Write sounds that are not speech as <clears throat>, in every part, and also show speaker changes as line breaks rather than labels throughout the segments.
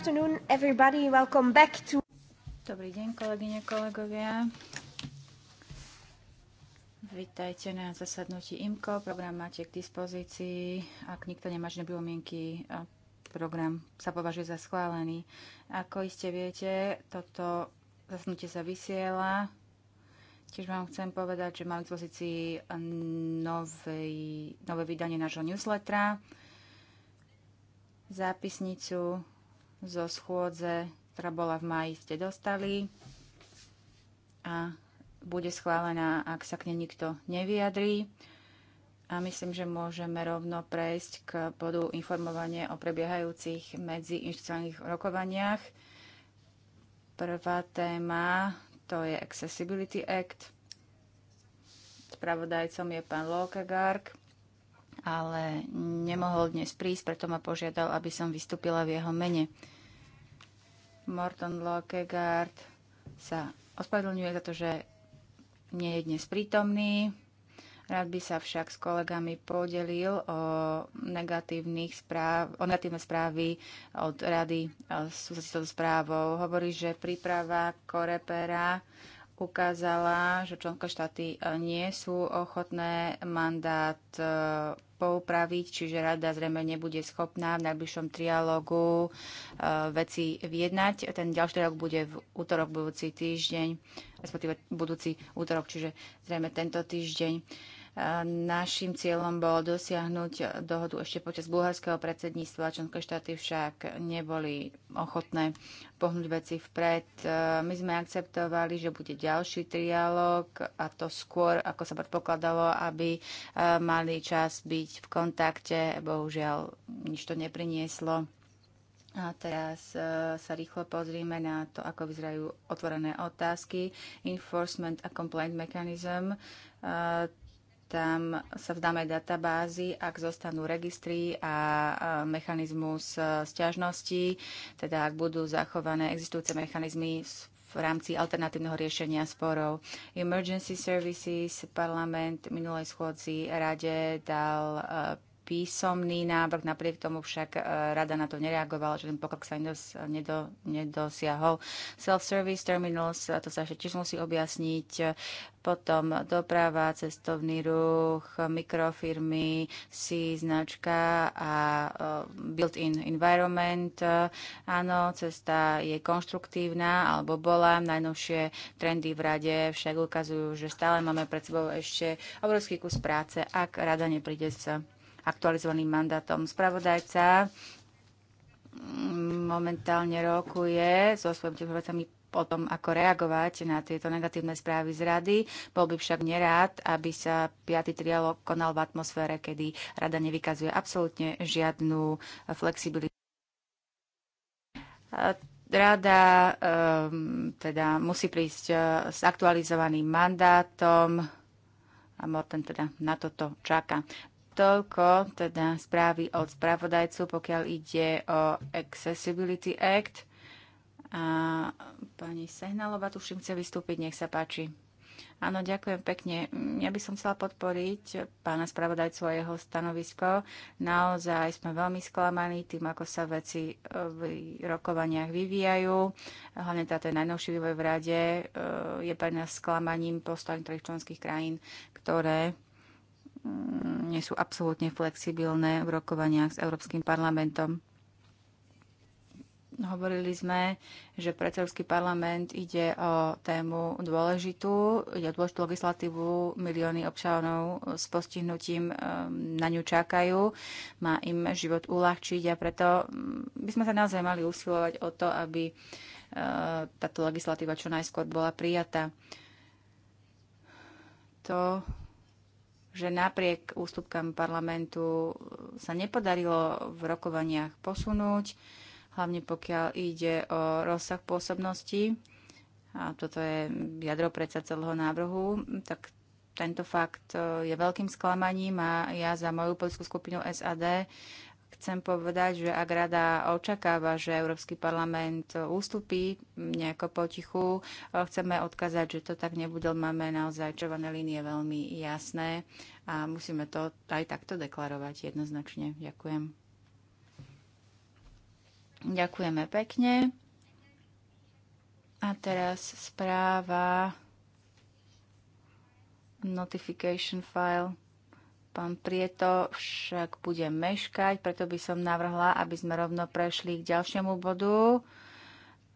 Dobrý deň, kolegyne, kolegovia. Vítajte na zasadnutí IMCO. Program máte k dispozícii. Ak nikto nemá žiadne mienky, program sa považuje za schválený. Ako iste viete, toto zasadnutie sa vysiela. Tiež vám chcem povedať, že mám k dispozícii nové, nové vydanie nášho newslettera, zápisnicu zo schôdze, ktorá bola v maji, ste dostali a bude schválená, ak sa k nej nikto nevyjadrí. A myslím, že môžeme rovno prejsť k bodu informovanie o prebiehajúcich medziinštitucionálnych rokovaniach. Prvá téma to je Accessibility Act. Spravodajcom je pán Lokagark, ale nemohol dnes prísť, preto ma požiadal, aby som vystúpila v jeho mene. Morton Lockegaard sa ospravedlňuje za to, že nie je dnes prítomný. Rád by sa však s kolegami podelil o, negatívnych správ, o negatívne správy od rady súvisí s správou. Hovorí, že príprava korepera ukázala, že členské štáty nie sú ochotné mandát poupraviť, čiže rada zrejme nebude schopná v najbližšom trialógu eh, veci vyjednať. Ten ďalší trialóg bude v útorok budúci týždeň, respektíve budúci útorok, čiže zrejme tento týždeň. Naším cieľom bolo dosiahnuť dohodu ešte počas bulharského predsedníctva, členské štáty však neboli ochotné pohnúť veci vpred. E, My sme akceptovali, že bude ďalší trialog a to skôr, ako sa predpokladalo, aby e, mali čas byť v kontakte. Bohužiaľ, nič to neprinieslo. A teraz uh, sa rýchlo pozrieme na to, ako vyzerajú otvorené otázky. Enforcement a complaint mechanism. Uh, tam sa vzdáme databázy, ak zostanú registry a mechanizmus e, stiažnosti, teda ak budú zachované existujúce mechanizmy v rámci alternatívneho riešenia sporov. Emergency Services parlament minulej schôdzi rade dal e, písomný návrh, napriek tomu však e, rada na to nereagovala, že ten pokrok sa nedos, nedo, nedosiahol. Self-service terminals, to sa ešte tiež musí objasniť, potom doprava, cestovný ruch, mikrofirmy, si značka a e, built-in environment. Áno, cesta je konštruktívna, alebo bola. Najnovšie trendy v rade však ukazujú, že stále máme pred sebou ešte obrovský kus práce, ak rada nepríde sa aktualizovaným mandátom. Spravodajca momentálne rokuje so svojimi tehovacami o tom, ako reagovať na tieto negatívne správy z rady. Bol by však nerád, aby sa piatý trialog konal v atmosfére, kedy rada nevykazuje absolútne žiadnu flexibilitu. Rada ehm, teda musí prísť e, s aktualizovaným mandátom a Morten teda na toto čaká. Toľko teda správy od spravodajcu, pokiaľ ide o Accessibility Act. A pani Sehnalova, tuším, chce vystúpiť, nech sa páči. Áno, ďakujem pekne. Ja by som chcela podporiť pána spravodajcu a jeho stanovisko. Naozaj sme veľmi sklamaní tým, ako sa veci v rokovaniach vyvíjajú. Hlavne táto najnovší vývoj v rade eh, je pre nás sklamaním postoj niektorých členských krajín, ktoré Mm, nie sú absolútne flexibilné v rokovaniach s Európskym parlamentom. Hovorili sme, že predsedovský parlament ide o tému dôležitú, ide o dôležitú legislatívu, milióny občanov s postihnutím ehm, na ňu čakajú, má im život uľahčiť a preto mm, by sme sa naozaj mali usilovať o to, aby ehm, táto legislatíva čo najskôr bola prijatá. To že napriek ústupkám parlamentu sa nepodarilo v rokovaniach posunúť, hlavne pokiaľ ide o rozsah pôsobnosti, a toto je jadro predsa celého návrhu, tak tento fakt eh, je veľkým sklamaním a ja za moju politickú skupinu SAD Chcem povedať, že ak rada očakáva, že Európsky parlament ústupí nejako potichu, e, chceme odkázať, že to tak nebude. Máme naozaj červené línie veľmi jasné a musíme to aj takto deklarovať jednoznačne. Ďakujem. Ďakujeme pekne. A teraz správa notification file Pán Prieto však bude meškať, preto by som navrhla, aby sme rovno prešli k ďalšiemu bodu.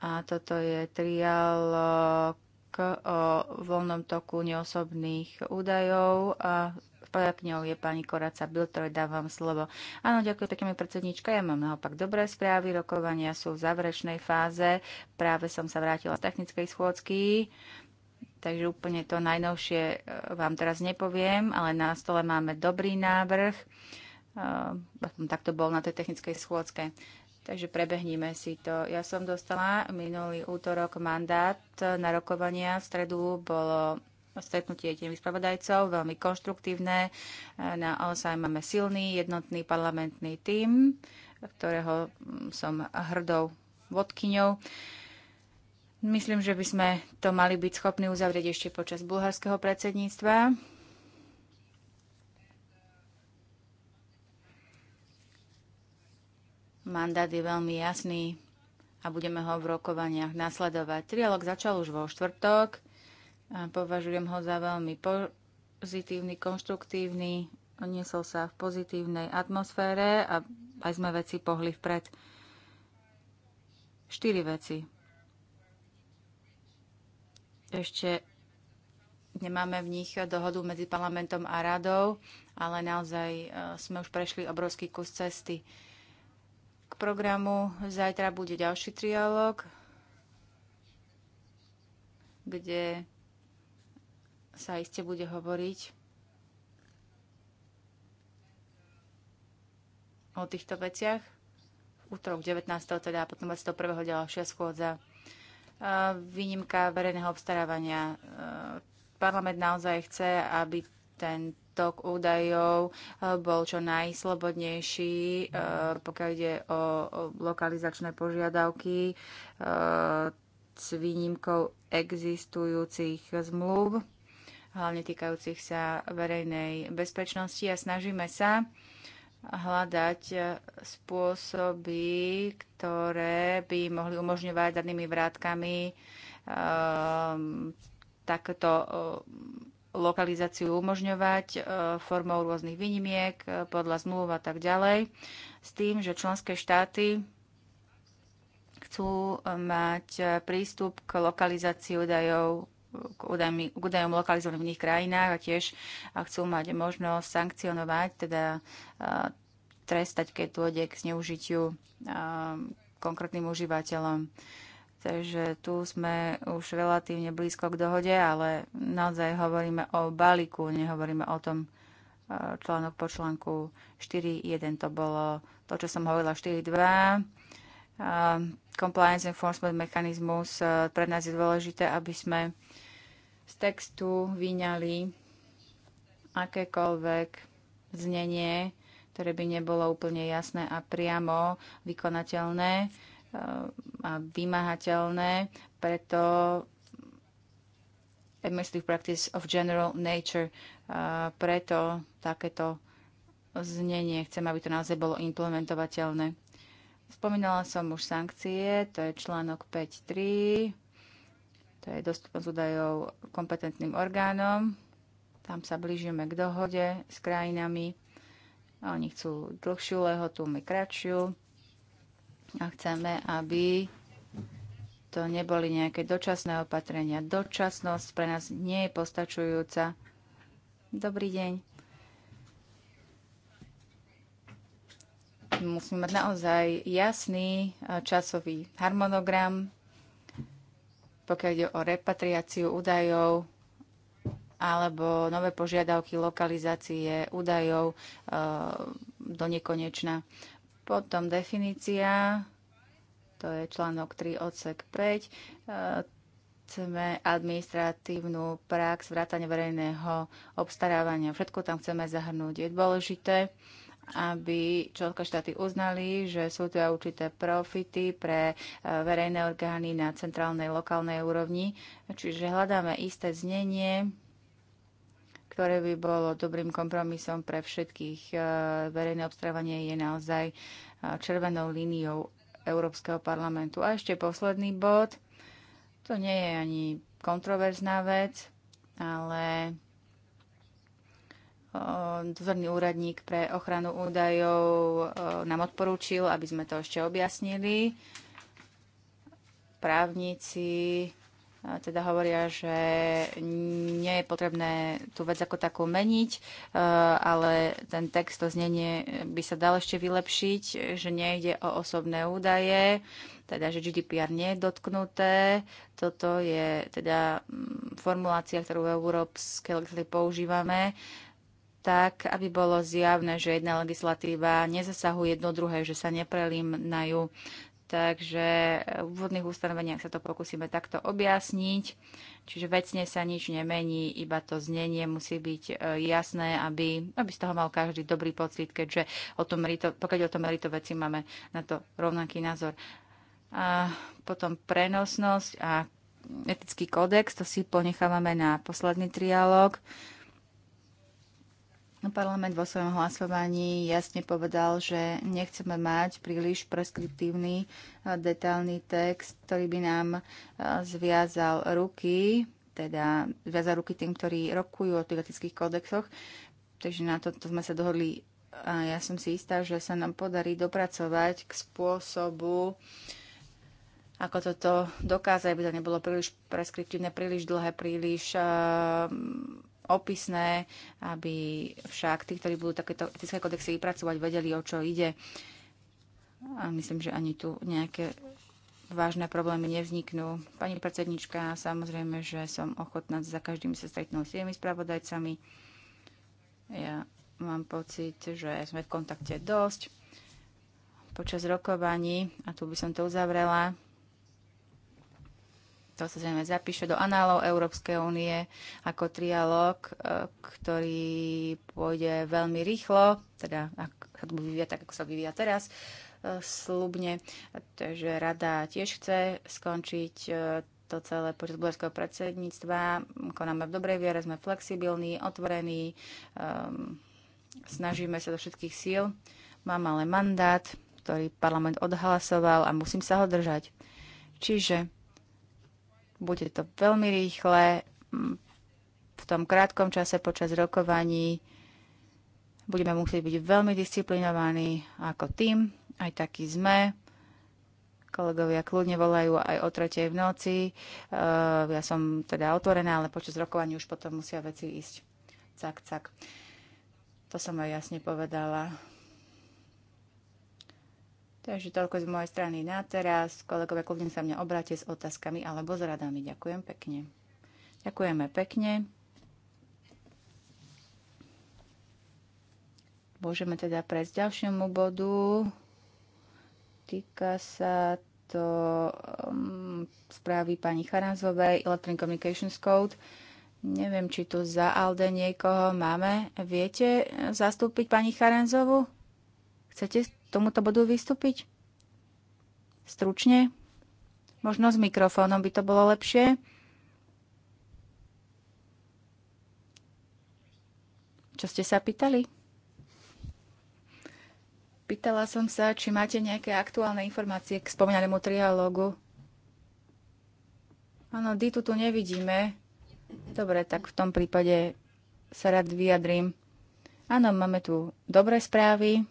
A toto je trialog o voľnom toku neosobných údajov. A spravodajkňou je pani Koraca Biltroj, dávam slovo. Áno, ďakujem pekne, predsednička. Ja mám naopak dobré správy. Rokovania sú v záverečnej fáze. Práve som sa vrátila z technickej schôdzky takže úplne to najnovšie e, vám teraz nepoviem, ale na stole máme dobrý návrh. E, tak to bol na tej technickej schôdzke. Takže prebehníme si to. Ja som dostala minulý útorok mandát na rokovania. V stredu bolo stretnutie tieňových spravodajcov, veľmi konštruktívne. E, na Naozaj máme silný, jednotný parlamentný tím, ktorého mm, som hrdou vodkyňou. Uh, Myslím, že by sme to mali byť schopní uzavrieť ešte počas bulharského predsedníctva. Mandát je veľmi jasný a budeme ho v rokovaniach nasledovať. Trialog začal už vo štvrtok a považujem ho za veľmi pozitívny, konštruktívny. Niesol sa v pozitívnej atmosfére a aj sme veci pohli vpred. Štyri veci ešte nemáme v nich dohodu medzi parlamentom a radou, ale naozaj e, sme už prešli obrovský kus cesty. K programu zajtra bude ďalší trialog, kde sa iste bude hovoriť o týchto veciach. útorok 19. teda a potom 21. ďalšia schôdza výnimka verejného obstarávania. E, parlament naozaj chce, aby ten tok údajov e, bol čo najslobodnejší, e, pokiaľ ide o lokalizačné požiadavky s výnimkou existujúcich zmluv, hlavne týkajúcich sa verejnej bezpečnosti a snažíme sa hľadať e, spôsoby, ktoré by mohli umožňovať danými vrátkami um, takto um, lokalizáciu umožňovať e, formou rôznych výnimiek podľa zmluv a tak ďalej, s tým, že členské štáty chcú mať prístup k lokalizácii údajov k, údajmi, k údajom lokalizovaným v iných krajinách a tiež chcú mať možnosť sankcionovať, teda trestať, keď dôjde k zneužitiu konkrétnym užívateľom. Takže tu sme už relatívne blízko k dohode, ale naozaj hovoríme o balíku, nehovoríme o tom článok po článku 4.1. To bolo to, čo som hovorila 4.2. Compliance enforcement mechanizmus pre nás je dôležité, aby sme z textu vyňali akékoľvek znenie, ktoré by nebolo úplne jasné a priamo vykonateľné eh, a vymahateľné. Preto administrative practice of general nature. Eh, preto takéto znenie chcem, aby to naozaj bolo implementovateľné. Spomínala som už sankcie, to je článok 5.3 to je dostupnosť údajov kompetentným orgánom. Tam sa blížime k dohode s krajinami. Oni chcú dlhšiu lehotu, my kratšiu. A chceme, aby to neboli nejaké dočasné opatrenia. Dočasnosť pre nás nie je postačujúca. Dobrý deň. Musíme mať naozaj jasný časový harmonogram, pokiaľ ide o repatriáciu údajov alebo nové požiadavky lokalizácie údajov e, do nekonečna. Potom definícia, to je článok 3 odsek 5. E, chceme administratívnu prax, vrátanie verejného obstarávania. Všetko tam chceme zahrnúť. Je dôležité, aby členské štáty uznali, že sú tu určité profity pre e, verejné orgány na centrálnej, lokálnej úrovni. Čiže hľadáme isté znenie, ktoré by bolo dobrým kompromisom pre všetkých. E, verejné obstarávanie je naozaj e, červenou líniou Európskeho parlamentu. A ešte posledný bod. To nie je ani kontroverzná vec, ale Eh, dozorný úradník pre ochranu údajov eh, nám odporúčil, aby sme to ešte objasnili. Právnici eh, teda hovoria, že nie je potrebné tú vec ako takú meniť, ale ten text, to znenie by sa dal ešte vylepšiť, že nejde o osobné údaje, teda že GDPR nie je dotknuté. Toto je teda mm, formulácia, ktorú v európskej legislatíve používame tak, aby bolo zjavné, že jedna legislatíva nezasahuje jedno druhé, že sa neprelímajú. Takže v úvodných ustanoveniach sa to pokúsime takto objasniť. Čiže vecne sa nič nemení, iba to znenie musí byť e, jasné, aby, aby z toho mal každý dobrý pocit, keďže o tom merito, pokiaľ o tom merito veci máme na to rovnaký názor. A potom prenosnosť a etický kódex, to si ponechávame na posledný trialóg. Uh, No, parlament vo svojom hlasovaní jasne povedal, že nechceme mať príliš preskriptívny e, detailný text, ktorý by nám e, zviazal ruky, teda zviazal ruky tým, ktorí rokujú o piratických kódexoch. Takže na toto sme sa dohodli a ja som si istá, že sa nám podarí dopracovať k spôsobu, ako toto dokáza, aby to nebolo príliš preskriptívne, príliš dlhé, príliš uh, opisné, aby však tí, ktorí budú takéto etické kodexy vypracovať, vedeli, o čo ide. A myslím, že ani tu nejaké vážne problémy nevzniknú. Pani predsednička, samozrejme, že som ochotná za každým sa stretnúť s tými spravodajcami. Ja mám pocit, že sme v kontakte dosť počas rokovaní, a tu by som to uzavrela, to sa zrejme zapíše do análov Európskej únie ako trialog, e, ktorý pôjde veľmi rýchlo, teda ak sa to vyvíja tak, ako sa vyvíja teraz, e, slubne. Takže rada tiež chce skončiť e, to celé počas bulharského predsedníctva. Konáme v dobrej viere, sme flexibilní, otvorení, um, snažíme sa do všetkých síl. Mám ale mandát, ktorý parlament odhlasoval a musím sa ho držať. Čiže bude to veľmi rýchle. Mm, v tom krátkom čase počas rokovaní budeme musieť byť veľmi disciplinovaní ako tým. Aj takí sme. Kolegovia kľudne volajú aj o tretej v noci. Eh, ja som teda otvorená, ale počas rokovania už potom musia veci ísť. Cak, cak. To som aj jasne povedala Takže toľko z mojej strany na teraz. Kolegovia, kľudne sa mňa obráte s otázkami alebo s radami. Ďakujem pekne. Ďakujeme pekne. Môžeme teda prejsť ďalšiemu bodu. Týka sa to um, správy pani Charanzovej, Electronic Communications Code. Neviem, či tu za Alde niekoho máme. Viete zastúpiť pani Charanzovu? Chcete tomuto bodu vystúpiť? Stručne? Možno s mikrofónom by to bolo lepšie. Čo ste sa pýtali? Pýtala som sa, či máte nejaké aktuálne informácie k spomínanému trialógu. Áno, Ditu tu nevidíme. Dobre, tak v tom prípade sa rád vyjadrím. Áno, máme tu dobré správy.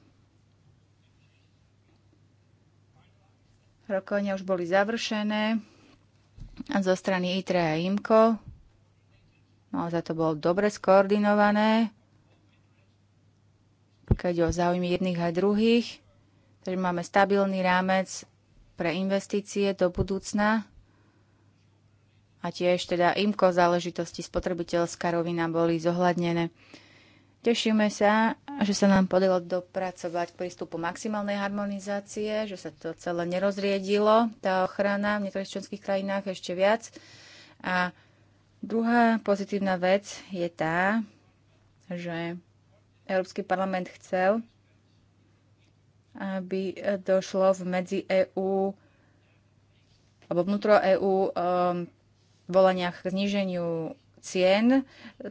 Rokovania už boli završené a zo strany ITRE a No, za to bolo dobre skoordinované, keď o záujmy jedných aj druhých. Takže máme stabilný rámec pre investície do budúcna. A tiež teda IMCO záležitosti spotrebiteľská rovina boli zohľadnené. Tešíme sa, že sa nám podelo dopracovať k prístupu maximálnej harmonizácie, že sa to celé nerozriedilo, tá ochrana v niektorých členských krajinách ešte viac. A druhá pozitívna vec je tá, že Európsky parlament chcel, aby došlo v medzi EÚ alebo vnútro EÚ um, ehm, voleniach k zniženiu cien,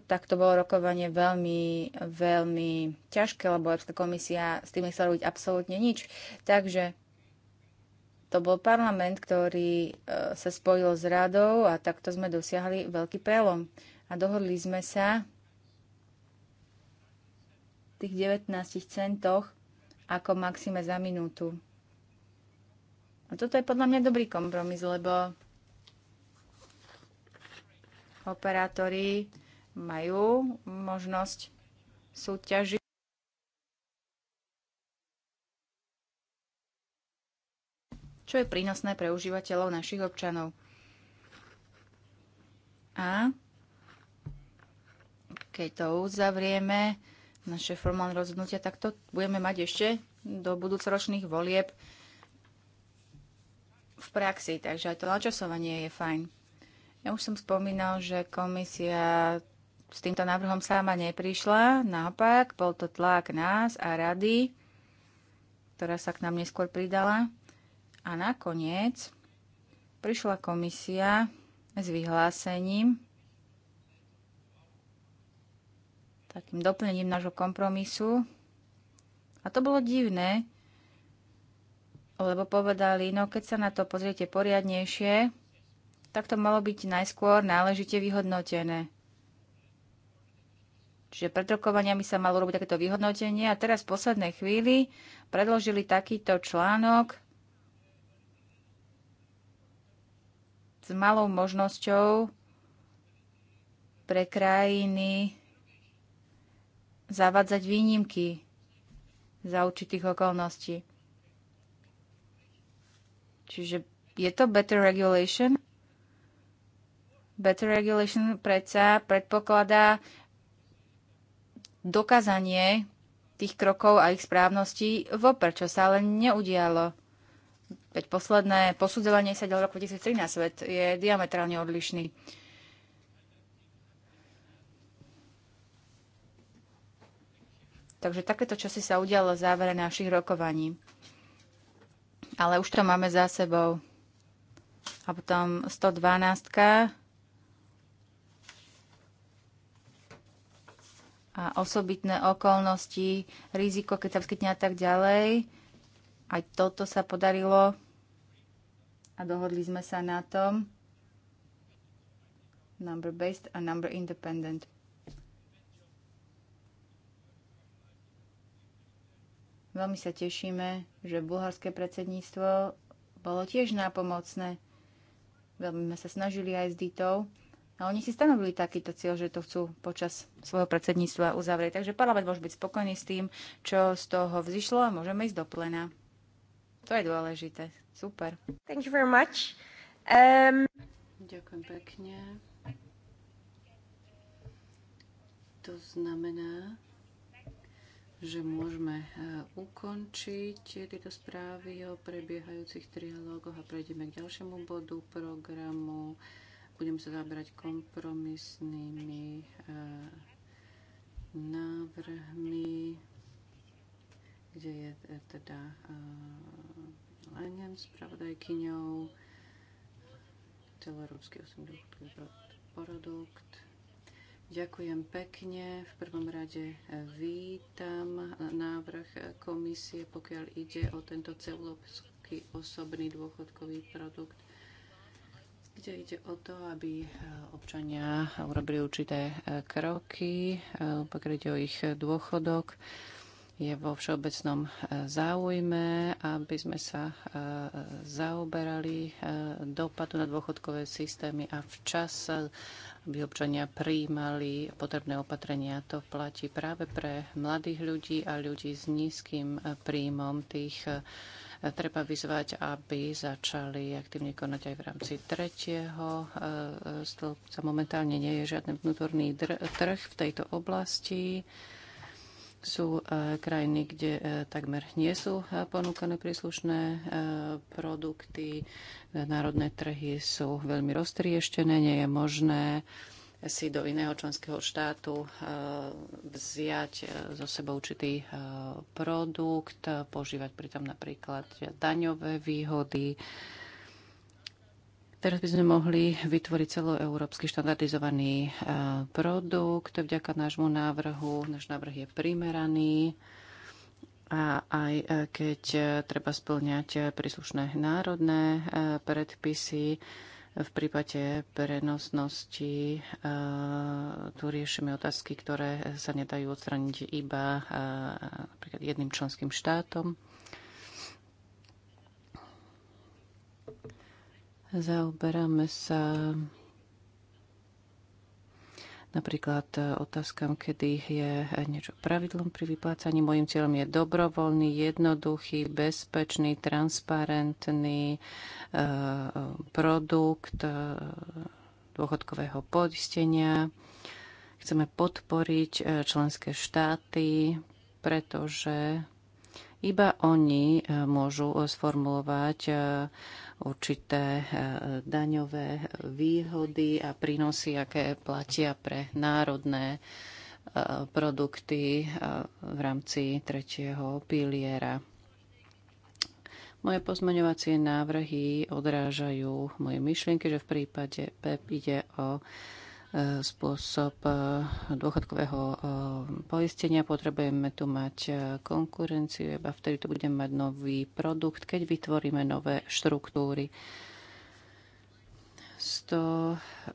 tak to bolo rokovanie veľmi, veľmi ťažké, lebo Európska komisia s tým nechcela robiť absolútne nič. Takže to bol parlament, ktorý e, sa spojil s radou a takto sme dosiahli veľký prelom. A dohodli sme sa v tých 19 centoch ako maxime za minútu. A toto je podľa mňa dobrý kompromis, lebo operátori majú možnosť súťažiť. čo je prínosné pre užívateľov našich občanov. A keď to uzavrieme, naše formálne rozhodnutia, tak to budeme mať ešte do budúcoročných volieb v praxi. Takže aj to načasovanie je fajn. Ja už som spomínal, že komisia s týmto návrhom sama neprišla. Naopak, bol to tlak nás a rady, ktorá sa k nám neskôr pridala. A nakoniec prišla komisia s vyhlásením, takým doplnením nášho kompromisu. A to bolo divné, lebo povedali, no keď sa na to pozriete poriadnejšie, tak to malo byť najskôr náležite vyhodnotené. Čiže pred rokovaniami sa malo robiť takéto vyhodnotenie a teraz v poslednej chvíli predložili takýto článok s malou možnosťou pre krajiny zavadzať výnimky za určitých okolností. Čiže je to better regulation? Better regulation predsa predpokladá dokázanie tých krokov a ich správnosti vopr, čo sa ale neudialo. Veď posledné posudzovanie sa ďalej roku 2013 svet je diametrálne odlišný. Takže takéto čosi sa udialo v závere našich rokovaní. Ale už to máme za sebou. A potom 112. a osobitné okolnosti, riziko, keď sa vyskytne a tak ďalej. Aj toto sa podarilo a dohodli sme sa na tom. Number based a number independent. Veľmi sa tešíme, že bulharské predsedníctvo bolo tiež nápomocné. Veľmi sme sa snažili aj s Ditou. A oni si stanovili takýto cieľ, že to chcú počas svojho predsedníctva uzavrieť. Takže parlament môže byť spokojný s tým, čo z toho vzýšlo a môžeme ísť do plena. To je dôležité. Super. Thank you very much.
Um... Ďakujem pekne. To znamená, že môžeme eh, ukončiť tieto správy o prebiehajúcich trialógoch a prejdeme k ďalšiemu bodu programu budem sa zabrať kompromisnými eh, návrhmi, kde je eh, teda eh, Lenian spravodajkyňou celoeurópsky 8 produkt. Ďakujem pekne. V prvom rade vítam návrh komisie, pokiaľ ide o tento celoeurópsky osobný dôchodkový produkt kde ide o to, aby e, občania urobili určité e, kroky, e, pokiaľ ide o ich dôchodok. Je vo všeobecnom záujme, aby sme sa zaoberali dopadu na dôchodkové systémy a včas aby občania prijímali potrebné opatrenia. To platí práve pre mladých ľudí a ľudí s nízkym príjmom tých treba vyzvať, aby začali aktívne konať aj v rámci tretieho e, stĺpca. Momentálne nie je žiadny vnútorný trh v tejto oblasti. Sú e, krajiny, kde e, takmer nie sú ponúkané príslušné produkty. Národné trhy sú veľmi roztrieštené, nie je možné si do iného členského štátu eh, vziať eh, zo sebou určitý eh, produkt, požívať pritom napríklad daňové výhody. Teraz by sme mohli vytvoriť celoeurópsky štandardizovaný produkt. Vďaka nášmu návrhu, náš návrh je primeraný a aj keď treba splňať príslušné národné predpisy, v prípade prenosnosti eh, tu riešime otázky, ktoré sa nedajú odstraniť iba eh, napríklad jedným členským štátom. Zaoberáme sa Napríklad e, otázkam, kedy je niečo pravidlom pri vyplácaní. Mojím cieľom je dobrovoľný, jednoduchý, bezpečný, transparentný e, produkt e, dôchodkového poistenia. Chceme podporiť členské štáty, pretože iba oni môžu sformulovať určité e, daňové výhody a prínosy, aké platia pre národné e, produkty e, v rámci tretieho piliera. Moje pozmeňovacie návrhy odrážajú moje myšlienky, že v prípade PEP ide o spôsob eh, dôchodkového eh, poistenia. Potrebujeme tu mať eh, konkurenciu, iba vtedy tu budeme mať nový produkt, keď vytvoríme nové štruktúry. 143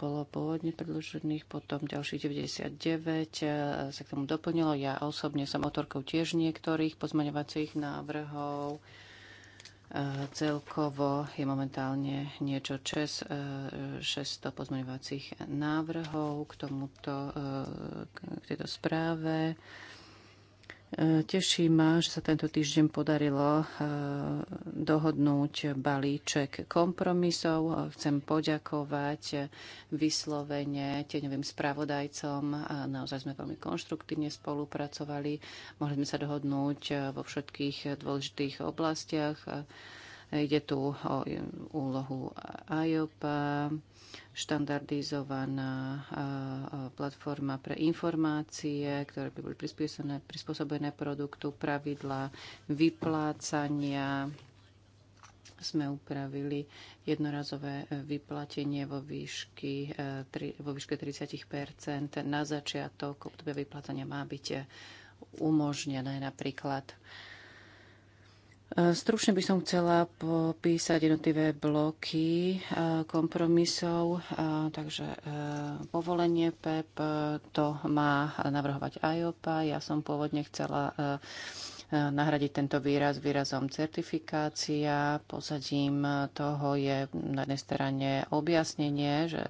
bolo pôvodne predĺžených, potom ďalších 99 sa k tomu doplnilo. Ja osobne som autorkou tiež niektorých pozmaňovacích návrhov Celkovo je momentálne niečo čes 600 eh, pozmeňovacích návrhov k tomuto, eh, k tejto správe. E, teší ma, že sa tento týždeň podarilo e, dohodnúť balíček kompromisov. E, chcem poďakovať vyslovene tieňovým spravodajcom. Naozaj sme veľmi konštruktívne spolupracovali. Mohli sme sa dohodnúť vo všetkých dôležitých oblastiach. Ide tu o úlohu IOPA, štandardizovaná platforma pre informácie, ktoré by boli prispôsobené produktu, pravidla vyplácania. Sme upravili jednorazové e, vyplatenie vo, výšky, e, vo výške 30 Na začiatok obdobia vyplácania má byť e, umožnené napríklad Eh, stručne by som chcela popísať jednotlivé bloky eh, kompromisov, eh, takže povolenie PEP e to má navrhovať IOPA. Ja som pôvodne chcela nahradiť tento výraz výrazom certifikácia. Pozadím toho je na jednej strane objasnenie, že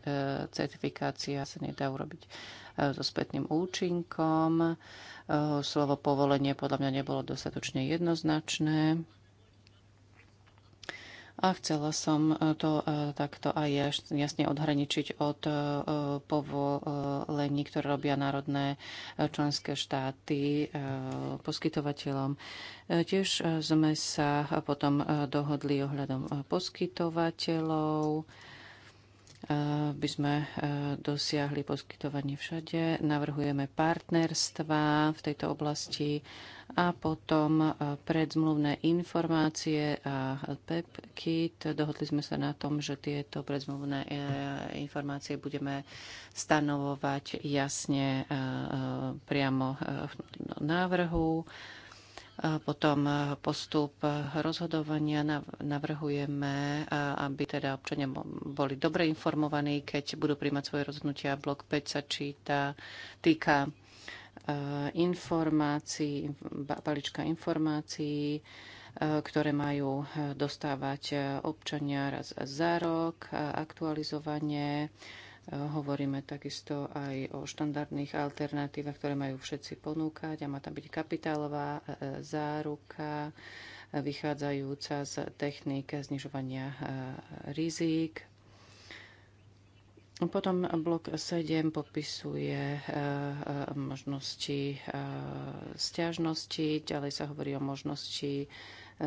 certifikácia sa nedá urobiť E, so spätným účinkom. E, slovo povolenie podľa mňa nebolo dostatočne jednoznačné. A chcela som e, to takto aj jasne odhraničiť od povolení, ktoré robia národné členské štáty poskytovateľom. Tiež sme sa potom dohodli ohľadom poskytovateľov E, by sme e, dosiahli poskytovanie všade. Navrhujeme partnerstva v tejto oblasti a potom e, predzmluvné informácie a PEP kit. Dohodli sme sa na tom, že tieto predzmluvné informácie budeme stanovovať jasne priamo v návrhu potom e, postup rozhodovania navrhujeme, e, aby teda občania boli dobre informovaní, keď budú príjmať svoje rozhodnutia. Blok 5 sa číta, týka e, informácií, balička informácií, ktoré majú dostávať občania raz za rok, aktualizovanie E, hovoríme takisto aj o štandardných alternatívach, ktoré majú všetci ponúkať a má tam byť kapitálová e, e, záruka, vychádzajúca z techník znižovania rizík. Potom blok 7 popisuje možnosti stiažnosti, ďalej sa hovorí o možnosti Eh,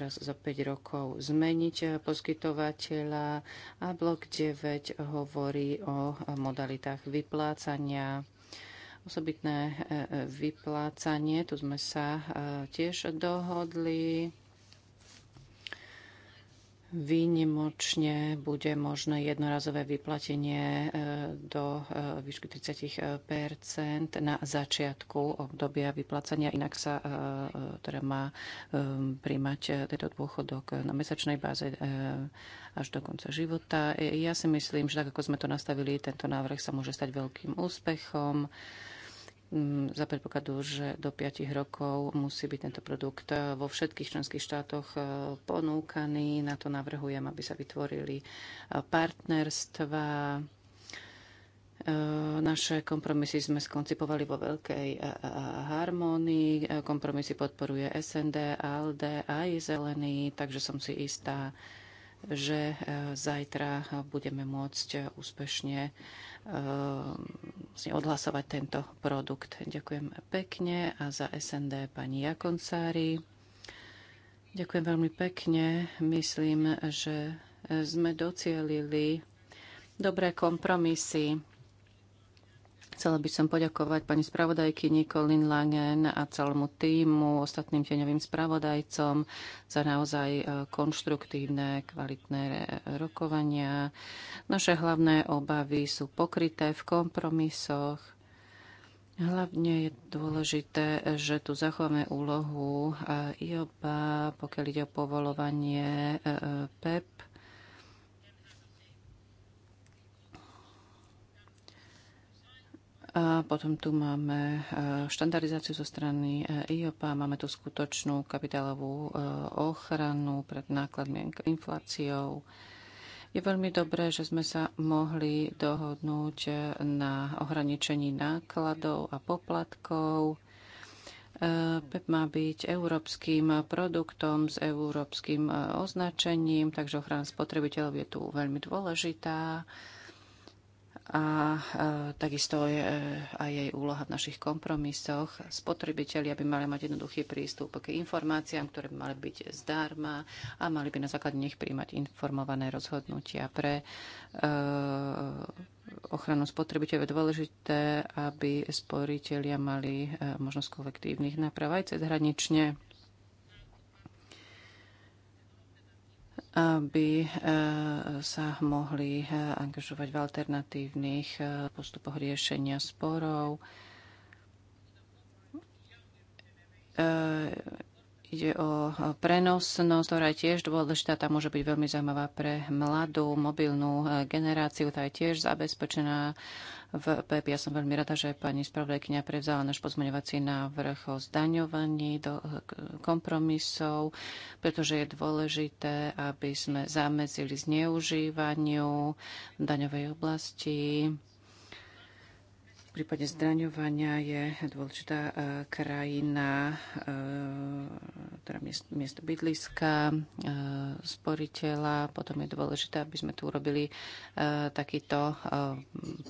raz za 5 rokov zmeniť poskytovateľa a blok 9 hovorí o modalitách vyplácania osobitné eh, eh, vyplácanie. Tu sme sa tiež dohodli. Výnimočne bude možné jednorazové vyplatenie e, do e, výšky 30 na začiatku obdobia vyplácania, inak sa e, teda má príjmať tento dôchodok na mesačnej báze až do konca života. Ja si myslím, že tak ako sme to nastavili, tento návrh sa môže stať veľkým úspechom Mm, za predpokladu, že do 5 rokov musí byť tento produkt eh, vo všetkých členských štátoch eh, ponúkaný. Na to navrhujem, aby sa vytvorili eh, partnerstva. Naše kompromisy sme skoncipovali vo veľkej harmónii. Kompromisy podporuje SND, ALD aj Zelený, takže som si istá, že e, zajtra e, budeme môcť e, úspešne vlastne odhlasovať tento produkt. Ďakujem pekne a za SND pani Jakoncári. Ďakujem veľmi pekne. Myslím, že sme docielili dobré kompromisy Chcela by som poďakovať pani spravodajky Nikolín Langen a celému týmu, ostatným tieňovým spravodajcom za naozaj e, konštruktívne, kvalitné rokovania. Naše hlavné obavy sú pokryté v kompromisoch. Hlavne je dôležité, že tu zachováme úlohu e, IOPA, pokiaľ ide o povolovanie e, PEP A potom tu máme e, štandardizáciu zo strany e, IOPA, máme tu skutočnú kapitálovú e, ochranu pred nákladmi infláciou. Je veľmi dobré, že sme sa mohli dohodnúť na ohraničení nákladov a poplatkov. PEP má byť európskym produktom s európskym označením, takže ochrana spotrebiteľov je tu veľmi dôležitá a e, takisto je e, aj jej úloha v našich kompromisoch. Spotrebiteľi, aby mali mať jednoduchý prístup k informáciám, ktoré by mali byť zdarma a mali by na základe nich príjmať informované rozhodnutia pre e, ochranu spotrebiteľov je dôležité, aby sporiteľia mali možnosť kolektívnych náprav aj cezhranične. aby eh, sa mohli eh, angažovať v alternatívnych eh, postupoch riešenia sporov. Ide o prenosnosť, ktorá je tiež dôležitá, tá môže byť veľmi zaujímavá pre mladú mobilnú generáciu, tá je tiež zabezpečená v PEP. Ja som veľmi rada, že pani spravodajkynia prevzala náš pozmeňovací návrh o zdaňovaní do kompromisov, pretože je dôležité, aby sme zamedzili zneužívaniu daňovej oblasti v prípade zdraňovania je dôležitá e, krajina, e, teda miesto bydliska, e, sporiteľa. Potom je dôležité, aby sme tu urobili takýto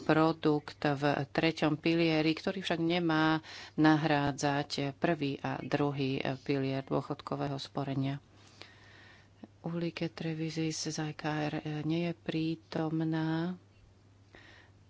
produkt v treťom pilieri, ktorý však nemá nahrádzať prvý a druhý pilier dôchodkového sporenia. Ulike Trevisis z IKR nie je prítomná.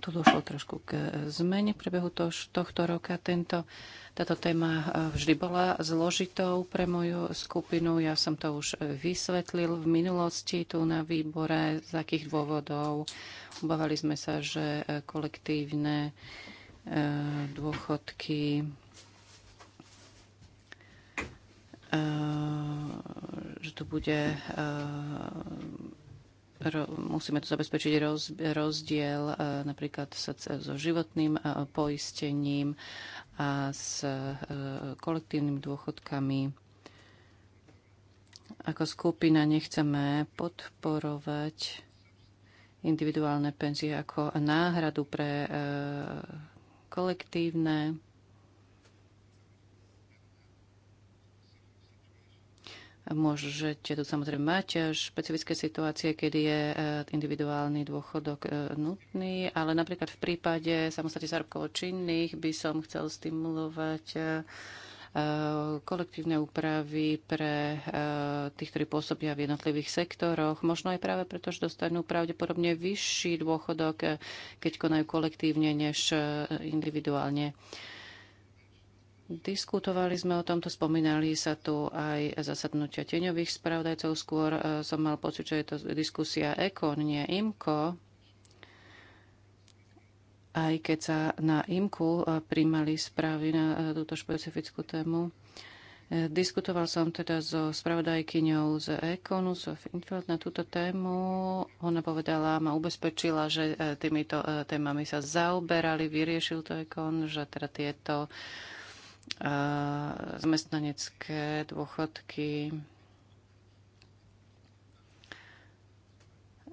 tu došlo trošku k e, zmene v priebehu tohto roka. Tento, táto téma e, vždy bola zložitou pre moju skupinu. Ja som to už e, vysvetlil v minulosti tu na výbore, z akých dôvodov. Obávali sme sa, že kolektívne dôchodky že to bude musíme tu zabezpečiť roz, rozdiel e, napríklad sa, e, so životným e, poistením a s kolektívnymi dôchodkami ako skupina nechceme podporovať individuálne penzie ako náhradu pre kolektívne. Môžete tu samozrejme mať eh, špecifické situácie, kedy je eh, individuálny dôchodok eh, nutný, ale napríklad v prípade samostatne zárobkovo činných by som chcel stimulovať kolektívne úpravy pre tých, ktorí pôsobia v jednotlivých sektoroch. Možno aj práve preto, že dostanú pravdepodobne vyšší dôchodok, keď konajú kolektívne než individuálne. Diskutovali sme o tomto, spomínali sa tu aj zasadnutia tieňových spravodajcov. Skôr e, som mal pocit, že je to diskusia EKON, nie IMKO. Aj keď sa na IMKU e, príjmali správy na e, túto špecifickú tému. Diskutoval som teda so spravodajkyňou z Ekonu, Sophie Infeld, na túto tému. Ona povedala, ma ubezpečila, že týmito témami sa zaoberali, vyriešil to Ekon, že teda tieto zamestnanecké dôchodky,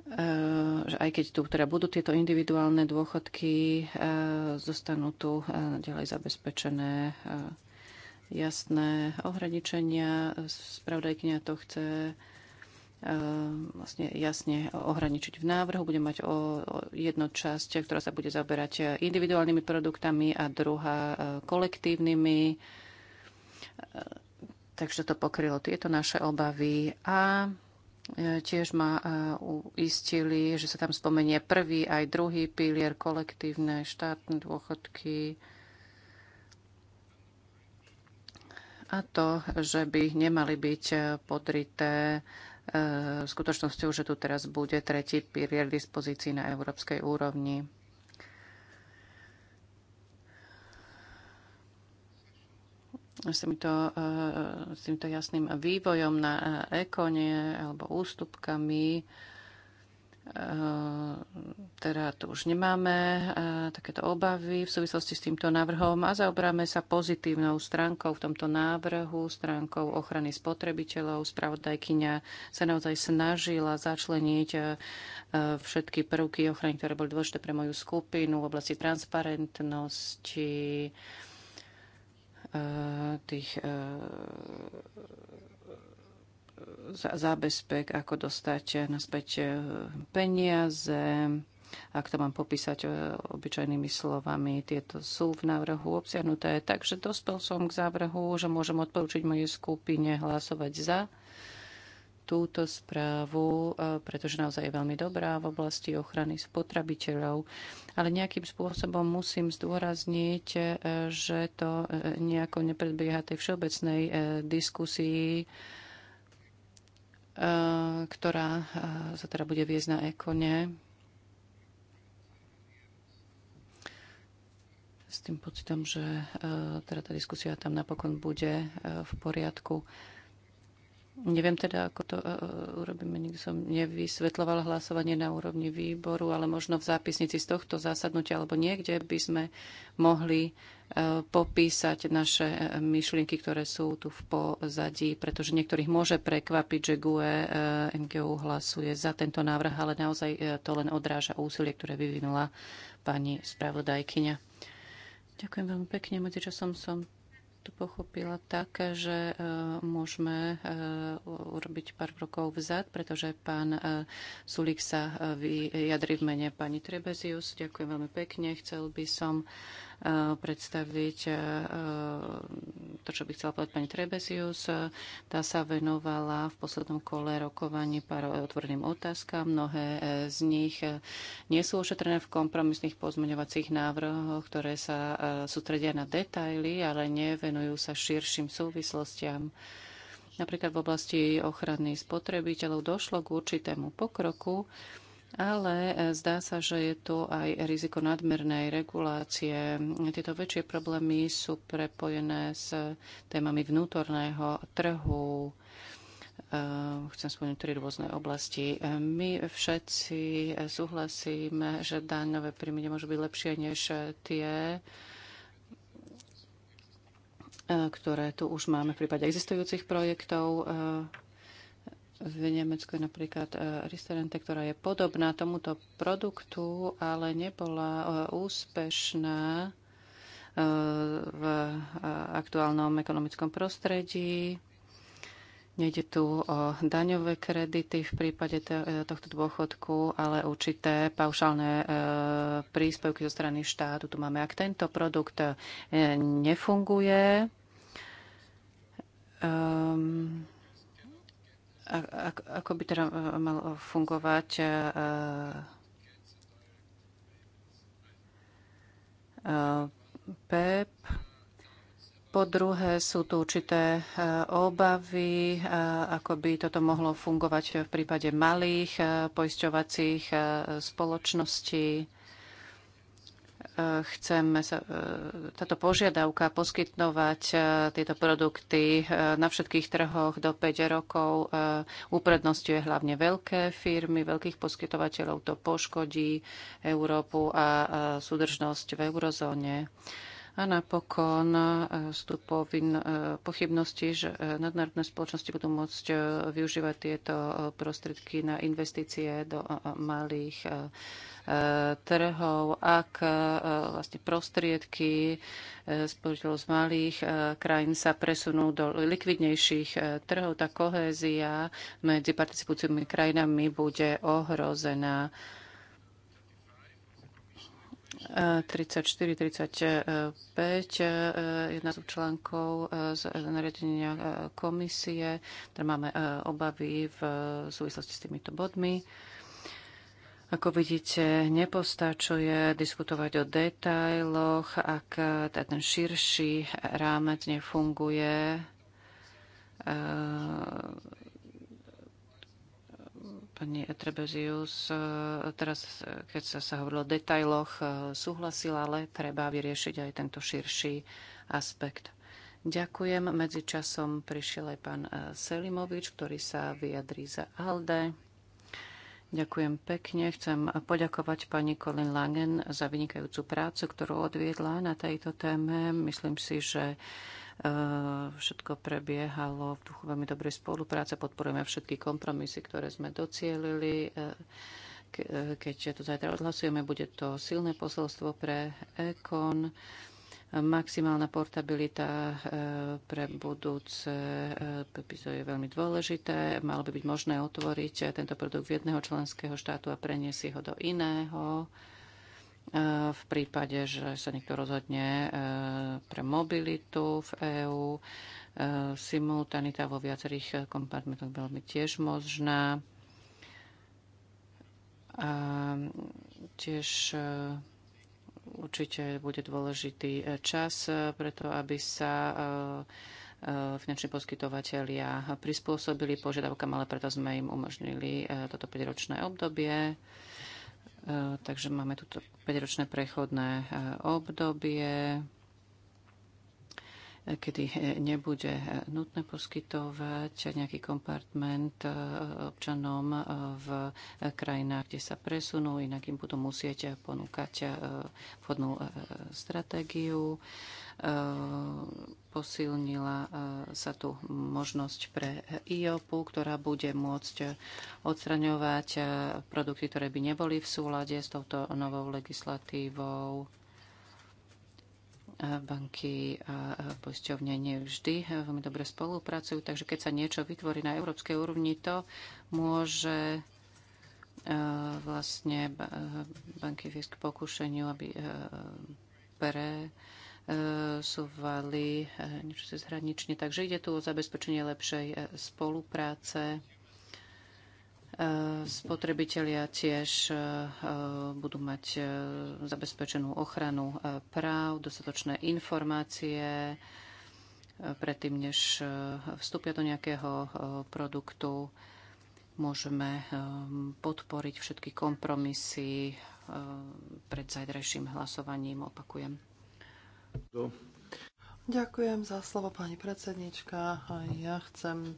e, že aj keď tu teda budú tieto individuálne dôchodky, e, zostanú tu e, ďalej zabezpečené jasné ohraničenia. Spravodajkňa to chce Ehm, vlastne jasne ohraničiť v návrhu. bude mať o, o jednu časť, ktorá sa bude zaoberať individuálnymi produktami a druhá eh, kolektívnymi. Ehm, takže to pokrylo tieto naše obavy a eh, tiež ma eh, uistili, že sa tam spomenie prvý aj druhý pilier, kolektívne štátne dôchodky. a to, že by nemali byť podrité v skutočnosťou, že tu teraz bude tretí pilier dispozícií na európskej úrovni. S týmto, eh, s týmto jasným vývojom na eh, ekone alebo ústupkami Eh, teda tu už nemáme eh, takéto obavy v súvislosti s týmto návrhom a zaoberáme sa pozitívnou stránkou v tomto návrhu, stránkou ochrany spotrebiteľov. Spravodajkyňa sa naozaj snažila začleniť eh, všetky prvky ochrany, ktoré boli dôležité pre moju skupinu v oblasti transparentnosti, tých zábezpek, ako dostať naspäť e, peniaze, ak to mám popísať e, obyčajnými slovami, tieto sú v návrhu obsiahnuté. Takže dospel som k závrhu, že môžem odporúčiť mojej skupine hlasovať za túto správu, e, pretože naozaj je veľmi dobrá v oblasti ochrany spotrebiteľov. Ale nejakým spôsobom musím zdôrazniť, že to nejako nepredbieha tej všeobecnej diskusii, Eh, ktorá eh, sa teda bude viesť na ekone. S tým pocitom, že eh, teda tá diskusia tam napokon bude v poriadku. Neviem teda, ako to e, e, urobíme, nikdy som nevysvetloval hlasovanie na úrovni výboru, ale možno v zápisnici z tohto zásadnutia alebo niekde by sme mohli e, popísať naše myšlienky, ktoré sú tu v pozadí, pretože niektorých môže prekvapiť, že GUE NGO hlasuje za tento návrh, ale naozaj to len odráža úsilie, ktoré vyvinula pani spravodajkyňa. Ďakujem veľmi pekne. Medzičasom som to pochopila tak, že e, môžeme e, urobiť pár krokov vzad, pretože pán e, Sulik sa vyjadri v mene pani Trebezius. Ďakujem veľmi pekne. Chcel by som Eh, predstaviť eh, eh, to, čo by chcela povedať pani Trebesius. Tá sa venovala v poslednom kole rokovaní pár otvoreným otázkam. Mnohé z nich nie sú ošetrené v kompromisných pozmeňovacích návrhoch, ktoré sa sústredia na detaily, ale nevenujú sa širším súvislostiam. Napríklad v oblasti ochrany spotrebiteľov došlo k určitému pokroku, ale e, zdá sa, že je tu aj riziko nadmernej regulácie. Tieto väčšie problémy sú prepojené s témami vnútorného trhu. E, chcem spomenúť tri rôzne oblasti. E, my všetci súhlasíme, že daňové príjmy nemôžu byť lepšie než tie, ktoré tu už máme v prípade existujúcich projektov v Nemecku je napríklad e, restaurante, ktorá je podobná tomuto produktu, ale nebola e, úspešná e, v aktuálnom ekonomickom prostredí. Nejde tu o daňové kredity v prípade tohto dôchodku, ale určité paušálne príspevky zo strany štátu. Tu máme, ak tento produkt nefunguje, um, ako by teda e, mal fungovať e, e, PEP. Po druhé sú tu určité obavy, ako by toto mohlo fungovať v prípade malých poisťovacích spoločností chceme sa, e, táto požiadavka poskytnovať e, tieto produkty e, na všetkých trhoch do 5 rokov uprednostňuje hlavne veľké firmy, veľkých poskytovateľov. To poškodí Európu a súdržnosť v eurozóne. A napokon sú e, povin, e, pochybnosti, že e, nadnárodné spoločnosti budú môcť využívať tieto prostriedky na investície do malých trhov, ak vlastne prostriedky spoločiteľov z malých krajín sa presunú do likvidnejších trhov, tá kohézia medzi participujúcimi krajinami bude ohrozená. 34-35, eh, jedna z článkov eh, z nariadenia eh, komisie, ktoré máme obavy v súvislosti s týmito bodmi. Ako vidíte, nepostačuje diskutovať o detailoch, ak ten širší rámec nefunguje Pani Trebezius, e, teraz, e, keď sa, sa hovorilo o detailoch, e, súhlasila, ale treba vyriešiť aj tento širší aspekt. Ďakujem. Medzi časom prišiel aj pán Selimovič, ktorý sa vyjadrí za ALDE. Ďakujem pekne. Chcem poďakovať pani Colin Langen za vynikajúcu prácu, ktorú odviedla na tejto téme. Myslím si, že Eh, všetko prebiehalo v duchu veľmi dobrej spolupráce. Podporujeme všetky kompromisy, ktoré sme docielili. Eh, eh, keď to zajtra odhlasujeme, bude to silné posolstvo pre EKON maximálna portabilita pre budúce to je veľmi dôležité. Malo by byť možné otvoriť tento produkt v jedného členského štátu a preniesť ho do iného. E, v prípade, že sa niekto rozhodne e, pre mobilitu v EÚ. E, simultanita vo viacerých kompartmentoch bola by tiež možná. A tiež určite bude dôležitý čas preto, aby sa finanční poskytovateľia prispôsobili požiadavkám, ale preto sme im umožnili toto 5-ročné obdobie. Eh, takže máme tu 5-ročné prechodné eh, obdobie, eh, kedy nebude nutné poskytovať nejaký kompartment občanom v krajinách, kde sa presunú, inak im budú musieť ponúkať vhodnú stratégiu posilnila e, sa tu možnosť pre IOPu, ktorá bude môcť odstraňovať e, produkty, ktoré by neboli v súlade s touto novou legislatívou. E, banky a poisťovne nevždy veľmi dobre spolupracujú, takže keď sa niečo vytvorí na európskej úrovni, to môže vlastne banky viesť k pokušeniu, aby pre súvali eh, niečo cez hranične. Takže ide tu o zabezpečenie lepšej eh, spolupráce. Eh, spotrebitelia tiež budú mať zabezpečenú ochranu práv, dostatočné informácie predtým, než vstúpia do nejakého produktu. Môžeme podporiť všetky kompromisy pred zajdrajším hlasovaním,
opakujem. Ďakujem za slovo, pani predsednička. A ja chcem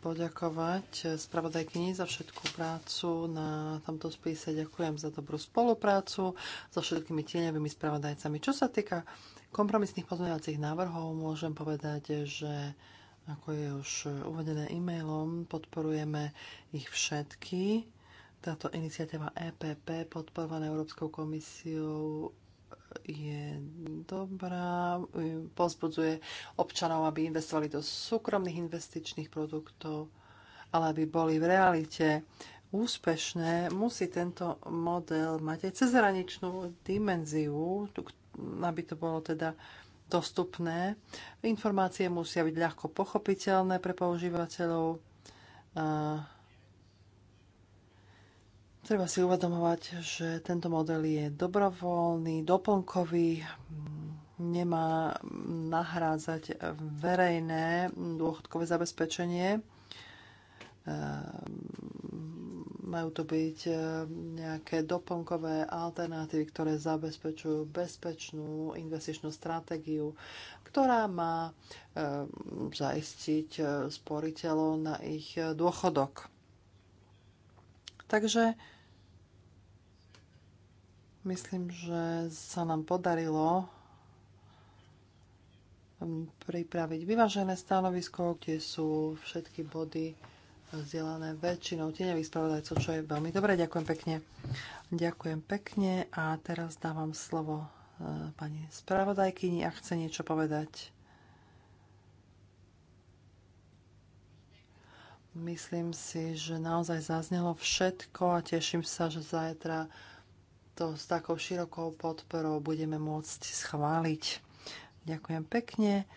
poďakovať spravodajkyni za všetkú prácu na tomto spise. Ďakujem za dobrú spoluprácu so všetkými tieňovými spravodajcami. Čo sa týka kompromisných pozmeňovacích návrhov, môžem povedať, že ako je už uvedené e-mailom, podporujeme ich všetky. Táto iniciatíva EPP, podporovaná Európskou komisiou, je dobrá, e, pozbudzuje občanov, aby investovali do súkromných investičných produktov, ale aby boli v realite úspešné, musí tento model mať aj cezhraničnú dimenziu, aby to bolo teda dostupné. Informácie musia byť ľahko pochopiteľné pre používateľov. Treba si uvedomovať, že tento model je dobrovoľný, doplnkový, nemá nahrádzať verejné dôchodkové zabezpečenie. Ehm, majú to byť ehm, nejaké doplnkové alternatívy, ktoré zabezpečujú bezpečnú investičnú stratégiu, ktorá má ehm, zaistiť sporiteľov na ich dôchodok. Takže Myslím, že sa nám podarilo um, pripraviť vyvážené stanovisko, kde sú všetky body vzdelané väčšinou tieňových spravodajcov, čo je veľmi dobré. Ďakujem pekne. Ďakujem pekne a teraz dávam slovo uh, pani spravodajkyni, ak chce niečo povedať. Myslím si, že naozaj zaznelo všetko a teším sa, že zajtra to s takou širokou podporou budeme môcť schváliť. Ďakujem pekne.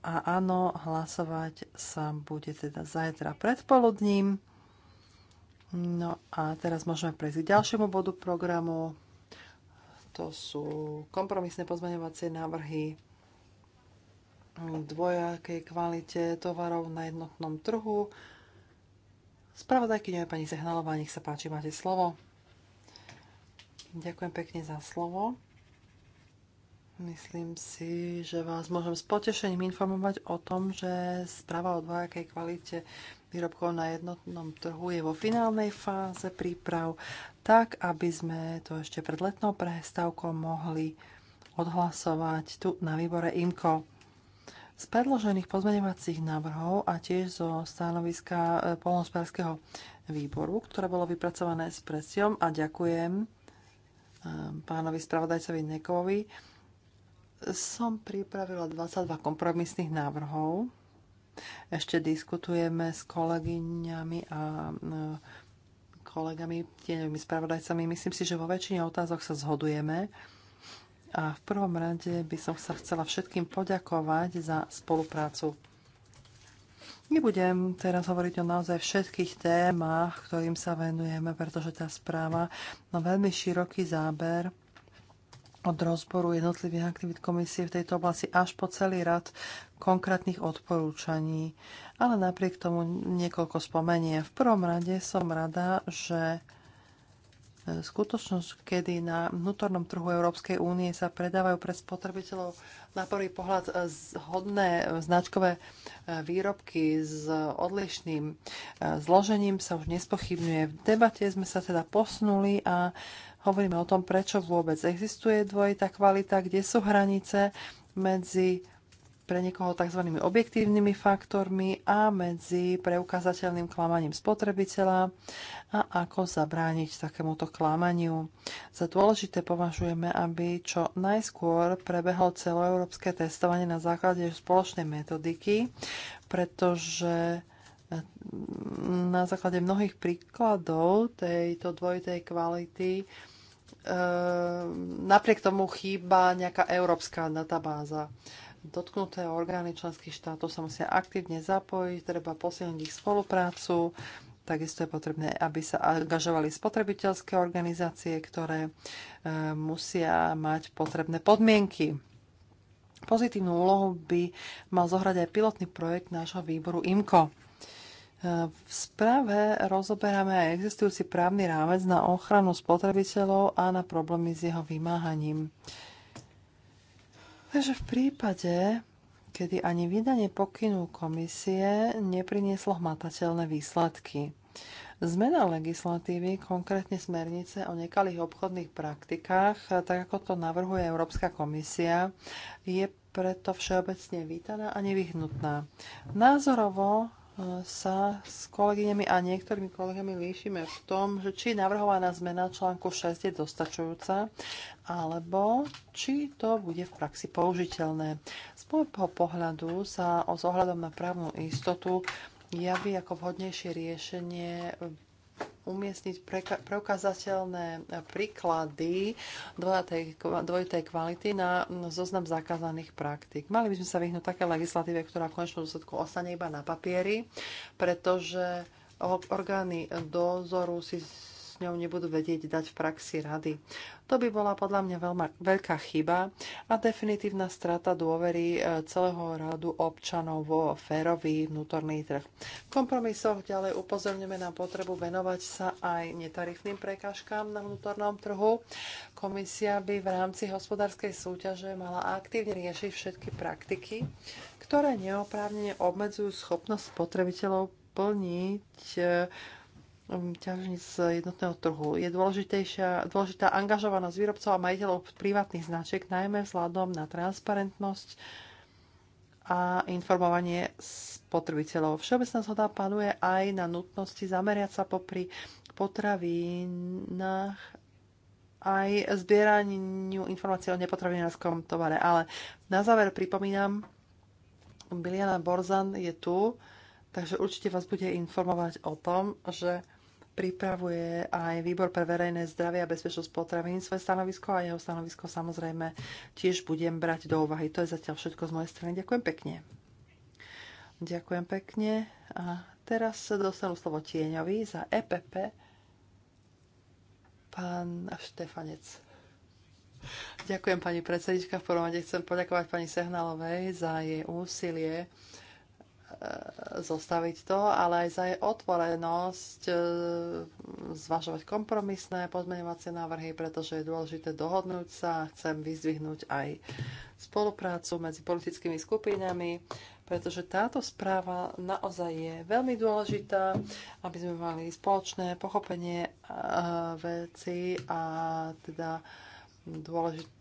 A áno, hlasovať sa bude teda zajtra predpoludním. No a teraz môžeme prejsť k ďalšiemu bodu programu. To sú kompromisné pozmeňovacie návrhy dvojakej kvalite tovarov na jednotnom trhu. Spravodajkyňa je pani Zehnalová, nech sa páči, máte slovo. Ďakujem pekne za slovo. Myslím si, že vás môžem s potešením informovať o tom, že správa o dvojakej kvalite výrobkov na jednotnom trhu je vo finálnej fáze príprav, tak aby sme to ešte pred letnou prestávkou mohli odhlasovať tu na výbore IMCO. Z predložených pozmeňovacích návrhov a tiež zo stanoviska eh, polnospárskeho výboru, ktoré bolo vypracované s presiom a ďakujem Ehm, pánovi spravodajcovi Nekovi. Som pripravila 22 kompromisných návrhov. Ešte diskutujeme s kolegyňami a e, kolegami, tieňovými spravodajcami. Myslím si, že vo väčšine otázok sa zhodujeme. A v prvom rade by som sa chcela všetkým poďakovať za spoluprácu Nebudem teraz hovoriť o naozaj všetkých témach, ktorým sa venujeme, pretože tá správa má veľmi široký záber od rozboru jednotlivých aktivít komisie v tejto oblasti až po celý rad konkrétnych odporúčaní. Ale napriek tomu niekoľko spomenie. V prvom rade som rada, že Skutočnosť, kedy na vnútornom trhu Európskej únie sa predávajú pre spotrebiteľov na prvý pohľad eh, hodné eh, značkové eh, výrobky s odlišným zložením sa už nespochybňuje. V debate sme sa teda posunuli a hovoríme o tom, prečo vôbec existuje dvojitá kvalita, kde sú hranice medzi pre niekoho tzv. objektívnymi faktormi a medzi preukázateľným klamaním spotrebiteľa a ako zabrániť takémuto klamaniu. Za dôležité považujeme, aby čo najskôr prebehlo celoeurópske testovanie na základe spoločnej metodiky, pretože eh, na základe mnohých príkladov tejto dvojitej kvality eh, napriek tomu chýba nejaká európska databáza. Dotknuté orgány členských štátov sa musia aktívne zapojiť, treba posilniť ich spoluprácu. Takisto je potrebné, aby sa angažovali spotrebiteľské organizácie, ktoré e, musia mať potrebné podmienky. Pozitívnu úlohu by mal zohrať aj pilotný projekt nášho výboru IMCO. E, v správe rozoberáme aj existujúci právny rámec na ochranu spotrebiteľov a na problémy s jeho vymáhaním. Takže v prípade, kedy ani vydanie pokynu komisie neprinieslo hmatateľné výsledky. Zmena legislatívy, konkrétne smernice o nekalých obchodných praktikách, tak ako to navrhuje Európska komisia, je preto všeobecne vítaná a nevyhnutná. Názorovo sa s kolegyňami a niektorými kolegami líšime v tom, že či navrhovaná zmena článku 6 je dostačujúca, alebo či to bude v praxi použiteľné. Z môjho pohľadu sa o ohľadom na právnu istotu javí ako vhodnejšie riešenie umiestniť preukázateľné príklady dvojitej, dvojitej kvality na zoznam zakázaných praktík. Mali by sme sa vyhnúť také legislatíve, ktorá v konečnom dôsledku ostane iba na papieri, pretože orgány dozoru si ňou nebudú vedieť dať v praxi rady. To by bola podľa mňa veľma, veľká chyba a definitívna strata dôvery e, celého radu občanov vo férový vnútorný trh. V kompromisoch ďalej upozorňujeme na potrebu venovať sa aj netarifným prekážkám na vnútornom trhu. Komisia by v rámci hospodárskej súťaže mala aktívne riešiť všetky praktiky, ktoré neoprávnene obmedzujú schopnosť spotrebiteľov plniť e, Um, ťažní z jednotného trhu. Je dôležitejšia, dôležitá angažovanosť výrobcov a majiteľov privátnych značiek, najmä vzhľadom na transparentnosť a informovanie spotrebiteľov. Všeobecná zhoda panuje aj na nutnosti zameriať sa popri potravinách aj zbieraniu informácií o nepotravinárskom tovare. Ale na záver pripomínam, Biliana Borzan je tu, takže určite vás bude informovať o tom, že pripravuje aj výbor pre verejné zdravie a bezpečnosť potravín svoje stanovisko a jeho stanovisko samozrejme tiež budem brať do úvahy. To je zatiaľ všetko z mojej strany. Ďakujem pekne. Ďakujem pekne. A teraz dostanú slovo Tieňovi za EPP pán Štefanec. Ďakujem pani predsednička. V prvom rade chcem poďakovať pani Sehnalovej za jej úsilie zostaviť to, ale aj za jej otvorenosť e, zvažovať kompromisné pozmeňovacie návrhy, pretože je dôležité dohodnúť sa. Chcem vyzdvihnúť aj spoluprácu medzi politickými skupinami, pretože táto správa naozaj je veľmi dôležitá, aby sme mali spoločné pochopenie e, veci a teda dôležité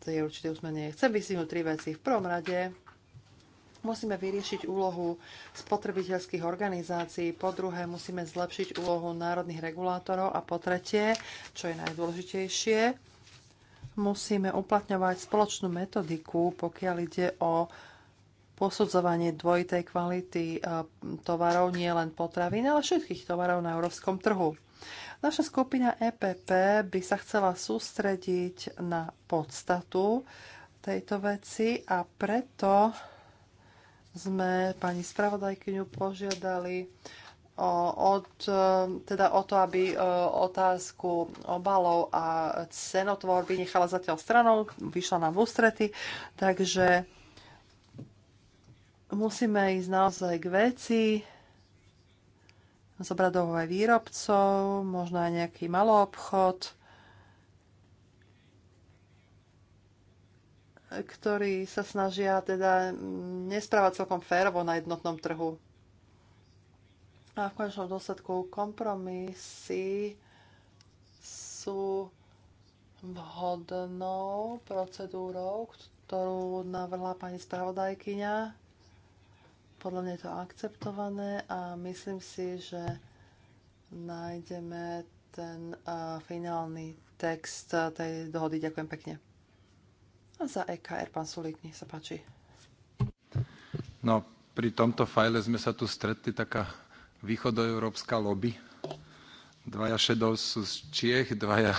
je určite usmernenie. Chcem vystihnúť tri veci. V prvom rade Musíme vyriešiť úlohu spotrebiteľských organizácií, po druhé musíme zlepšiť úlohu národných regulátorov a po tretie, čo je najdôležitejšie, musíme uplatňovať spoločnú metodiku, pokiaľ ide o posudzovanie dvojitej kvality e, tovarov, nie len potravín, ale všetkých tovarov na európskom trhu. Naša skupina EPP by sa chcela sústrediť na podstatu tejto veci a preto sme pani spravodajkyňu požiadali o, od, e, teda o to, aby e, otázku obalov a cenotvorby nechala zatiaľ stranou, vyšla nám v ústrety, takže musíme ísť naozaj k veci, zobrať výrobcov, možno aj nejaký maloobchod, ktorí sa snažia teda nesprávať celkom férovo na jednotnom trhu. A v konečnom dôsledku kompromisy sú vhodnou procedúrou, ktorú navrhla pani spravodajkyňa. Podľa mňa je to akceptované a myslím si, že nájdeme ten uh, finálny text tej dohody. Ďakujem pekne za EKR, pán Sulík, nech sa páči.
No, pri tomto fajle sme sa tu stretli taká východoeurópska lobby. Dvaja šedov sú z Čiech, dvaja,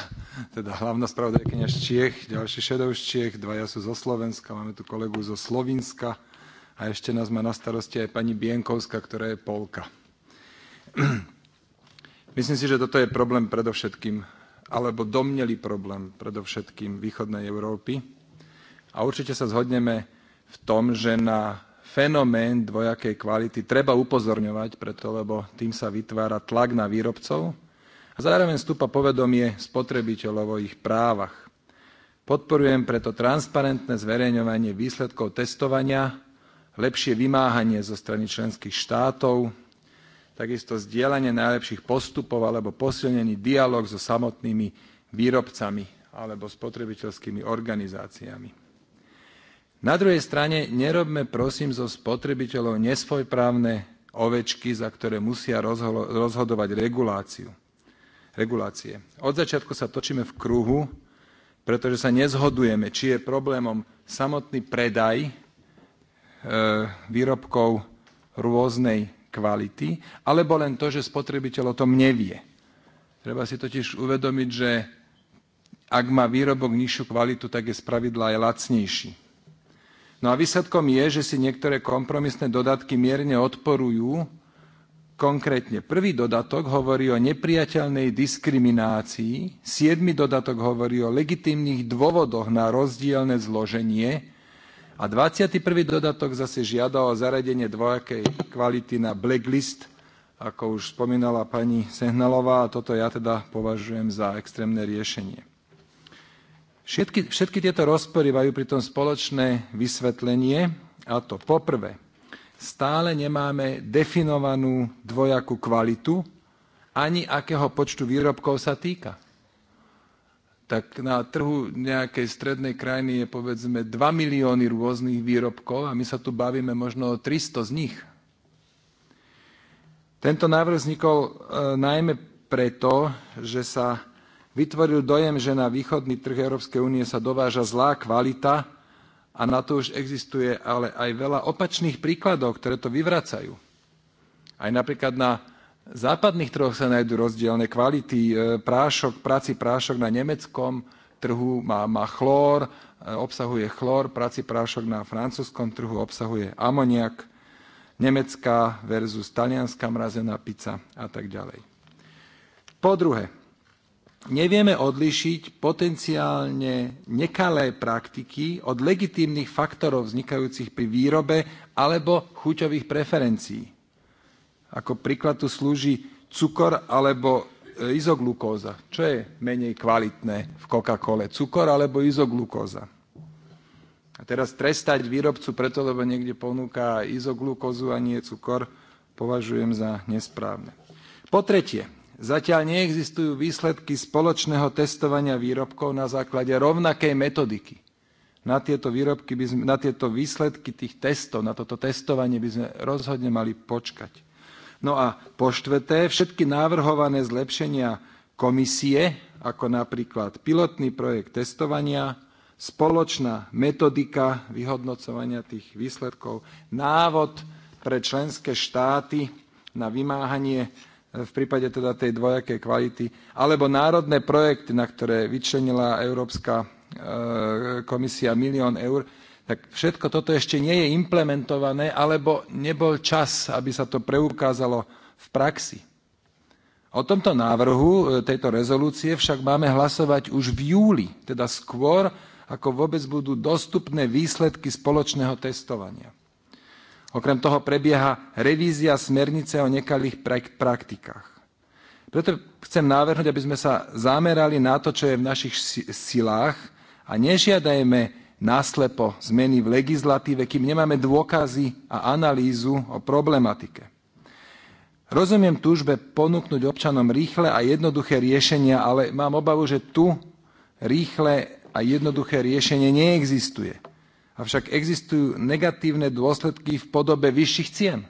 teda hlavná spravodajkynia z Čiech, ďalší šedov z Čiech, dvaja sú zo Slovenska, máme tu kolegu zo Slovinska a ešte nás má na starosti aj pani Bienkovská, ktorá je Polka. <clears throat> Myslím si, že toto je problém predovšetkým, alebo domnelý problém predovšetkým východnej Európy, a určite sa zhodneme v tom, že na fenomén dvojakej kvality treba upozorňovať, preto lebo tým sa vytvára tlak na výrobcov a zároveň stúpa povedomie spotrebiteľov o ich právach. Podporujem preto transparentné zverejňovanie výsledkov testovania, lepšie vymáhanie zo strany členských štátov, takisto zdieľanie najlepších postupov alebo posilnený dialog so samotnými výrobcami alebo spotrebiteľskými organizáciami. Na druhej strane nerobme prosím zo spotrebiteľov nesvojprávne ovečky, za ktoré musia rozhodovať reguláciu. regulácie. Od začiatku sa točíme v kruhu, pretože sa nezhodujeme, či je problémom samotný predaj e, výrobkov rôznej kvality, alebo len to, že spotrebiteľ o tom nevie. Treba si totiž uvedomiť, že ak má výrobok nižšiu kvalitu, tak je spravidla aj lacnejší No a výsledkom je, že si niektoré kompromisné dodatky mierne odporujú. Konkrétne prvý dodatok hovorí o nepriateľnej diskriminácii, siedmy dodatok hovorí o legitímnych dôvodoch na rozdielne zloženie a 21. dodatok zase žiada o zaradenie dvojakej kvality na blacklist ako už spomínala pani Sehnalová, a toto ja teda považujem za extrémne riešenie. Všetky, všetky tieto rozpory majú pritom spoločné vysvetlenie, a to poprvé, stále nemáme definovanú dvojakú kvalitu, ani akého počtu výrobkov sa týka. Tak na trhu nejakej strednej krajiny je povedzme 2 milióny rôznych výrobkov a my sa tu bavíme možno o 300 z nich. Tento návrh vznikol e, najmä preto, že sa vytvoril dojem, že na východný trh Európskej únie sa dováža zlá kvalita a na to už existuje ale aj veľa opačných príkladov, ktoré to vyvracajú. Aj napríklad na západných trhoch sa nájdú rozdielne kvality e, prášok, práci prášok na nemeckom trhu má, má chlór, e, obsahuje chlór, práci prášok na francúzskom trhu obsahuje amoniak, nemecká versus talianská mrazená pizza a tak ďalej. Po druhé, nevieme odlišiť potenciálne nekalé praktiky od legitímnych faktorov vznikajúcich pri výrobe alebo chuťových preferencií. Ako príklad tu slúži cukor alebo e, izoglukóza. Čo je menej kvalitné v Coca-Cole? Cukor alebo izoglukóza? A teraz trestať výrobcu preto, lebo niekde ponúka izoglukózu a nie cukor, považujem za nesprávne. Po tretie, Zatiaľ neexistujú výsledky spoločného testovania výrobkov na základe rovnakej metodiky. Na tieto, výrobky by sme, na tieto výsledky tých testov, na toto testovanie by sme rozhodne mali počkať. No a po štvrté, všetky návrhované zlepšenia komisie, ako napríklad pilotný projekt testovania, spoločná metodika vyhodnocovania tých výsledkov, návod pre členské štáty na vymáhanie v prípade teda tej dvojakej kvality, alebo národné projekty, na ktoré vyčlenila Európska e, komisia milión eur, tak všetko toto ešte nie je implementované, alebo nebol čas, aby sa to preukázalo v praxi. O tomto návrhu e, tejto rezolúcie však máme hlasovať už v júli, teda skôr, ako vôbec budú dostupné výsledky spoločného testovania. Okrem toho prebieha revízia smernice o nekalých praktikách. Preto chcem návrhnúť, aby sme sa zamerali na to, čo je v našich silách a nežiadajme náslepo zmeny v legislatíve, kým nemáme dôkazy a analýzu o problematike. Rozumiem túžbe ponúknuť občanom rýchle a jednoduché riešenia, ale mám obavu, že tu rýchle a jednoduché riešenie neexistuje. Avšak existujú negatívne dôsledky v podobe vyšších cien.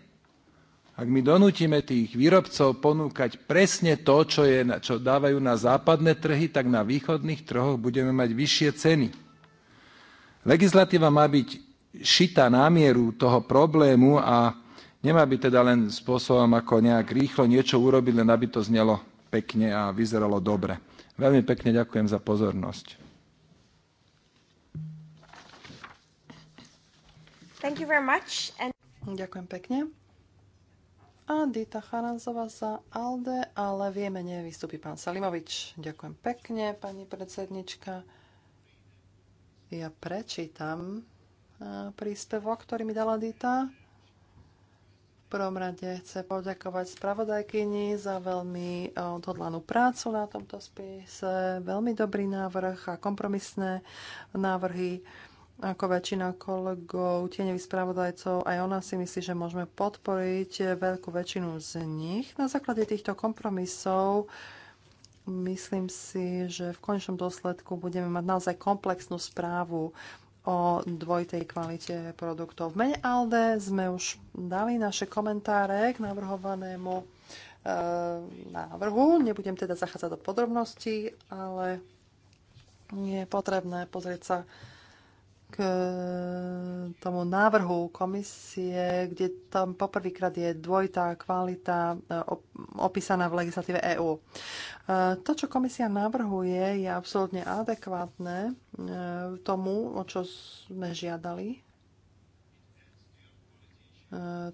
Ak my donútime tých výrobcov ponúkať presne to, čo, je, čo dávajú na západné trhy, tak na východných trhoch budeme mať vyššie ceny. Legislatíva má byť šita námieru toho problému a nemá byť teda len spôsobom, ako nejak rýchlo niečo urobiť, len aby to znelo pekne a vyzeralo dobre. Veľmi pekne ďakujem za pozornosť.
Thank you very much. And... Ďakujem pekne. A Dita Charanzová za ALDE, ale jemene vystúpi pán Salimovič. Ďakujem pekne, pani predsednička. Ja prečítam príspevok, ktorý mi dala Dita V prvom rade chcem poďakovať spravodajkyni za veľmi odhodlanú prácu na tomto spise, veľmi dobrý návrh a kompromisné návrhy. Ako väčšina kolegov, tieňových spravodajcov, aj ona si myslí, že môžeme podporiť veľkú väčšinu z nich. Na základe týchto kompromisov myslím si, že v konečnom dôsledku budeme mať naozaj komplexnú správu o dvojitej kvalite produktov. V mene ALDE sme už dali naše komentáre k navrhovanému e, návrhu. Nebudem teda zachádzať do podrobností, ale je potrebné pozrieť sa k e, tomu návrhu komisie, kde tam poprvýkrát je dvojitá kvalita e, opísaná v legislatíve EÚ. E, to, čo komisia navrhuje, je absolútne adekvátne tomu, o čo sme žiadali.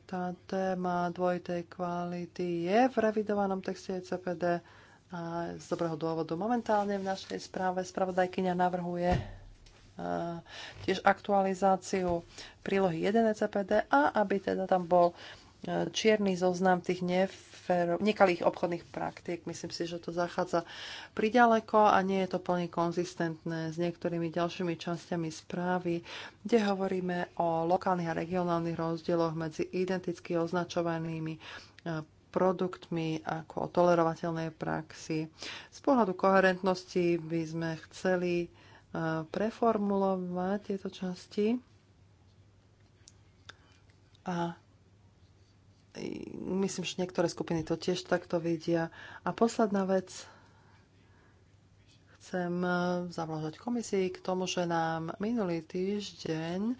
Tá téma dvojitej kvality je v revidovanom texte CPD a z dobrého dôvodu momentálne v našej správe spravodajkyňa navrhuje Eh, tiež aktualizáciu prílohy 1 ECPD a aby teda tam bol eh, čierny zoznam tých nefer, nekalých obchodných praktiek. Myslím si, že to zachádza priďaleko a nie je to plne konzistentné s niektorými ďalšími časťami správy, kde hovoríme o lokálnych a regionálnych rozdieloch medzi identicky označovanými eh, produktmi ako o tolerovateľnej praxi. Z pohľadu koherentnosti by sme chceli preformulovať tieto časti a myslím, že niektoré skupiny to tiež takto vidia. A posledná vec, chcem e, zavlažať komisii k tomu, že nám minulý týždeň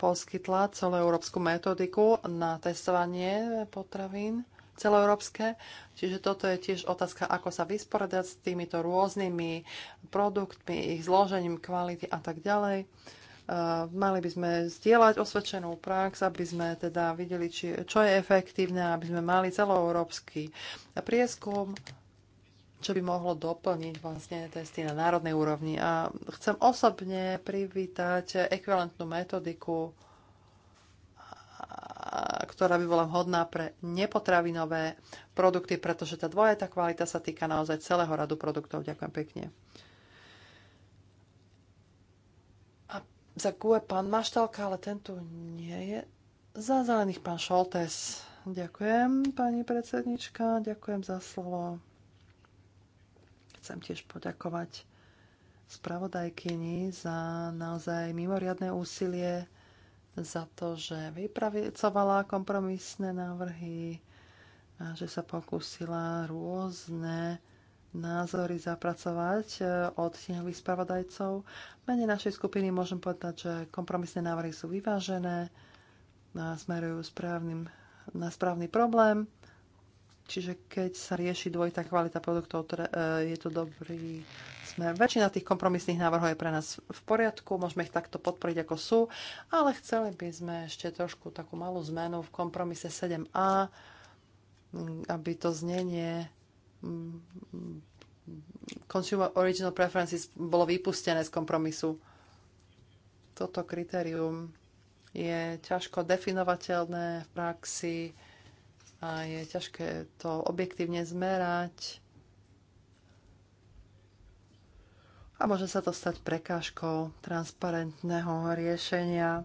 poskytla celú európsku metodiku na testovanie potravín celoeurópske. Čiže toto je tiež otázka, ako sa vysporiadať s týmito rôznymi produktmi, ich zložením kvality a tak ďalej. Eh, mali by sme zdieľať osvedčenú prax, aby sme teda videli, či, čo je efektívne, aby sme mali celoeurópsky prieskum, čo by mohlo doplniť vlastne testy na národnej úrovni. A chcem osobne privítať ekvivalentnú metodiku ktorá by bola vhodná pre nepotravinové produkty, pretože tá dvojetá kvalita sa týka naozaj celého radu produktov. Ďakujem pekne. A za GUE pán Maštalka, ale ten tu nie je. Za zelených pán Šoltes. Ďakujem, pani predsednička, ďakujem za slovo. Chcem tiež poďakovať spravodajkyni za naozaj mimoriadné úsilie za to, že vypracovala kompromisné návrhy a že sa pokúsila rôzne názory zapracovať e, od tieňových spravodajcov. Mene našej skupiny môžem povedať, že kompromisné návrhy sú vyvážené a smerujú správnym, na správny problém. Čiže keď sa rieši dvojitá kvalita produktov, e, je to dobrý smer. Väčšina tých kompromisných návrhov je pre nás v poriadku, môžeme ich takto podporiť, ako sú, ale chceli by sme ešte trošku takú malú zmenu v kompromise 7a, mm, aby to znenie mm, Consumer Original Preferences bolo vypustené z kompromisu. Toto kritérium je ťažko definovateľné v praxi a je ťažké to objektívne zmerať. A môže sa to stať prekážkou transparentného riešenia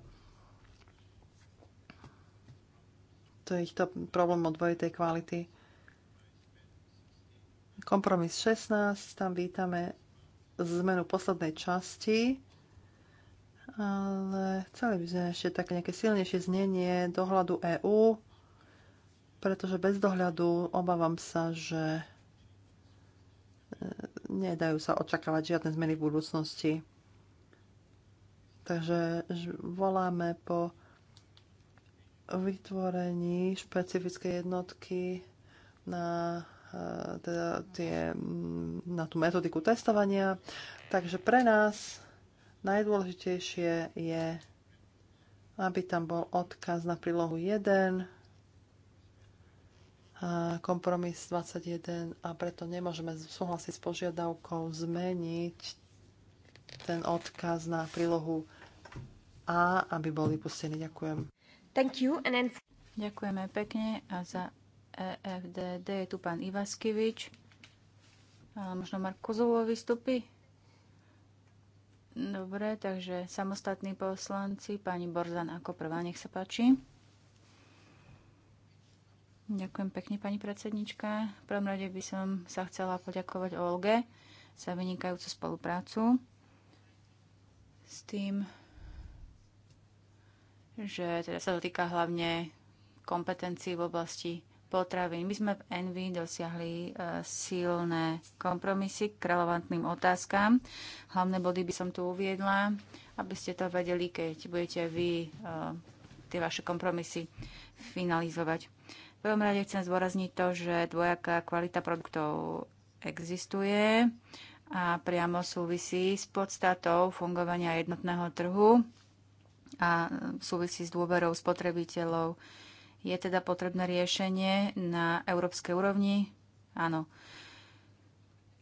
problém od dvojitej kvality. Kompromis 16, tam vítame zmenu poslednej časti, ale chceli by sme ešte také nejaké silnejšie znenie dohľadu EÚ pretože bez dohľadu obávam sa, že e, nedajú sa očakávať žiadne zmeny v budúcnosti. Takže voláme po vytvorení špecifickej jednotky na, e, teda tie, na tú metodiku testovania. Takže pre nás najdôležitejšie je, aby tam bol odkaz na prílohu 1 kompromis 21 a preto nemôžeme súhlasiť s požiadavkou zmeniť ten odkaz na prílohu A, aby bol vypustený. Ďakujem.
Thank you. And then... Ďakujeme pekne a za EFDD je tu pán Ivaskivič. A možno Mark Kozovo vystupí? Dobre, takže samostatní poslanci, pani Borzan ako prvá, nech sa páči. Ďakujem pekne, pani predsednička. V prvom rade by som sa chcela poďakovať Olge za vynikajúcu spoluprácu s tým, že teda sa dotýka hlavne kompetencií v oblasti potravín. My sme v Envy dosiahli e, silné kompromisy k relevantným otázkam. Hlavné body by som tu uviedla, aby ste to vedeli, keď budete vy e, tie vaše kompromisy finalizovať prvom rade chcem zdôrazniť to, že dvojaká kvalita produktov existuje a priamo súvisí s podstatou fungovania jednotného trhu a súvisí s dôverou spotrebiteľov. Je teda potrebné riešenie na európskej úrovni? Áno.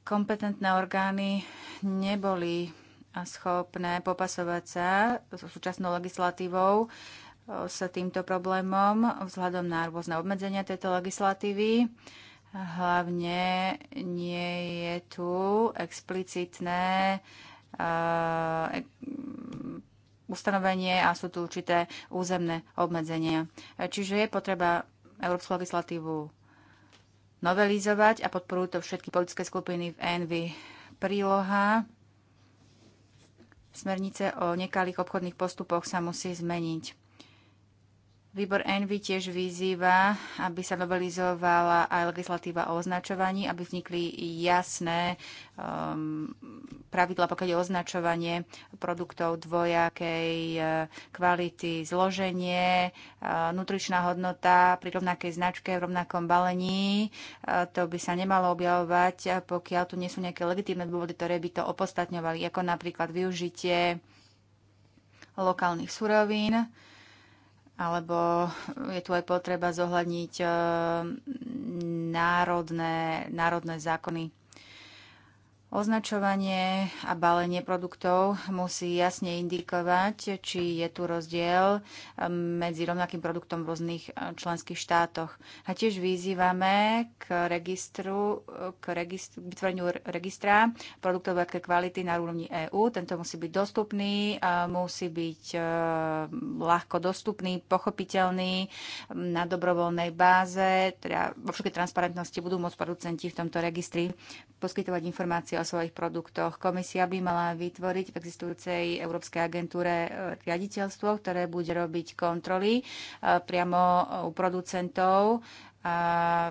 Kompetentné orgány neboli schopné popasovať sa so súčasnou legislatívou s týmto problémom vzhľadom na rôzne obmedzenia tejto legislatívy. Hlavne nie je tu explicitné eh, ustanovenie a sú tu určité územné obmedzenia. Čiže je potreba európsku legislatívu novelizovať a podporujú to všetky politické skupiny v ENVY. Príloha smernice o nekalých obchodných postupoch sa musí zmeniť. Výbor Envy tiež vyzýva, aby sa novelizovala aj legislatíva o označovaní, aby vznikli jasné um, pravidla, pokiaľ je označovanie produktov dvojakej eh, kvality, zloženie, uh, nutričná hodnota pri rovnakej značke, v rovnakom balení. Uh, to by sa nemalo objavovať, pokiaľ tu nie sú nejaké legitímne dôvody, ktoré by to opodstatňovali, ako napríklad využitie lokálnych surovín alebo je tu aj potreba zohľadniť eh, národné, národné zákony. Označovanie a balenie produktov musí jasne indikovať, či je tu rozdiel um, medzi rovnakým produktom v rôznych uh, členských štátoch. A tiež vyzývame k, registru, uh, k, registru, vytvoreniu registra produktov veľké kvality na úrovni EÚ. Tento musí byť dostupný, uh, musí byť ľahko dostupný, pochopiteľný um, na dobrovoľnej báze. Teda vo všetkej transparentnosti budú môcť producenti v tomto registri poskytovať informácie o svojich produktoch. Komisia by mala vytvoriť v existujúcej Európskej agentúre e, riaditeľstvo, ktoré bude robiť kontroly e, priamo u producentov a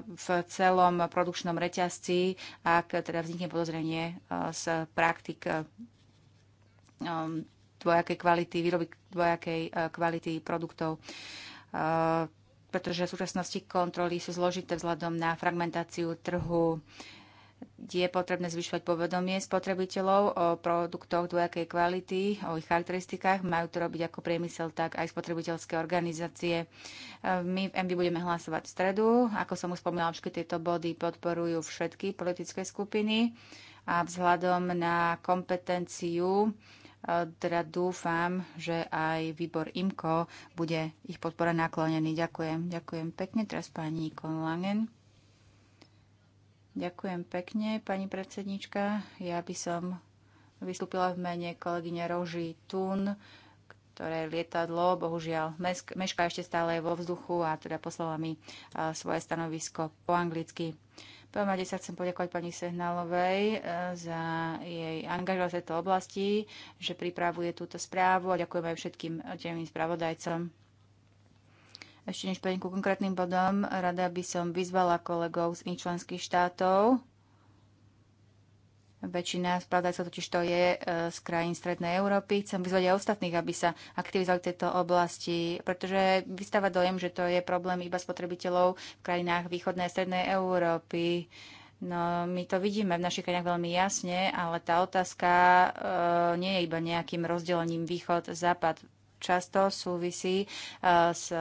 e, v celom produkčnom reťazci, ak teda vznikne podozrenie z praktik um, dvojakej kvality, výroby dvojakej kvality produktov pretože v súčasnosti kontroly sú zložité vzhľadom na fragmentáciu trhu je potrebné zvyšovať povedomie spotrebiteľov o produktoch dvojakej kvality, o ich charakteristikách. Majú to robiť ako priemysel, tak aj spotrebiteľské organizácie. E, my v MB budeme hlasovať v stredu. Ako som už spomínala, všetky tieto body podporujú všetky politické skupiny a vzhľadom na kompetenciu e, teda dúfam, že aj výbor IMKO bude ich podpora naklonený. Ďakujem. Ďakujem pekne. Teraz pani Kon Langen. Ďakujem pekne, pani predsednička. Ja by som vystúpila v mene kolegyne Roži Tun, ktoré lietadlo, bohužiaľ, meška ešte stále vo vzduchu a teda poslala mi svoje stanovisko po anglicky. Prvom rade sa chcem poďakovať pani Sehnalovej e, za jej angažovanie v tejto oblasti, že pripravuje túto správu a ďakujem aj všetkým tým spravodajcom. Ešte než prejdem ku konkrétnym bodom, rada by som vyzvala kolegov z iných členských štátov. Väčšina spravodajcov totiž to je e, z krajín Strednej Európy. Chcem vyzvať aj ostatných, aby sa aktivizovali v tejto oblasti, pretože vystáva dojem, že to je problém iba spotrebiteľov v krajinách východnej a strednej Európy. No, my to vidíme v našich krajinách veľmi jasne, ale tá otázka e, nie je iba nejakým rozdelením východ-západ často súvisí eh, s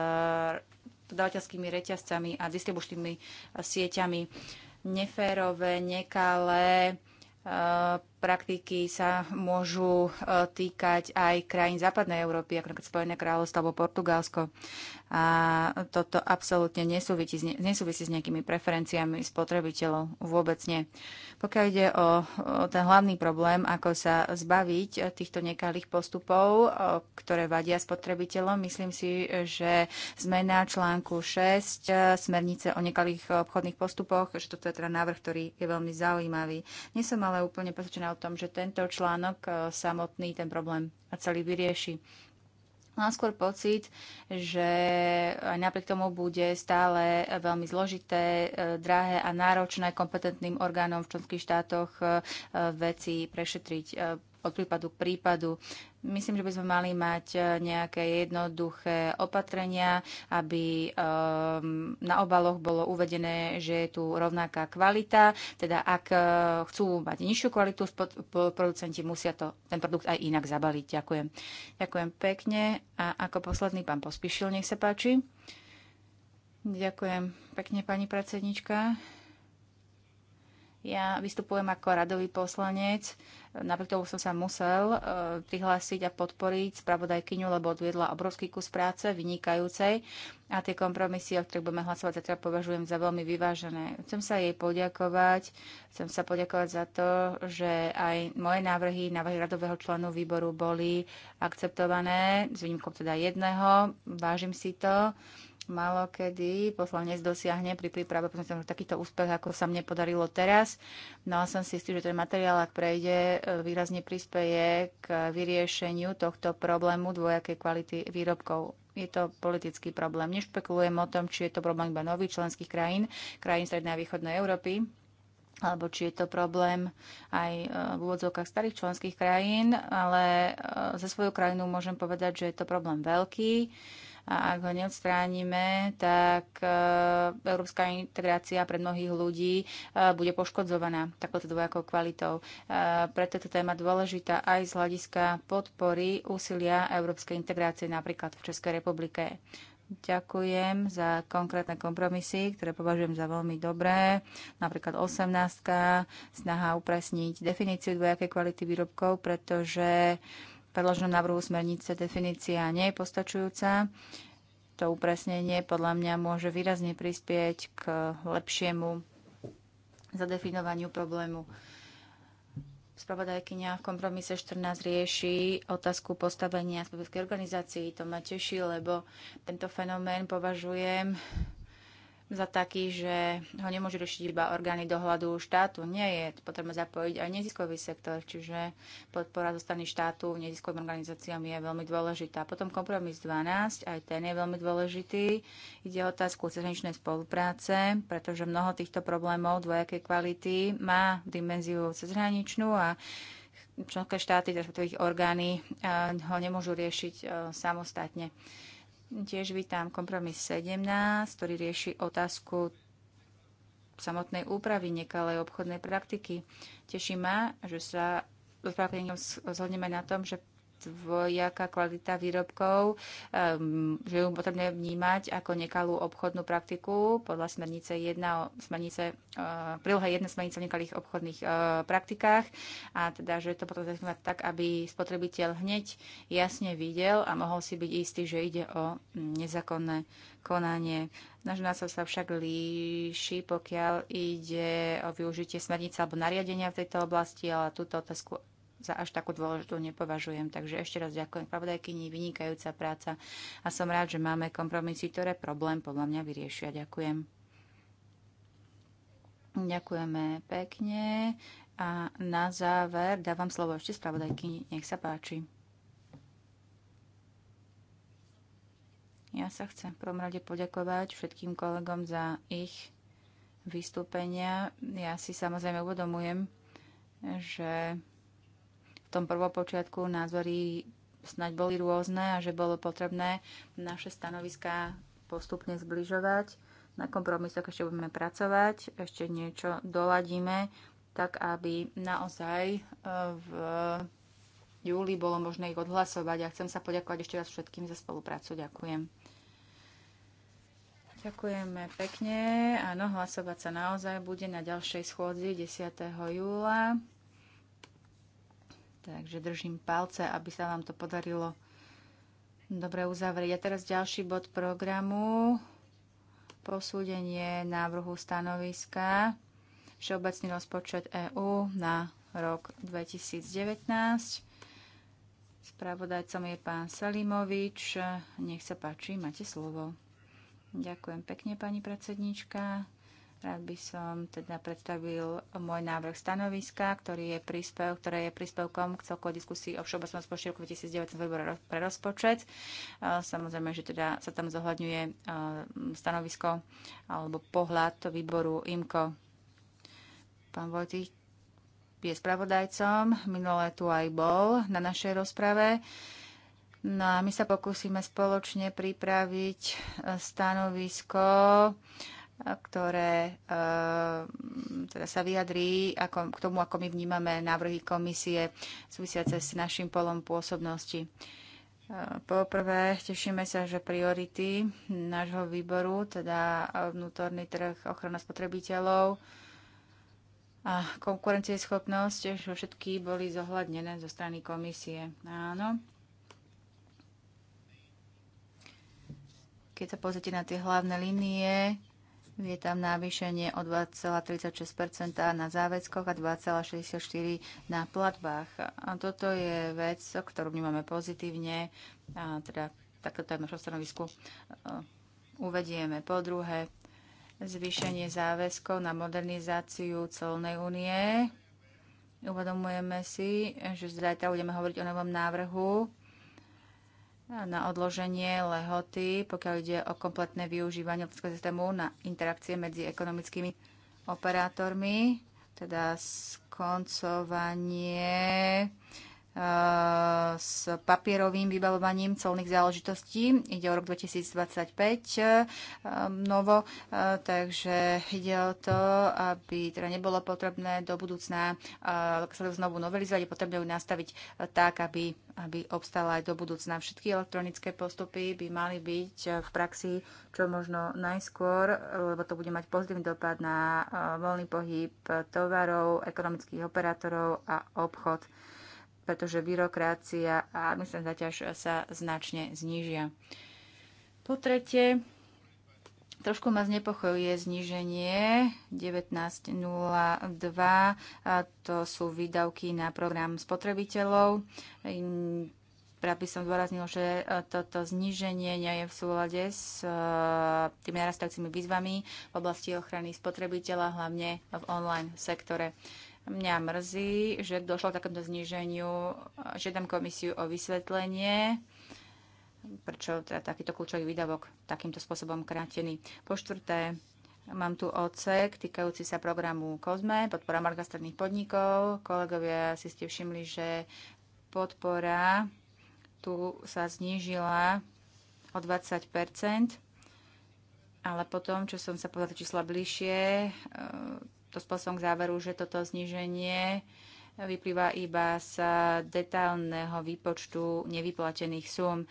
dodateľskými reťazcami a distribučnými eh, sieťami. Neférové, nekalé eh, praktiky sa môžu e, týkať aj krajín západnej Európy, ako napríklad Spojené kráľovstvo alebo Portugalsko. A toto absolútne nesúvisí, nesúvisí s nejakými preferenciami spotrebiteľov, vôbec nie. Pokiaľ ide o, o ten hlavný problém, ako sa zbaviť týchto nekalých postupov, ktoré vadia spotrebiteľom, myslím si, že zmena článku 6 e, smernice o nekalých obchodných postupoch, že toto je teda návrh, ktorý je veľmi zaujímavý. Nie som ale úplne presvedčená o tom, že tento článok e, samotný ten problém celý vyrieši. Mám skôr pocit, že aj napriek tomu bude stále veľmi zložité, e, drahé a náročné kompetentným orgánom v členských štátoch e, veci prešetriť od prípadu k prípadu. Myslím, že by sme mali mať e, nejaké jednoduché opatrenia, aby ehm, na obaloch bolo uvedené, že je tu rovnaká kvalita. Teda ak e, chcú mať nižšiu kvalitu, producenti musia to, ten produkt aj inak zabaliť. Ďakujem. Ďakujem pekne. A ako posledný pán Pospišil, nech sa páči. Ďakujem pekne, pani predsednička. Ja vystupujem ako radový poslanec, napriek tomu som sa musel e, prihlásiť a podporiť spravodajkyňu, lebo odviedla obrovský kus práce, vynikajúcej a tie kompromisy, o ktorých budeme hlasovať zatiaľ, považujem za veľmi vyvážené. Chcem sa jej poďakovať, chcem sa poďakovať za to, že aj moje návrhy, návrhy radového členu výboru boli akceptované, s výnimkou teda jedného, vážim si to. Malo kedy poslanec dosiahne pri príprave takýto úspech, ako sa mne podarilo teraz. No a som si istý, že ten materiál, ak prejde, e, výrazne prispieje k vyriešeniu tohto problému dvojakej kvality výrobkov je to politický problém. Nešpekulujem o tom, či je to problém iba nových členských krajín, krajín Strednej a Východnej Európy, alebo či je to problém aj e, v úvodzovkách starých členských krajín, ale e, za svoju krajinu môžem povedať, že je to problém veľký a ak ho neodstránime, tak e, európska integrácia pre mnohých ľudí e, bude poškodzovaná takouto dvojakou kvalitou. E, preto je to téma dôležitá aj z hľadiska podpory úsilia európskej integrácie napríklad v Českej republike. Ďakujem za konkrétne kompromisy, ktoré považujem za veľmi dobré. Napríklad 18. snaha upresniť definíciu dvojakej kvality výrobkov, pretože uh, predloženom návrhu smernice definícia nie je postačujúca. To upresnenie podľa mňa môže výrazne prispieť k lepšiemu zadefinovaniu problému. Spravodajkynia v kompromise 14 rieši otázku postavenia spravodajkej organizácií. To ma teší, lebo tento fenomén považujem za taký, že ho nemôžu riešiť iba orgány dohľadu štátu. Nie je potrebné zapojiť aj neziskový sektor, čiže podpora zo strany štátu neziskovým organizáciám je veľmi dôležitá. Potom kompromis 12, aj ten je veľmi dôležitý. Ide o otázku cezhraničnej spolupráce, pretože mnoho týchto problémov dvojakej kvality má dimenziu cezhraničnú a členské štáty, respektíve ich orgány eh, ho nemôžu riešiť eh, samostatne. Tiež vítam kompromis 17, ktorý rieši otázku samotnej úpravy nekalej obchodnej praktiky. Teší ma, že sa zhodneme na tom, že dvojaká kvalita výrobkov, ehm, že ju potrebné vnímať ako nekalú obchodnú praktiku podľa smernice 1, smernice, eh, prílohe 1 smernice o nekalých obchodných eh, praktikách a teda, že to potom zaznívať tak, aby spotrebiteľ hneď jasne videl a mohol si byť istý, že ide o mm, nezákonné konanie. Náš názor sa však líši, pokiaľ ide o využitie smernice alebo nariadenia v tejto oblasti, ale túto otázku za až takú dôležitú nepovažujem. Takže ešte raz ďakujem pravodajkyni, vynikajúca práca a som rád, že máme kompromisy, ktoré problém podľa mňa vyriešia. Ďakujem. Ďakujeme pekne a na záver dávam slovo ešte spravodajkyni. Nech sa páči. Ja sa chcem v prvom rade poďakovať všetkým kolegom za ich vystúpenia. Ja si samozrejme uvedomujem, že v tom prvopočiatku názory snaď boli rôzne a že bolo potrebné naše stanoviská postupne zbližovať. Na kompromisoch ešte budeme pracovať, ešte niečo doladíme, tak aby naozaj e, v júli bolo možné ich odhlasovať. A ja chcem sa poďakovať ešte raz všetkým za spoluprácu. Ďakujem. Ďakujeme pekne. Áno, hlasovať sa naozaj bude na ďalšej schôdzi 10. júla. Takže držím palce, aby sa vám to podarilo dobre uzavrieť. A teraz ďalší bod programu. Posúdenie návrhu stanoviska Všeobecný rozpočet EÚ na rok 2019. Spravodajcom je pán Salimovič. Nech sa páči, máte slovo. Ďakujem pekne, pani predsednička. Rád by som teda predstavil môj návrh stanoviska, ktorý je príspev, ktoré je príspevkom k celkovej diskusii o všeobecnom rozpočte roku 2019 výboru pre rozpočet. E, samozrejme, že teda sa tam zohľadňuje e, stanovisko alebo pohľad výboru IMKO. Pán Vojtich je spravodajcom, minulé tu aj bol na našej rozprave. No a my sa pokúsime spoločne pripraviť e, stanovisko ktoré eh, teda sa vyjadrí ako, k tomu, ako my vnímame návrhy komisie súvisiace s našim polom pôsobnosti. Eh, poprvé, tešíme sa, že priority nášho výboru, teda eh, vnútorný trh, ochrana spotrebiteľov a konkurencieschopnosť, že všetky boli zohľadnené zo strany komisie. Áno. Keď sa pozrite na tie hlavné línie, je tam navýšenie o 2,36 na záväzkoch a 2,64 na platbách. A toto je vec, ktorú vnímame pozitívne, a teda takto je v našom stanovisku e, uvedieme. Po druhé, zvýšenie záväzkov na modernizáciu celnej únie. Uvedomujeme si, že zajtra budeme hovoriť o novom návrhu na odloženie lehoty, pokiaľ ide o kompletné využívanie leteckého systému na interakcie medzi ekonomickými operátormi, teda skoncovanie s papierovým vybavovaním colných záležitostí. Ide o rok 2025 eh, novo, eh, takže ide o to, aby teda nebolo potrebné do budúcna eh, sa znovu novelizovať, je potrebné ju nastaviť tak, aby, aby obstala aj do budúcna. Všetky elektronické postupy by mali byť v praxi čo možno najskôr, lebo to bude mať pozitívny dopad na voľný pohyb tovarov, ekonomických operátorov a obchod pretože byrokracia a myslím, zaťaž sa značne znížia. Po tretie, Trošku ma znepokojuje zníženie 19.02. To sú výdavky na program spotrebiteľov. Práve by som zdôraznil, že e, toto zníženie nie je v súlade s e, tými narastajúcimi výzvami v oblasti ochrany spotrebiteľa, hlavne v online sektore. Mňa mrzí, že došlo k takémto zníženiu. Žiadam komisiu o vysvetlenie, prečo teda takýto kľúčový výdavok takýmto spôsobom krátený. Po štvrté, Mám tu odsek týkajúci sa programu COSME, podpora margastredných podnikov. Kolegovia si ste všimli, že podpora tu sa znížila o 20 ale potom, čo som sa povedala čísla bližšie, to spôsobom k záveru, že toto zniženie vyplýva iba z detailného výpočtu nevyplatených sum.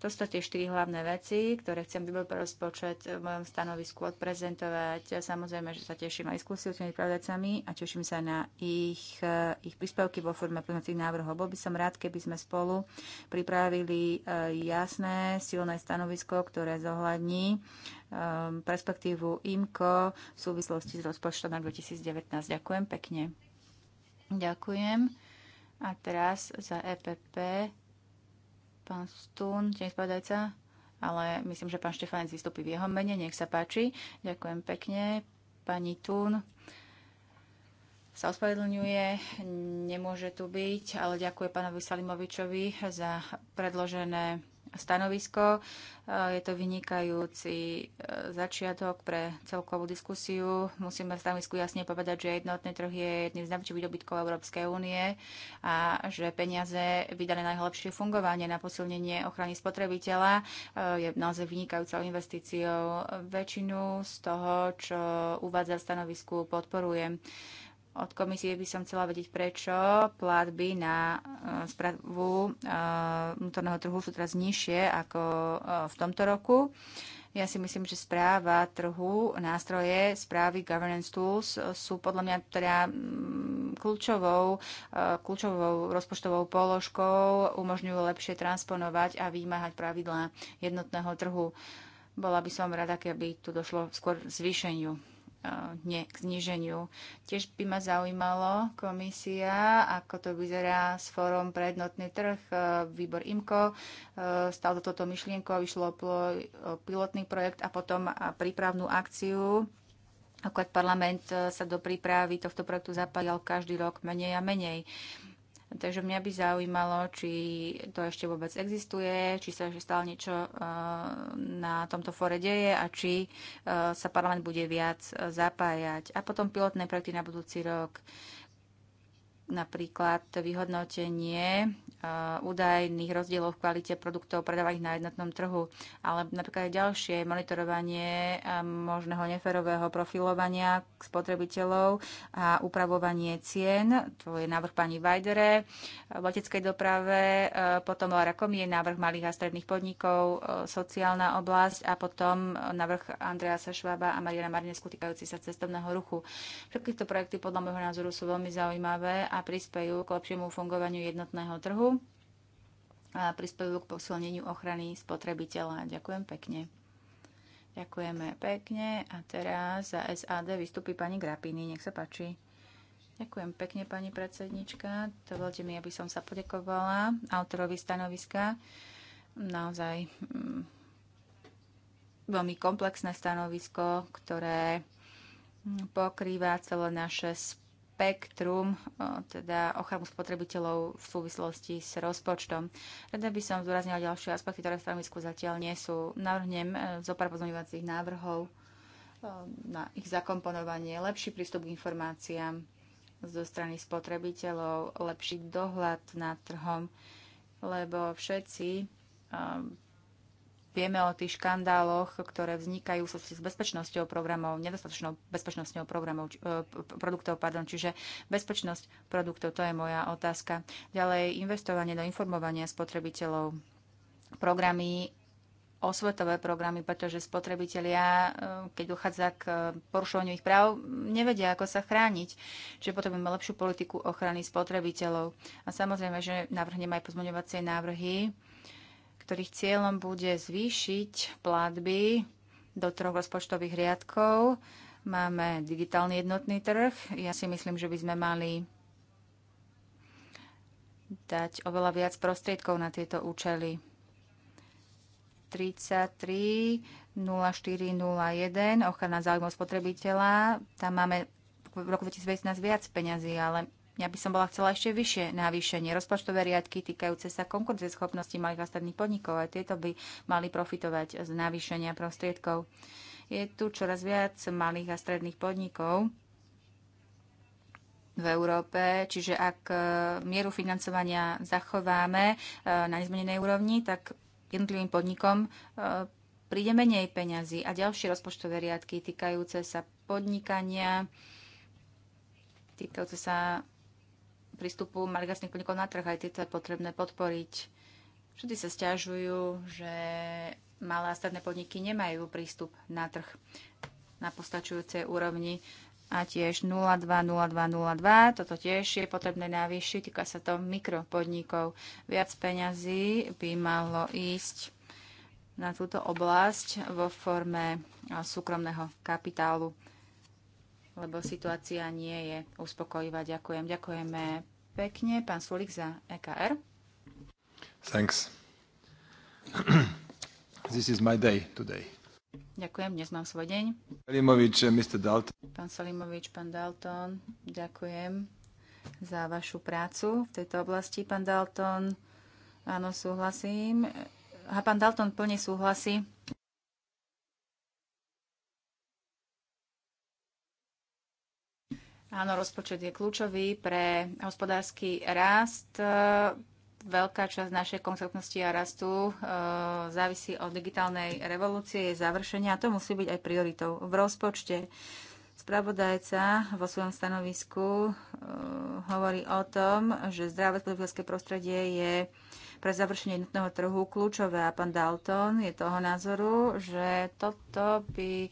To sú tie štyri hlavné veci, ktoré chcem výbor pre rozpočet v mojom stanovisku odprezentovať. Samozrejme, že sa teším aj diskusiu s tými pravdacami a teším sa na ich, eh, ich príspevky vo forme plnacích návrhov. Bol by som rád, keby sme spolu pripravili eh, jasné, silné stanovisko, ktoré zohľadní eh, perspektívu IMCO v súvislosti s rozpočtom na 2019. Ďakujem pekne. Ďakujem. A teraz za EPP Pán Stún, tiež spadajca, ale myslím, že pán Štefanec vystúpi v jeho mene. Nech sa páči. Ďakujem pekne. Pani Tún sa ospravedlňuje, nemôže tu byť, ale ďakuje pánovi Salimovičovi za predložené stanovisko. E, je to vynikajúci e, začiatok pre celkovú diskusiu. Musíme v stanovisku jasne povedať, že jednotný trh je jedným z najväčších výdobytkov Európskej únie a že peniaze vydané na lepšie fungovanie, na posilnenie ochrany spotrebiteľa e, je naozaj vynikajúcou investíciou. Väčšinu z toho, čo uvádza v stanovisku, podporujem. Od komisie by som chcela vedieť, prečo platby na e, spravu e, vnútorného trhu sú teraz nižšie ako e, v tomto roku. Ja si myslím, že správa trhu, nástroje, správy, governance tools sú podľa mňa teda mm, kľúčovou, kľúčovou rozpočtovou položkou, umožňujú lepšie transponovať a vymáhať pravidlá jednotného trhu. Bola by som rada, keby tu došlo skôr zvýšeniu nie k zniženiu. Tiež by ma zaujímalo komisia, ako to vyzerá s fórom pre jednotný trh, e, výbor IMCO, e, stal do toto myšlienko, vyšlo pilotný projekt a potom prípravnú akciu. Akorát parlament e, sa do prípravy tohto projektu zapájal každý rok menej a menej. Uh, Takže mňa by zaujímalo, či to ešte vôbec existuje, či sa ešte stále niečo eh, na tomto fore deje a či eh, sa parlament bude viac eh, zapájať. A potom pilotné projekty na budúci rok napríklad vyhodnotenie e, údajných rozdielov v kvalite produktov predávaných na jednotnom trhu, ale napríklad aj ďalšie monitorovanie e, možného neferového profilovania spotrebiteľov a upravovanie cien, to je návrh pani Vajdere v leteckej doprave, e, potom Lara Komie, návrh malých a stredných podnikov, sociálna oblasť a potom návrh Andrea Sašvába a Mariana Marinesku týkajúci sa cestovného ruchu. Všetky tieto projekty podľa môjho názoru sú veľmi zaujímavé a a prispejú k lepšiemu fungovaniu jednotného trhu a prispejú k posilneniu ochrany spotrebiteľa. Ďakujem pekne. Ďakujeme pekne a teraz za SAD vystupí pani Grapini. Nech sa páči. Ďakujem pekne, pani predsednička. Dovolte mi, aby som sa podekovala autorovi stanoviska. Naozaj mm, veľmi komplexné stanovisko, ktoré pokrýva celé naše spektrum, e, teda ochranu spotrebiteľov v súvislosti s rozpočtom. Rada by som zdôraznila ďalšie aspekty, ktoré v stanovisku zatiaľ nie sú. Navrhnem e, zo pár pozmeňovacích návrhov e, na ich zakomponovanie, lepší prístup k informáciám zo strany spotrebiteľov, lepší dohľad nad trhom, lebo všetci Vieme o tých škandáloch, ktoré vznikajú s bezpečnosťou programov, nedostatočnou bezpečnosťou programov, či, e, produktov. Pardon. Čiže bezpečnosť produktov, to je moja otázka. Ďalej, investovanie do informovania spotrebiteľov, programy osvetové programy, pretože spotrebitelia, e, keď dochádza k e, porušovaniu ich práv, nevedia, ako sa chrániť. Čiže potrebujeme lepšiu politiku ochrany spotrebiteľov. A samozrejme, že navrhnem aj pozmeňovacie návrhy, ktorých cieľom bude zvýšiť platby do troch rozpočtových riadkov. Máme digitálny jednotný trh. Ja si myslím, že by sme mali dať oveľa viac prostriedkov na tieto účely. 33 0401 ochrana záujmov spotrebiteľa. Tam máme v roku 2019 viac peňazí, ale ja by som bola chcela ešte vyššie navýšenie. Rozpočtové riadky týkajúce sa schopnosti malých a stredných podnikov a tieto by mali profitovať z navýšenia prostriedkov. Je tu čoraz viac malých a stredných podnikov v Európe, čiže ak e, mieru financovania zachováme e, na nezmenenej úrovni, tak jednotlivým podnikom e, príde menej peňazí a ďalšie rozpočtové riadky týkajúce sa podnikania, týkajúce sa prístupu malých podnikov na trh. Aj tieto je potrebné podporiť. Všetci sa stiažujú, že malé a stredné podniky nemajú prístup na trh na postačujúcej úrovni a tiež 020202. Toto tiež je potrebné navýšiť, týka sa to mikropodnikov. Viac peňazí by malo ísť na túto oblasť vo forme súkromného kapitálu lebo situácia nie je uspokojivá. Ďakujem. Ďakujeme pekne. Pán Sulik za EKR.
Thanks. <clears throat> This is my day today.
Ďakujem, dnes mám svoj deň.
Salimovič, eh, Mr. Dalton.
Pán Salimovič, pán Dalton, ďakujem za vašu prácu v tejto oblasti, pán Dalton. Áno, súhlasím. A pán Dalton plne súhlasí Áno, rozpočet je kľúčový pre hospodársky rast. E, Veľká časť našej konceptnosti a rastu e, závisí od digitálnej revolúcie, jej završenia. To musí byť aj prioritou v rozpočte. Spravodajca vo svojom stanovisku e, hovorí o tom, že zdravé spotrebiteľské prostredie je pre završenie jednotného trhu kľúčové. A pán Dalton je toho názoru, že toto by e,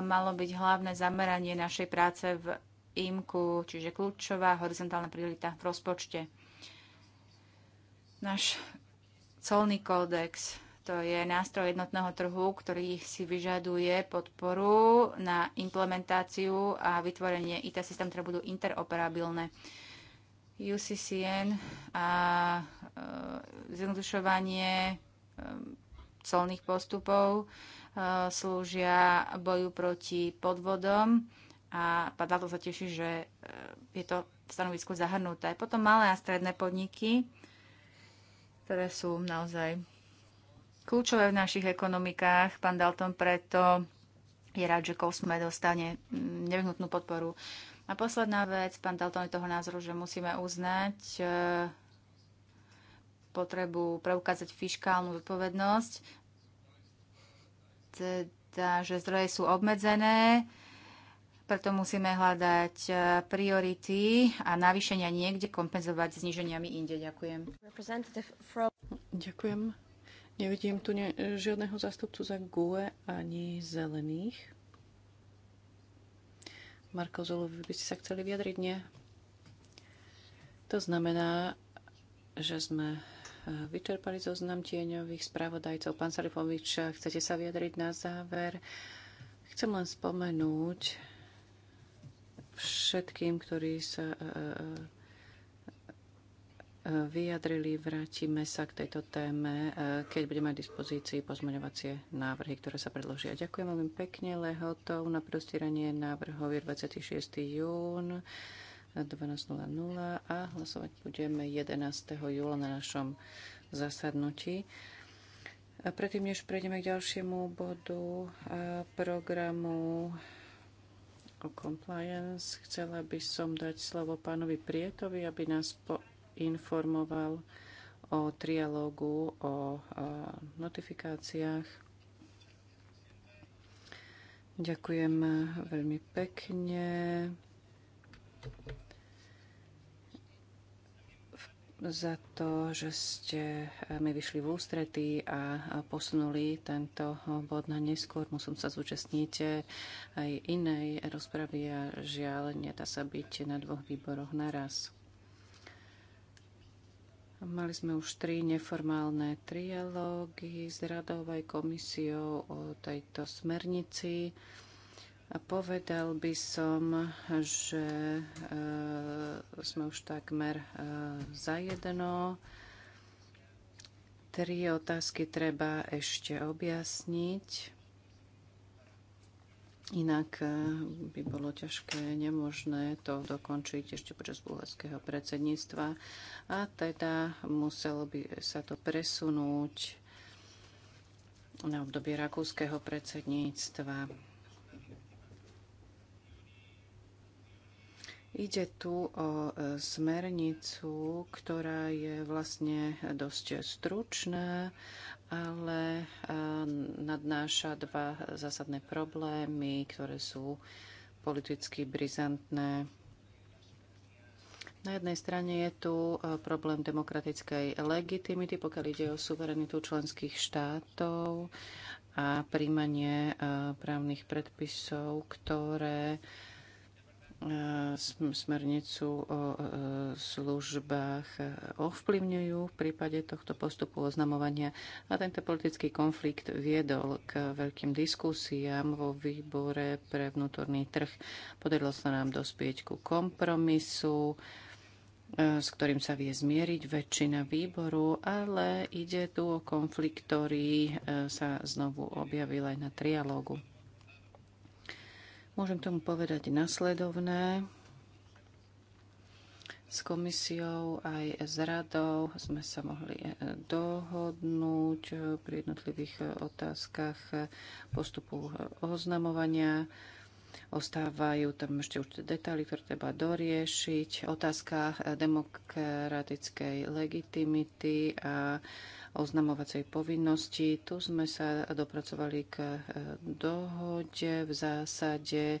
malo byť hlavné zameranie našej práce v IMKU, čiže kľúčová horizontálna priorita v rozpočte. Náš colný kódex, to je nástroj jednotného trhu, ktorý si vyžaduje podporu na implementáciu a vytvorenie IT systém, ktoré budú interoperabilné. UCCN a e, zjednodušovanie e, colných postupov e, slúžia boju proti podvodom a to sa teší, že e, je to v stanovisku zahrnuté. Potom malé a stredné podniky, ktoré sú naozaj kľúčové v našich ekonomikách. Pán Dalton preto je rád, že Kosme dostane mm, nevyhnutnú podporu. A posledná vec, pán Dalton je toho názoru, že musíme uznať e, potrebu preukázať fiskálnu zodpovednosť, teda, že zdroje sú obmedzené, preto musíme hľadať e, priority a navýšenia niekde kompenzovať zniženiami inde. Ďakujem. Ďakujem.
Nevidím tu ne- žiadneho zastupcu za GUE ani zelených. Marko Zolo, vy by ste sa chceli vyjadriť? Nie. To znamená, že sme e, vyčerpali zoznam tieňových spravodajcov. Pán Salifovič, chcete sa vyjadriť na záver? Chcem len spomenúť, všetkým, ktorí sa e, e, e, vyjadrili, vrátime sa k tejto téme, keď budeme mať dispozícii pozmeňovacie návrhy, ktoré sa predložia. Ďakujem veľmi pekne. lehotov na prostíranie návrhov je 26. jún 12.00 a hlasovať budeme 11. júla na našom zasadnutí. A predtým, než prejdeme k ďalšiemu bodu programu, o compliance. Chcela by som dať slovo pánovi Prietovi, aby nás informoval o trialógu, o notifikáciách. Ďakujem eh, veľmi pekne za to, že ste eh, mi vyšli v ústretí a posunuli tento eh, bod na neskôr. Musím sa zúčastniť eh, aj inej rozpravy a žiaľ, nedá sa byť na dvoch výboroch naraz. Mali sme už tri neformálne trialógy s radou aj komisiou o tejto smernici povedal by som, že e, sme už takmer e, jedno, Tri otázky treba ešte objasniť. Inak e, by bolo ťažké, nemožné to dokončiť ešte počas bulharského predsedníctva. A teda muselo by sa to presunúť na obdobie rakúskeho predsedníctva. Ide tu o e, smernicu, ktorá je vlastne dosť stručná, ale e, nadnáša dva zásadné problémy, ktoré sú politicky brizantné. Na jednej strane je tu e, problém demokratickej legitimity, pokiaľ ide o suverenitu členských štátov a príjmanie právnych predpisov, ktoré smernicu o e, službách ovplyvňujú v prípade tohto postupu oznamovania. A tento politický konflikt viedol k veľkým diskusiám vo výbore pre vnútorný trh. Podarilo sa nám dospieť ku kompromisu, e, s ktorým sa vie zmieriť väčšina výboru, ale ide tu o konflikt, ktorý e, sa znovu objavil aj na trialógu. Môžem tomu povedať nasledovné. S komisiou aj s radou sme sa mohli eh, dohodnúť eh, pri jednotlivých eh, otázkach postupu oznamovania. Ostávajú tam ešte určité detaily, ktoré treba doriešiť. Otázka demokratickej legitimity a oznamovacej povinnosti. Tu sme sa dopracovali k e, dohode. V zásade e,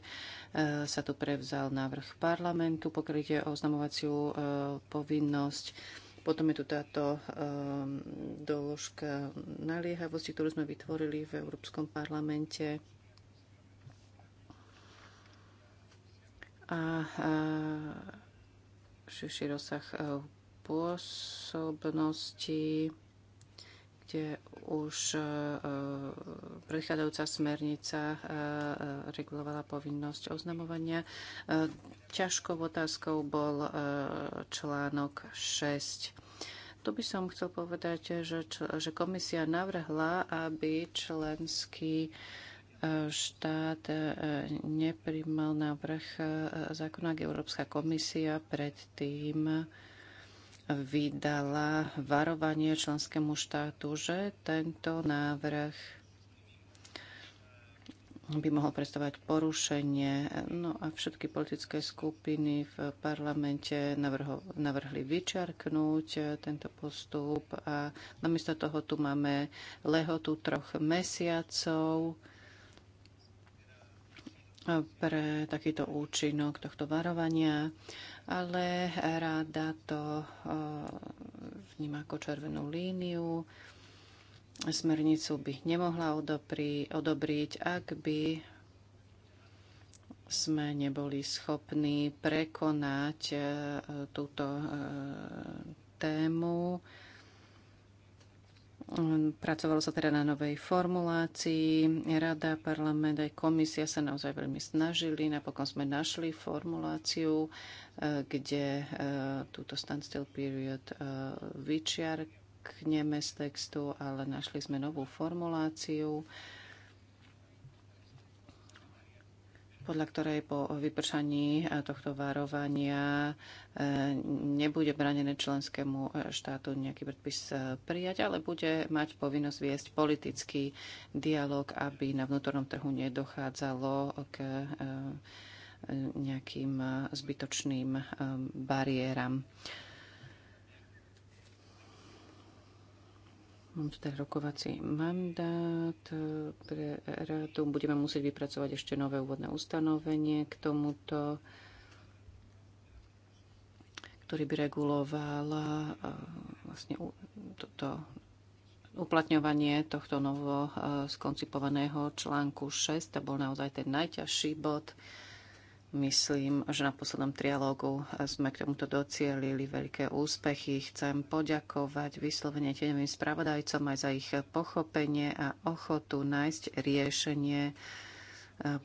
sa tu prevzal návrh parlamentu, pokrytie oznamovaciu e, povinnosť. Potom je tu táto doložka naliehavosti, ktorú sme vytvorili v Európskom parlamente. A širší rozsah pôsobnosti kde už e, e, predchádzajúca smernica e, regulovala povinnosť oznamovania. Ťažkou otázkou bol článok 6 tu by som chcel povedať, že, že komisia navrhla, aby členský štát neprimal návrh zákona, Európska komisia predtým vydala varovanie členskému štátu, že tento návrh by mohol predstavovať porušenie. No a všetky politické skupiny v parlamente navrho, navrhli vyčarknúť eh, tento postup a namiesto toho tu máme lehotu troch mesiacov eh, pre takýto účinok tohto varovania ale ráda to vníma ako červenú líniu. Smernicu by nemohla odopri, odobriť, ak by sme neboli schopní prekonať e, túto e, tému Pracovalo sa teda na novej formulácii. Rada, parlament aj komisia sa naozaj veľmi snažili. Napokon sme našli formuláciu, e, kde e, túto standstill period e, vyčiarkneme z textu, ale našli sme novú formuláciu, podľa ktorej po vypršaní eh, tohto varovania eh, nebude branené členskému eh, štátu nejaký predpis prijať, ale bude mať povinnosť viesť politický dialog, aby na vnútornom trhu nedochádzalo k nejakým zbytočným bariéram. Mám tu teda rokovací mandát e, pre radu. Budeme musieť vypracovať ešte nové úvodné ustanovenie k tomuto, ktorý by reguloval e, vlastne toto uplatňovanie tohto novo e, skoncipovaného článku 6. To bol naozaj ten najťažší bod Myslím, že na poslednom trialógu sme k tomuto docielili veľké úspechy. Chcem poďakovať vyslovene tieňovým spravodajcom aj za ich pochopenie a ochotu nájsť riešenie e,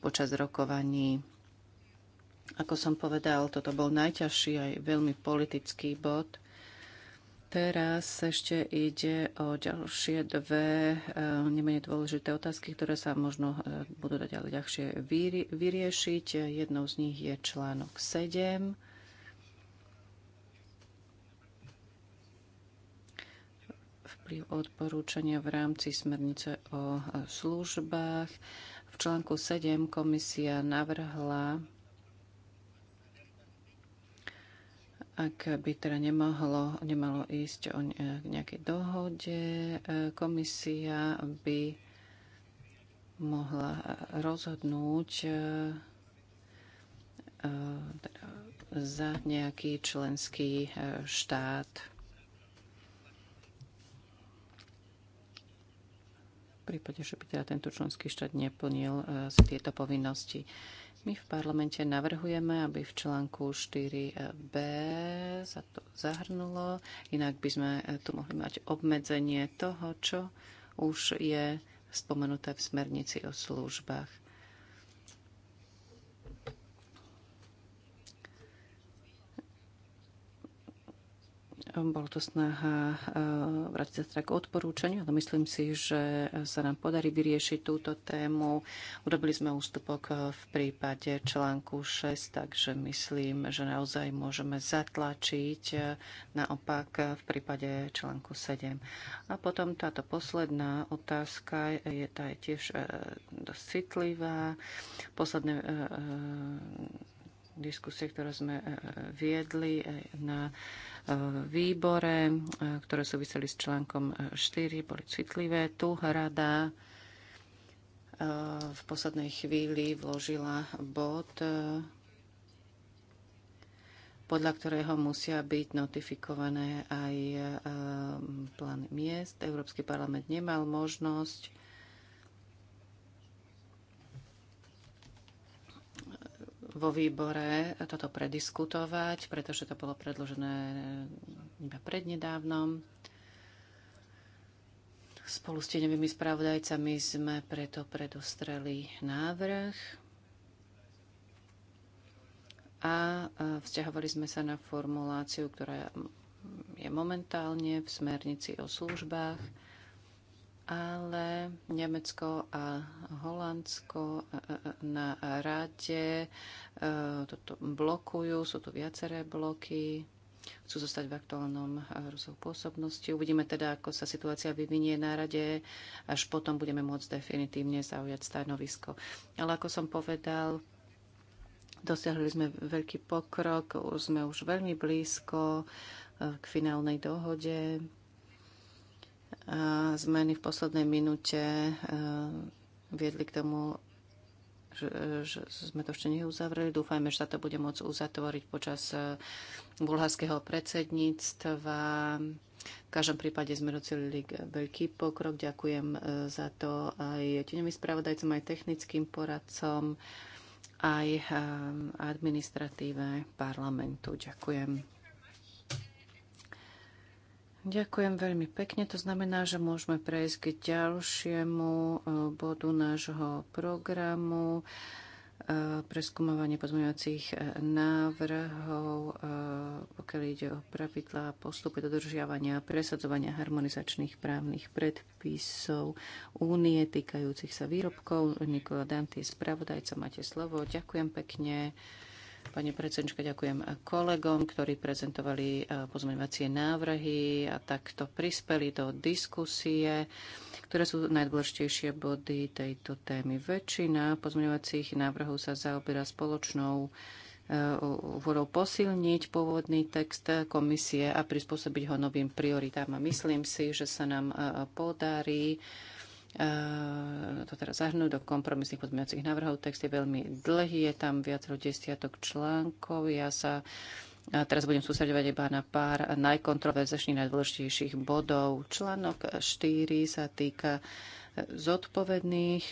počas rokovaní. Ako som povedal, toto bol najťažší aj veľmi politický bod Teraz ešte ide o ďalšie dve e, nemenej dôležité otázky, ktoré sa možno e, budú dať ale ľahšie vyriešiť. Jednou z nich je článok 7. Vplyv odporúčania v rámci smernice o e, službách. V článku 7 komisia navrhla ak by teda nemohlo, nemalo ísť o nejakej dohode, e, komisia by mohla e, rozhodnúť e, teda za nejaký členský štát. V prípade, že by teda tento členský štát neplnil si tieto povinnosti. My v parlamente navrhujeme, aby v článku 4b sa to zahrnulo, inak by sme eh, tu mohli mať obmedzenie toho, čo už je spomenuté v smernici o službách. Ehm, Bolo to snaha ehm, vrátiť sa teda k odporúčaniu, ale no, myslím si, že sa nám podarí vyriešiť túto tému. Urobili sme ústupok ehm, v prípade článku 6, takže myslím, že naozaj môžeme zatlačiť naopak v prípade článku 7. A potom táto posledná otázka, je, tá je tiež dosť citlivá. Posledné diskusie, ktoré sme viedli na výbore, e, ktoré súviseli s článkom 4, boli citlivé. Tu rada e, v poslednej chvíli vložila bod, e, podľa ktorého musia byť notifikované aj plány miest. Európsky parlament nemal možnosť vo výbore toto prediskutovať, pretože to bolo predložené iba prednedávnom. Spolu s tenevými spravodajcami sme preto predostreli návrh a e, vzťahovali sme sa na formuláciu, ktorá je momentálne v smernici o službách ale Nemecko a Holandsko e, e, e, na rade toto blokujú, sú tu viaceré bloky, chcú zostať v aktuálnom rozsahu pôsobnosti. Uvidíme teda, ako sa situácia vyvinie na rade, až potom budeme môcť definitívne zaujať stanovisko. Ale ako som povedal, dosiahli sme veľký pokrok, sme už veľmi blízko k finálnej dohode zmeny v poslednej minúte e, viedli k tomu, že, že sme to ešte neuzavreli. Dúfajme, že sa to bude môcť uzatvoriť počas e, bulharského predsedníctva. V každom prípade sme docelili veľký pokrok. Ďakujem e, za to aj teňovým spravodajcom, aj technickým poradcom, aj administratíve parlamentu. Ďakujem. Ďakujem veľmi pekne. To znamená, že môžeme prejsť k ďalšiemu e, bodu nášho programu e, preskúmovanie pozmeňovacích e, návrhov, pokiaľ ide o pravidlá postupy dodržiavania a presadzovania harmonizačných právnych predpisov únie týkajúcich sa výrobkov. Nikola Danty, spravodajca, máte slovo. Ďakujem pekne. Pani predsednička, ďakujem kolegom, ktorí prezentovali e, pozmeňovacie návrhy a takto prispeli do diskusie, ktoré sú najdôležitejšie body tejto témy. Väčšina pozmeňovacích návrhov sa zaoberá spoločnou e, vôľou posilniť pôvodný text komisie a prispôsobiť ho novým prioritám. A myslím si, že sa nám e, podarí Ehm, to teraz zahrnúť do kompromisných pozmeňovacích návrhov. Text je veľmi dlhý, je tam viacero desiatok článkov. Ja sa a teraz budem sústredovať iba na pár najkontroverznejších, najdôležitejších bodov. Článok 4 sa týka e, zodpovedných,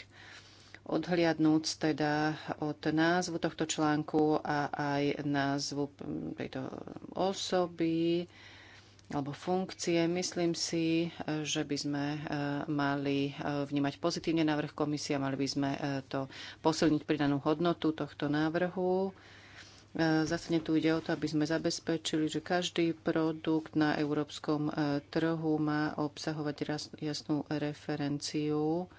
odhliadnúc teda od názvu tohto článku a aj názvu tejto osoby alebo funkcie. Myslím si, že by sme e, mali e, vnímať pozitívne návrh komisia, mali by sme e, to posilniť pridanú hodnotu tohto návrhu. Zase tu ide o to, aby sme zabezpečili, že každý produkt na európskom trhu má obsahovať jasnú referenciu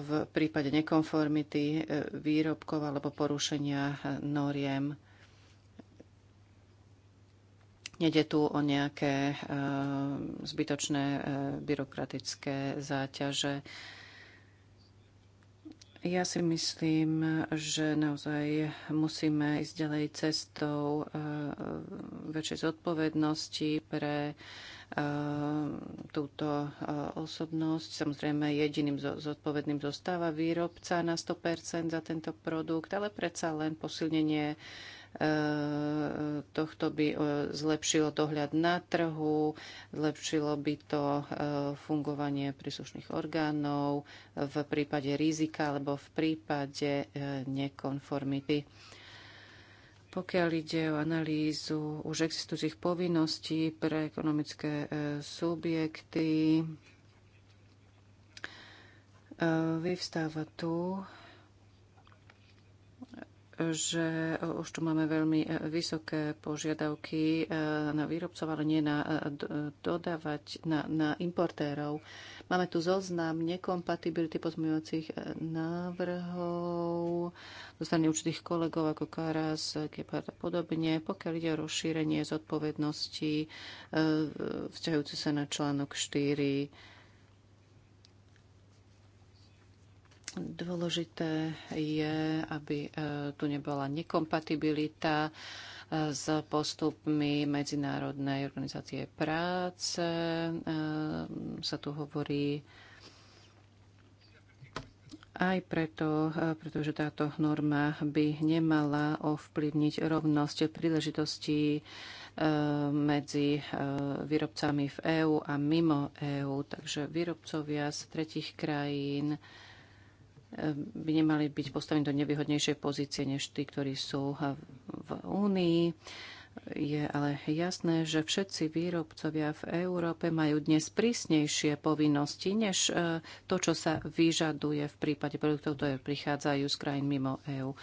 v prípade nekonformity výrobkov alebo porušenia noriem. Nede tu o nejaké eh, zbytočné eh, byrokratické záťaže. Ja si myslím, že naozaj musíme ísť ďalej cestou eh, väčšej zodpovednosti pre túto osobnosť. Samozrejme, jediným zodpovedným zostáva výrobca na 100% za tento produkt, ale predsa len posilnenie tohto by e, zlepšilo dohľad na trhu, zlepšilo by to e, fungovanie príslušných orgánov v prípade rizika alebo v prípade e, nekonformity. Pokiaľ ide o analýzu už existujúcich povinností pre ekonomické subjekty, vyvstáva tu že už tu máme veľmi e, vysoké požiadavky e, na výrobcov, ale nie na e, dodávať, na, na importérov. Máme tu zoznam nekompatibility pozmeňujúcich návrhov zo strany určitých kolegov ako Karas, Gepard a podobne, pokiaľ ide o rozšírenie zodpovednosti vzťahujúce sa na článok 4 Dôležité je, aby e, tu nebola nekompatibilita e, s postupmi Medzinárodnej organizácie práce. E, sa tu hovorí aj preto, pretože táto norma by nemala ovplyvniť rovnosť príležitostí medzi výrobcami v EÚ a mimo EÚ. Takže výrobcovia z tretich krajín by nemali byť postavení do nevýhodnejšej pozície než tí, ktorí sú v Únii. Je ale jasné, že všetci výrobcovia v Európe majú dnes prísnejšie povinnosti než e, to, čo sa vyžaduje v prípade produktov, ktoré prichádzajú z krajín mimo EÚ.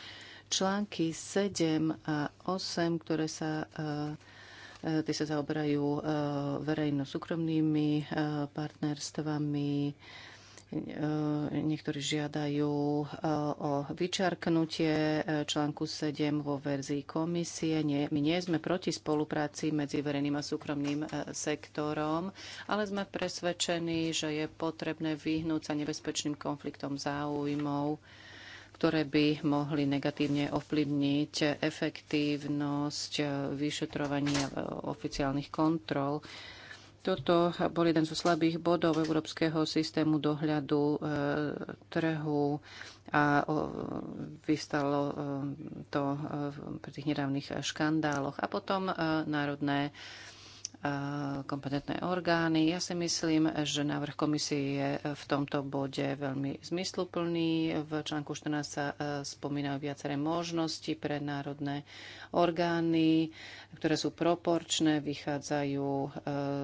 Články 7 a 8, ktoré sa e, e, Tie sa zaoberajú verejno-súkromnými partnerstvami, Niektorí žiadajú eh, o vyčarknutie eh, článku 7 vo verzii komisie. Nie, my nie sme proti spolupráci medzi verejným a súkromným eh, sektorom, ale sme presvedčení, že je potrebné vyhnúť sa nebezpečným konfliktom záujmov, ktoré by mohli negatívne ovplyvniť efektívnosť vyšetrovania oficiálnych kontrol toto bol jeden zo slabých bodov európskeho systému dohľadu e, trhu a o, vystalo e, to e, pri tých nedávnych škandáloch. A potom e, národné e, Eh, kompetentné orgány. Ja si myslím, že návrh komisie je v tomto bode veľmi zmysluplný. V článku 14 sa eh, spomínajú viaceré možnosti pre národné orgány, ktoré sú proporčné, vychádzajú eh,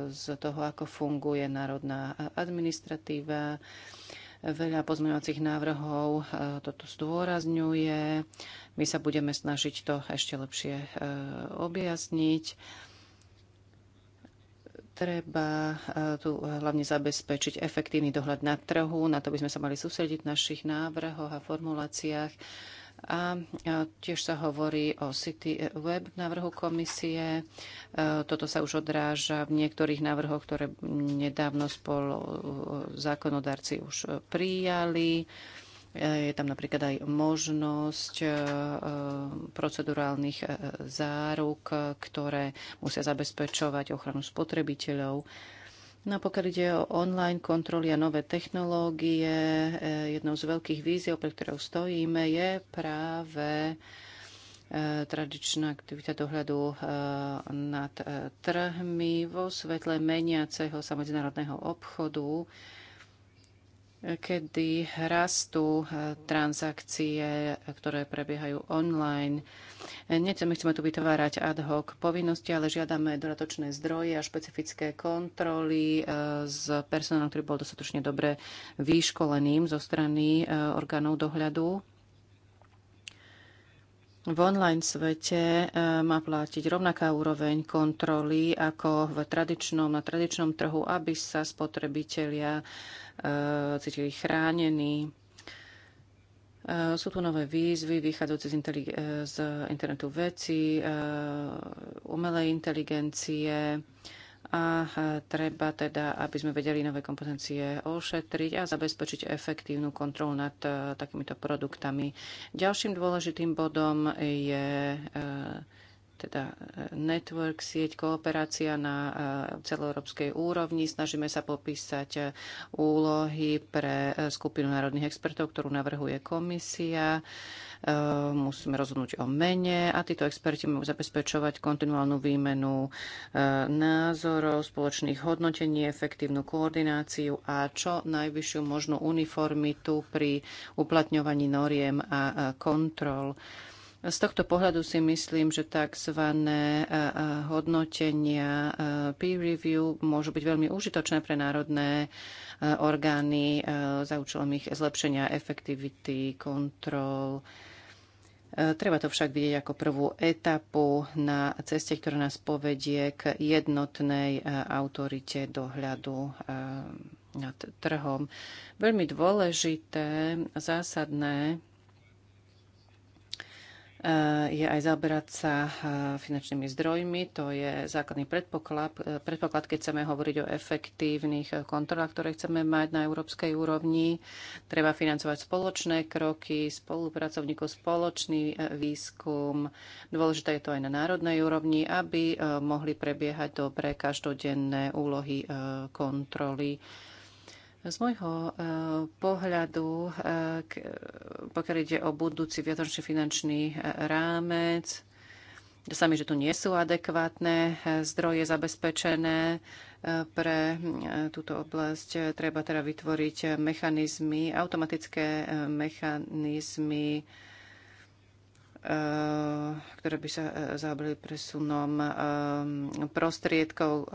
z toho, ako funguje národná administratíva. Veľa pozmeňovacích návrhov toto zdôrazňuje. My sa budeme snažiť to ešte lepšie objasniť treba e, tu hlavne zabezpečiť efektívny dohľad na trhu. Na to by sme sa mali sústrediť v našich návrhoch a formuláciách. A e, tiež sa hovorí o City Web návrhu komisie. E, toto sa už odráža v niektorých návrhoch, ktoré nedávno spolu zákonodárci už prijali. Eh, je tam napríklad aj možnosť eh, eh, procedurálnych záruk, ktoré musia zabezpečovať ochranu spotrebiteľov. No a pokiaľ ide o online kontroly a nové technológie, jednou z veľkých víziev, pre ktorou stojíme, je práve tradičná aktivita dohľadu nad trhmi vo svetle meniaceho sa medzinárodného obchodu kedy rastú eh, transakcie, eh, ktoré prebiehajú online. Eh, Nechceme, chceme tu vytvárať ad hoc povinnosti, ale žiadame dodatočné zdroje a špecifické kontroly s personálom, ktorý bol dostatočne dobre vyškoleným zo strany orgánov dohľadu. V online svete má platiť rovnaká úroveň kontroly ako v tradičnom, na tradičnom trhu, aby sa spotrebitelia Eh, cítili chránení. Eh, sú tu nové výzvy vychádzajúce z, eh, z internetu veci, umelej inteligencie a treba teda, aby sme vedeli nové kompetencie ošetriť a zabezpečiť efektívnu kontrolu nad takýmito produktami. Ďalším dôležitým bodom je teda e, network, sieť, kooperácia na e, celoeurópskej úrovni. Snažíme sa popísať e, úlohy pre skupinu národných expertov, ktorú navrhuje komisia. Musíme rozhodnúť o mene a títo experti majú zabezpečovať kontinuálnu výmenu názorov, spoločných hodnotení, efektívnu koordináciu a čo najvyššiu možnú uniformitu pri uplatňovaní noriem a kontrol. Z tohto pohľadu si myslím, že tzv. Eh, eh, hodnotenia eh, peer review môžu byť veľmi užitočné pre národné orgány za účelom ich zlepšenia efektivity, kontrol. Treba to však vidieť ako prvú etapu na ceste, ktorá nás povedie k jednotnej autorite dohľadu nad trhom. Veľmi dôležité, zásadné Eh, je aj zaoberať sa eh, finančnými zdrojmi. To je základný predpoklad, eh, predpoklad, keď chceme hovoriť o efektívnych kontrolách, ktoré chceme mať na európskej úrovni. Treba financovať spoločné kroky, spolupracovníkov, spoločný výskum. Dôležité je to aj na národnej úrovni, aby mohli prebiehať dobre každodenné úlohy kontroly z môjho eh, pohľadu, eh, pokiaľ ide o budúci viatočný finančný eh, rámec, sami, že tu nie sú adekvátne zdroje zabezpečené pre túto oblasť. Treba teda vytvoriť mechanizmy, automatické mechanizmy, Eh, ktoré by sa eh, zaoberali presunom eh, prostriedkov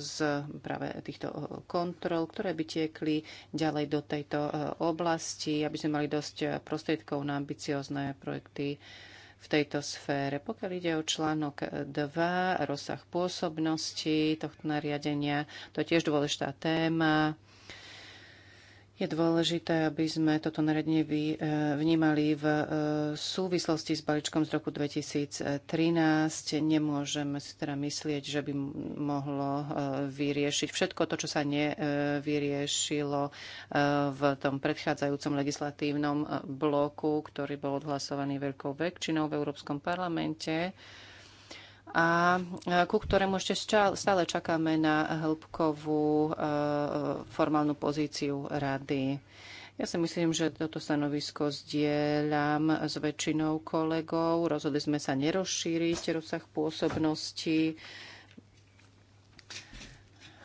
z práve týchto kontrol, ktoré by tiekli ďalej do tejto oblasti, aby sme mali dosť prostriedkov na ambiciozne projekty v tejto sfére. Pokiaľ ide o článok 2, rozsah pôsobnosti tohto nariadenia, to je tiež dôležitá téma. Je dôležité, aby sme toto naredne e, vnímali v e, súvislosti s balíčkom z roku 2013. Nemôžeme si teda myslieť, že by mohlo e, vyriešiť všetko to, čo sa nevyriešilo v tom predchádzajúcom legislatívnom bloku, ktorý bol odhlasovaný veľkou väčšinou v Európskom parlamente a e, ku ktorému ešte stále čakáme na hĺbkovú e, formálnu pozíciu rady. Ja si myslím, že toto stanovisko zdieľam s väčšinou kolegov. Rozhodli sme sa nerozšíriť rozsah pôsobnosti.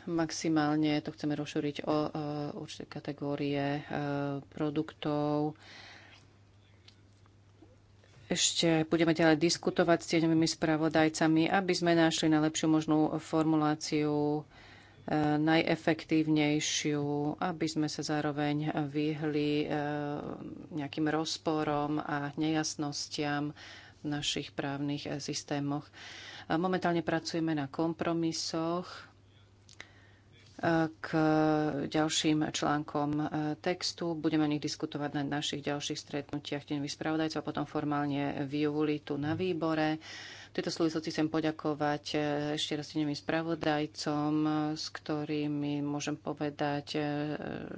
Maximálne to chceme rozšíriť o e, určité kategórie produktov ešte budeme ďalej diskutovať s tieňovými spravodajcami, aby sme našli najlepšiu možnú formuláciu, e, najefektívnejšiu, aby sme sa zároveň vyhli e, nejakým rozporom a nejasnostiam v našich právnych e, systémoch. Momentálne pracujeme na kompromisoch k ďalším článkom e, textu. Budeme o nich diskutovať na našich ďalších stretnutiach deňových spravodajcov a potom formálne v júli tu na výbore. V tejto súvislosti chcem poďakovať e, ešte raz deňovým spravodajcom, e, s ktorými môžem povedať,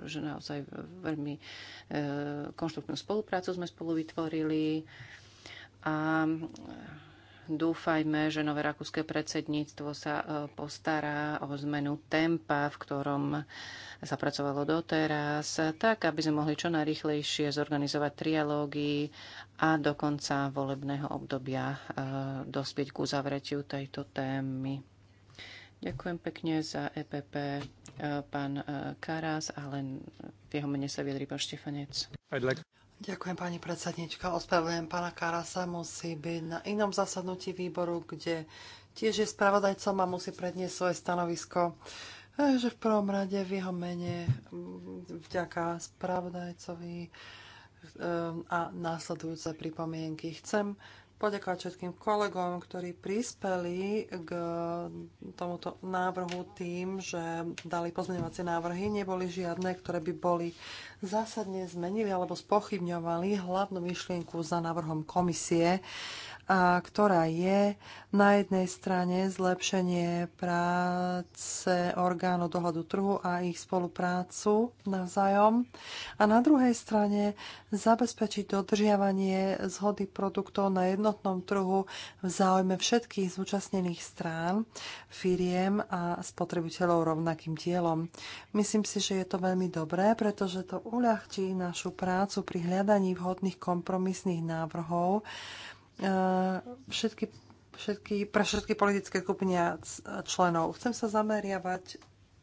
že naozaj veľmi konštruktívnu spoluprácu sme spolu vytvorili. A dúfajme, že nové rakúske predsedníctvo sa e, postará o zmenu tempa, v ktorom sa pracovalo doteraz, tak aby sme mohli čo najrychlejšie zorganizovať trialógy a do konca volebného obdobia e, dospieť k uzavretiu tejto témy. Ďakujem pekne za EPP e, pán Karas, ale v
jeho mene sa vyjadrí pán Štefanec. Ďakujem pani predsednička. Ospravedlňujem pána Karasa. Musí byť na inom zasadnutí výboru, kde tiež je spravodajcom a musí predniesť svoje stanovisko. Takže v prvom rade v jeho mene mm, vďaka spravodajcovi ehm, a následujúce pripomienky. Chcem poďakovať všetkým kolegom, ktorí prispeli k tomuto návrhu tým, že dali pozmeňovacie návrhy. Neboli žiadne, ktoré by boli zásadne zmenili alebo spochybňovali hlavnú myšlienku za návrhom komisie a ktorá je na jednej strane zlepšenie práce orgánov dohľadu trhu a ich spoluprácu navzájom a na druhej strane zabezpečiť dodržiavanie zhody produktov na jednotnom trhu v záujme všetkých zúčastnených strán, firiem a spotrebiteľov rovnakým dielom. Myslím si, že je to veľmi dobré, pretože to uľahčí našu prácu pri hľadaní vhodných kompromisných návrhov, všetky, všetky, pre všetky politické skupiny a členov. Chcem sa zameriavať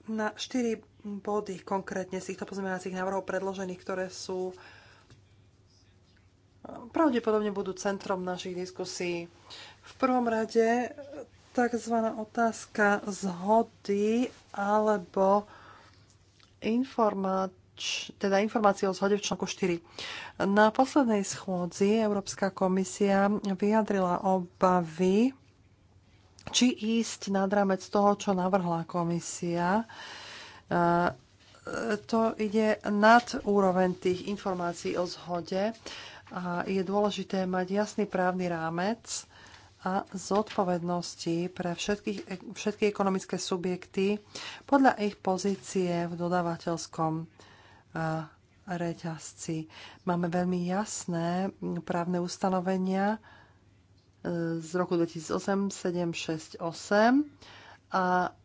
na štyri body konkrétne z týchto pozmeňovacích návrhov predložených, ktoré sú eh, pravdepodobne budú centrom našich diskusí. V prvom rade tzv. otázka zhody alebo informát, teda informácie o zhode v článku 4. Na poslednej schôdzi Európska komisia vyjadrila obavy, či ísť nad rámec toho, čo navrhla komisia. E, to ide nad úroveň tých informácií o zhode a je dôležité mať jasný právny rámec, a zodpovednosti pre všetky ekonomické subjekty podľa ich pozície v dodávateľskom reťazci. Máme veľmi jasné právne ustanovenia e, z roku 2008 768 a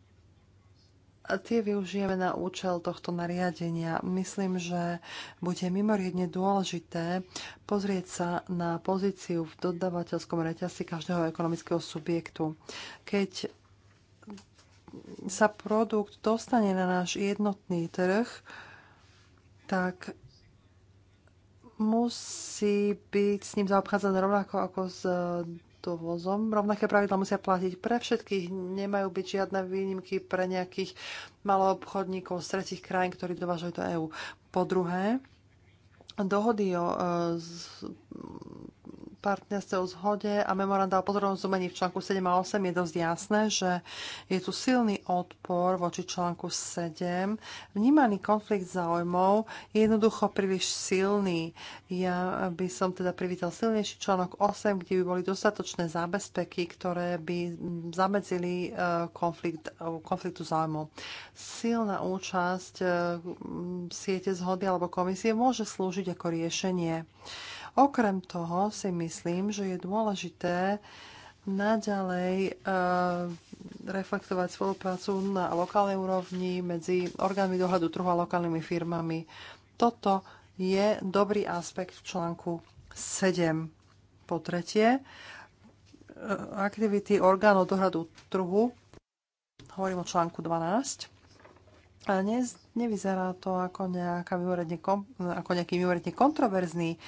tie využijeme na účel tohto nariadenia. Myslím, že bude mimoriadne dôležité pozrieť sa na pozíciu v dodávateľskom reťazci každého ekonomického subjektu. Keď sa produkt dostane na náš jednotný trh, tak musí byť s ním zaobchádzané rovnako ako s e, dovozom. Rovnaké pravidla musia platiť pre všetkých. Nemajú byť žiadne výnimky pre nejakých maloobchodníkov z tretich krajín, ktorí dovážajú do EÚ. Po druhé, dohody o e, partnerstve o zhode a memoranda o podrobnom zumení v článku 7 a 8 je dosť jasné, že je tu silný odpor voči článku 7. Vnímaný konflikt záujmov je jednoducho príliš silný. Ja by som teda privítal silnejší článok 8, kde by boli dostatočné zábezpeky, ktoré by zamedzili e, konflikt, e, konfliktu záujmov. Silná účasť e, siete zhody alebo komisie môže slúžiť ako riešenie Okrem toho si myslím, že je dôležité naďalej e, reflektovať spoluprácu na lokálnej úrovni medzi orgánmi dohľadu trhu a lokálnymi firmami. Toto je dobrý aspekt v článku 7. Po tretie, e, aktivity orgánov dohľadu trhu, hovorím o článku 12, a ne, nevyzerá to ako, nejaká ako nejaký mimoriadne kontroverzný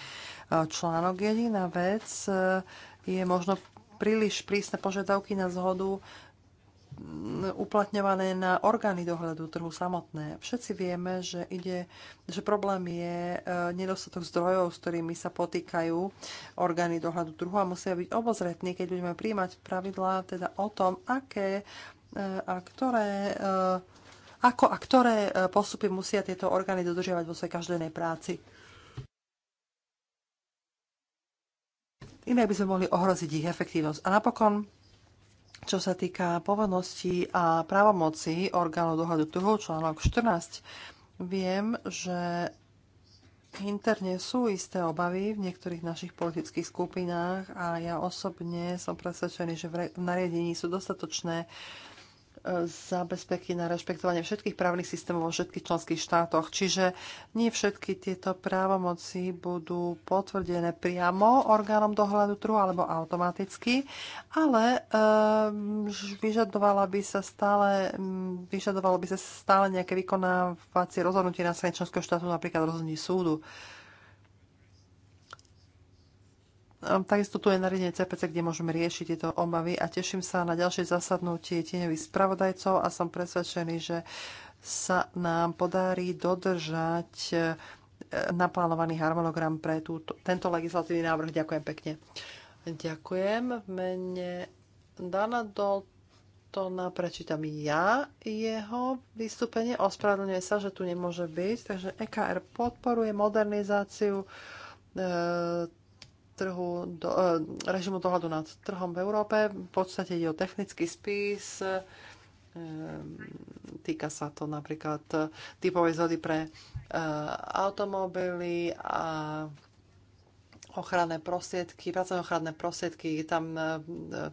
článok. Jediná vec e, je možno príliš prísne požiadavky na zhodu uplatňované na orgány dohľadu trhu samotné. Všetci vieme, že, ide, že problém je e, nedostatok zdrojov, s ktorými sa potýkajú orgány dohľadu trhu a musia byť obozretní, keď budeme príjmať pravidlá teda o tom, aké e, a ktoré, ako a ktoré postupy musia tieto orgány dodržiavať vo svojej každodennej práci. inak by sme mohli ohroziť ich efektívnosť. A napokon, čo sa týka povinností a právomoci orgánov dohľadu trhu, článok 14, viem, že interne sú isté obavy v niektorých našich politických skupinách a ja osobne som presvedčený, že v nariadení sú dostatočné zabezpeky na rešpektovanie všetkých právnych systémov vo všetkých členských štátoch. Čiže nie všetky tieto právomoci budú potvrdené priamo orgánom dohľadu trhu alebo automaticky, ale ehm, vyžadovala by sa stále, vyžadovalo by sa stále nejaké vykonávacie rozhodnutie na členského štátu, napríklad rozhodnutie súdu. Ehm, takisto tu je nariadenie CPC, kde môžeme riešiť tieto obavy a teším sa na ďalšie zasadnutie tieňových spravodajcov a som presvedčený, že sa nám podarí dodržať e, naplánovaný harmonogram pre túto, tento legislatívny návrh. Ďakujem pekne. Ďakujem. V mene Dana Doltona prečítam ja jeho vystúpenie. Ospravedlňuje sa, že tu nemôže byť. Takže EKR podporuje modernizáciu e, trhu, do, e, režimu dohľadu nad trhom v Európe. V podstate ide o technický spis, e, týka sa to napríklad typovej zhody pre e, automobily a ochranné prostriedky, pracovné ochranné prostriedky, tam e,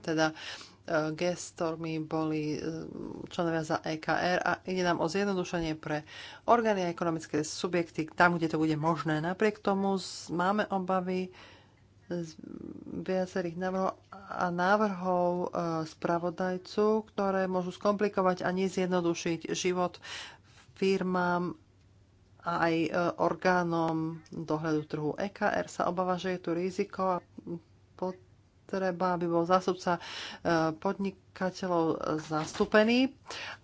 teda gestormi boli členovia za EKR a ide nám o zjednodušenie pre orgány a ekonomické subjekty tam, kde to bude možné. Napriek tomu máme obavy, z viacerých návrhov a návrhov e, spravodajcu, ktoré môžu skomplikovať a nezjednodušiť život firmám a aj e, orgánom dohľadu trhu. EKR sa obáva, že je tu riziko a potreba, aby bol zástupca e, podnikateľov zastúpený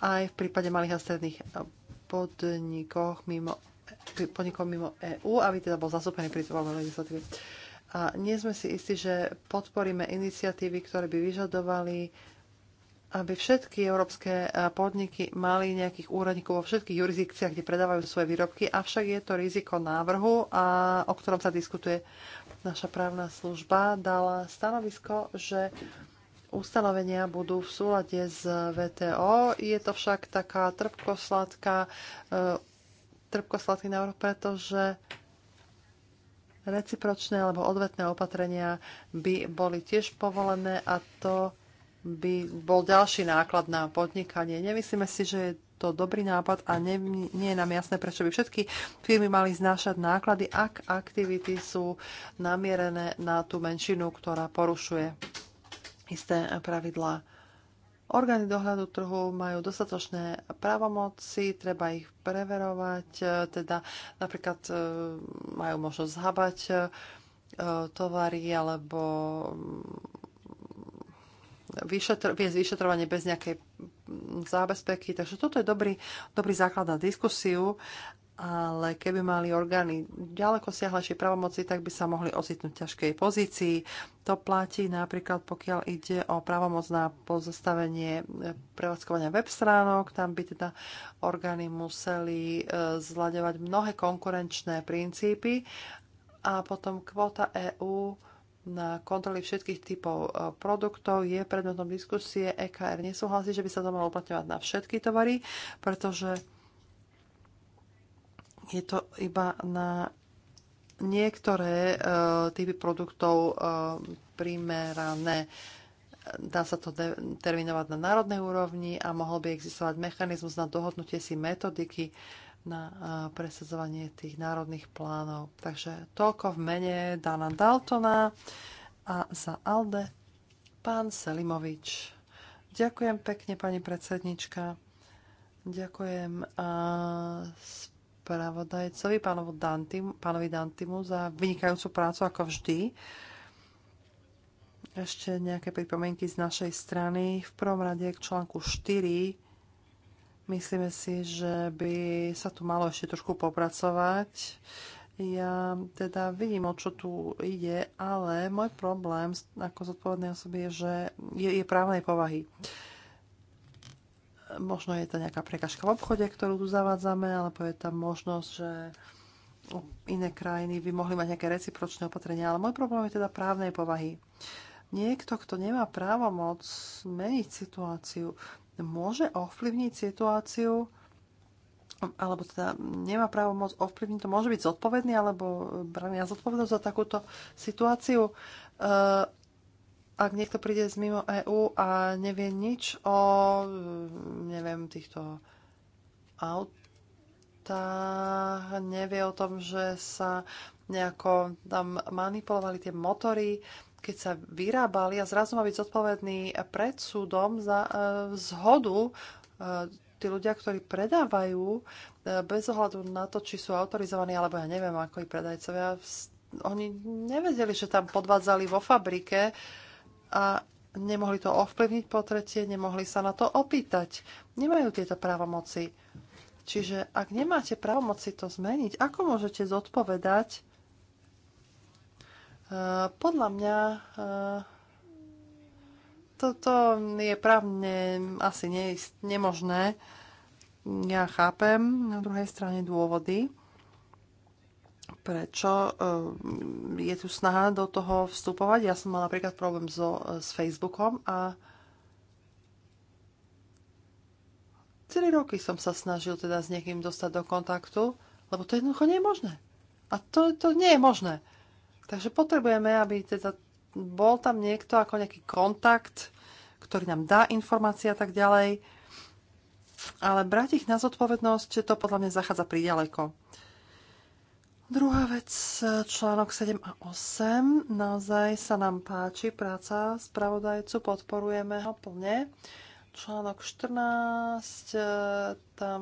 aj v prípade malých a stredných podnikov mimo podnikov mimo EÚ, aby teda bol zastúpený pri tvorbe legislatívy a nie sme si istí, že podporíme iniciatívy, ktoré by vyžadovali, aby všetky európske eh, podniky mali nejakých úradníkov vo všetkých jurisdikciách, kde predávajú svoje výrobky, avšak je to riziko návrhu, a, o ktorom sa diskutuje. Naša právna služba dala stanovisko, že ustanovenia budú v súlade s VTO. Je to však taká trpkosladká, eh, trpkosladký návrh, pretože recipročné alebo odvetné opatrenia by boli tiež povolené a to by bol ďalší náklad na podnikanie. Nemyslíme si, že je to dobrý nápad a nie, nie je nám jasné, prečo by všetky firmy mali znášať náklady, ak aktivity sú namierené na tú menšinu, ktorá porušuje isté pravidlá. Orgány dohľadu trhu majú dostatočné právomoci, treba ich preverovať, e, teda napríklad e, majú možnosť zhabať e, tovary alebo mm, vyšetr- viesť vyšetrovanie bez nejakej mm, zábezpeky. Takže toto je dobrý, dobrý základ na diskusiu ale keby mali orgány ďaleko siahlejšie pravomoci, tak by sa mohli ocitnúť v ťažkej pozícii. To platí napríklad, pokiaľ ide o pravomoc na pozastavenie e, prevádzkovania web stránok, tam by teda orgány museli e, zľadovať mnohé konkurenčné princípy a potom kvota EÚ na kontroly všetkých typov e, produktov je predmetom diskusie. EKR nesúhlasí, že by sa to malo uplatňovať na všetky tovary, pretože je to iba na niektoré uh, typy produktov uh, primerané. Dá sa to terminovať na národnej úrovni a mohol by existovať mechanizmus na dohodnutie si metodiky na uh, presadzovanie tých národných plánov. Takže toľko v mene Dana Daltona a za Alde pán Selimovič. Ďakujem pekne, pani predsednička. Ďakujem uh, spravodajcovi, Dantim, pánovi Dantimu, za vynikajúcu prácu ako vždy. Ešte nejaké pripomienky z našej strany. V prvom rade k článku 4. Myslíme si, že by sa tu malo ešte trošku popracovať. Ja teda vidím, o čo tu ide, ale môj problém ako zodpovednej osoby je, že je, je právnej povahy. Uh, možno je to nejaká prekažka v obchode, ktorú tu zavádzame, alebo je tam možnosť, že iné krajiny by mohli mať nejaké recipročné opatrenia. Ale môj problém je teda právnej povahy. Niekto, kto nemá právomoc meniť situáciu, môže ovplyvniť situáciu, alebo teda nemá právo moc ovplyvniť, to môže byť zodpovedný alebo brania zodpovednosť za takúto situáciu. E, ak niekto príde z mimo EÚ a nevie nič o, neviem, týchto autách, nevie o tom, že sa nejako tam manipulovali tie motory, keď sa vyrábali a zrazu má byť zodpovedný pred súdom za e, zhodu e, tí ľudia, ktorí predávajú, e, bez ohľadu na to, či sú autorizovaní, alebo ja neviem, ako ich predajcovia, oni nevedeli, že tam podvádzali vo fabrike, e, a nemohli to ovplyvniť, po tretie nemohli sa na to opýtať. Nemajú tieto právomoci. Čiže ak nemáte právomoci to zmeniť, ako môžete zodpovedať? E, podľa mňa e, toto je právne asi nemožné. Ja chápem na druhej strane dôvody, prečo ehm, je tu snaha do toho vstupovať. Ja som mal napríklad problém so, e, s Facebookom a celé roky som sa snažil teda s niekým dostať do kontaktu, lebo to jednoducho nie je možné. A to, to nie je možné. Takže potrebujeme, aby teda bol tam niekto ako nejaký kontakt, ktorý nám dá informácie a tak ďalej. Ale brať ich na zodpovednosť, to podľa mňa zachádza príďaleko. ďaleko. Druhá vec, článok 7 a 8. Naozaj sa nám páči práca spravodajcu, podporujeme ho plne. Článok 14, e, tam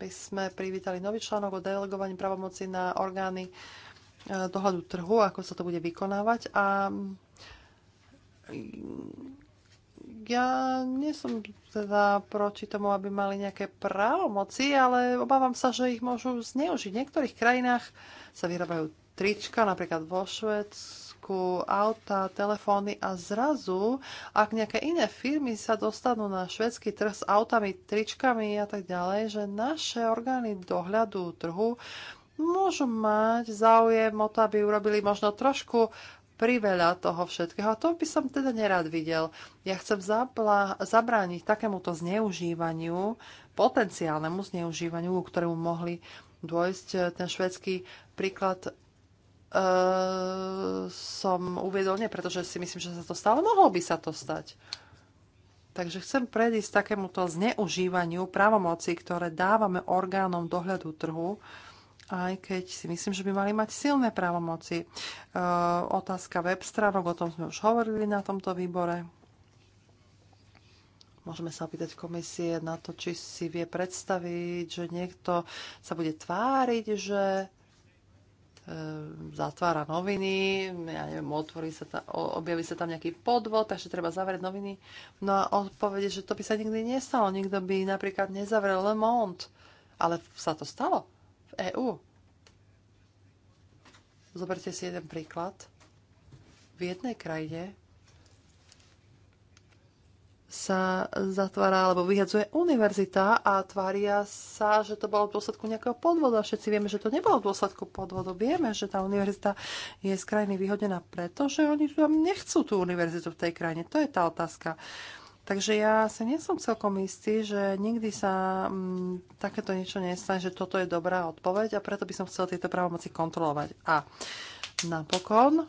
by sme privítali nový článok o delegovaní pravomoci na orgány e, dohľadu trhu, ako sa to bude vykonávať. A ja nie som teda proti tomu, aby mali nejaké právomoci, ale obávam sa, že ich môžu zneužiť. V niektorých krajinách sa vyrábajú trička, napríklad vo Švedsku, auta, telefóny a zrazu, ak nejaké iné firmy sa dostanú na švedský trh s autami, tričkami a tak ďalej, že naše orgány dohľadu trhu môžu mať záujem o to, aby urobili možno trošku priveľa toho všetkého. A to by som teda nerad videl. Ja chcem zabrániť takémuto zneužívaniu, potenciálnemu zneužívaniu, ku ktorému mohli dôjsť e, ten švedský príklad Uh, som uviedol nie, pretože si myslím, že sa to stalo. Mohlo by sa to stať. Takže chcem predísť takémuto zneužívaniu právomoci, ktoré dávame orgánom dohľadu trhu, uh, aj keď si myslím, že by mali mať silné právomoci. E, otázka web stránok, o tom sme už hovorili na tomto výbore. Môžeme sa opýtať komisie na to, či si vie predstaviť, že niekto sa bude tváriť, že e, zatvára noviny, ja neviem, otvorí sa tam, objaví sa tam nejaký podvod, takže treba zavrieť noviny. No a odpovede, že to by sa nikdy nestalo, nikto by napríklad nezavrel Le Monde, ale sa to stalo EÚ. Zoberte si jeden príklad. V jednej krajine sa zatvára alebo vyhadzuje univerzita a tvária sa, že to bolo v dôsledku nejakého podvodu. A všetci vieme, že to nebolo v dôsledku podvodu. Vieme, že tá univerzita je z krajiny vyhodená preto, že oni tam nechcú tú univerzitu v tej krajine. To je tá otázka. Takže ja sa nie som celkom istý, že nikdy sa m, mm, takéto niečo nestane, že toto je dobrá odpoveď a preto by som chcel tieto právomoci kontrolovať. A napokon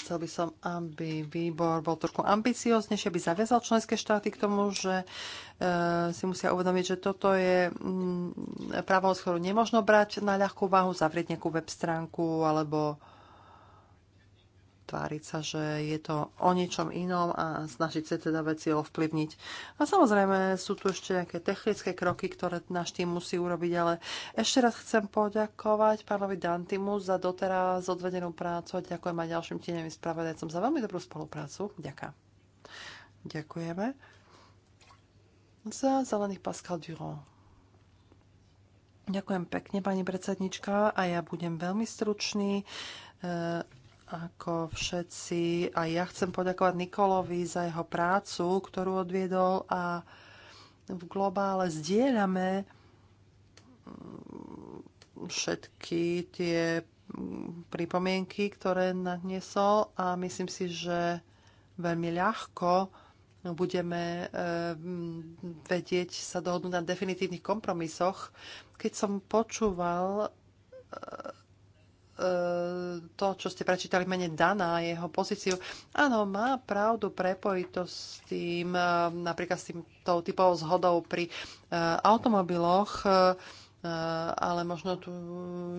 chcel by som, aby výbor bol trošku ambicioznejší, aby zaviazal členské štáty k tomu, že e, si musia uvedomiť, že toto je právo, mm, právomoc, ktorú nemožno brať na ľahkú váhu, zavrieť nejakú web stránku alebo tváriť sa, že je to o niečom inom a snažiť sa teda veci ovplyvniť. A samozrejme sú tu ešte nejaké technické kroky, ktoré náš tým musí urobiť, ale ešte raz chcem poďakovať pánovi Dantimu za doteraz odvedenú prácu a ďakujem aj ďalším tieňovým spravodajcom za veľmi dobrú spoluprácu. Ďakujem. Ďakujeme. Za zelených Pascal Durand. Ďakujem pekne, pani predsednička, a ja budem veľmi stručný. E, ako všetci, a ja chcem poďakovať Nikolovi za jeho prácu, ktorú odviedol a v globále zdieľame mm, všetky tie mm, pripomienky, ktoré nadniesol a myslím si, že veľmi ľahko budeme e, mm, vedieť sa dohodnúť na definitívnych kompromisoch. Keď som počúval e, E, to, čo ste prečítali mene Dana, jeho pozíciu. Áno, má pravdu prepojiť to s tým, e, napríklad s tým tou typovou zhodou pri e, automobiloch, ale možno tu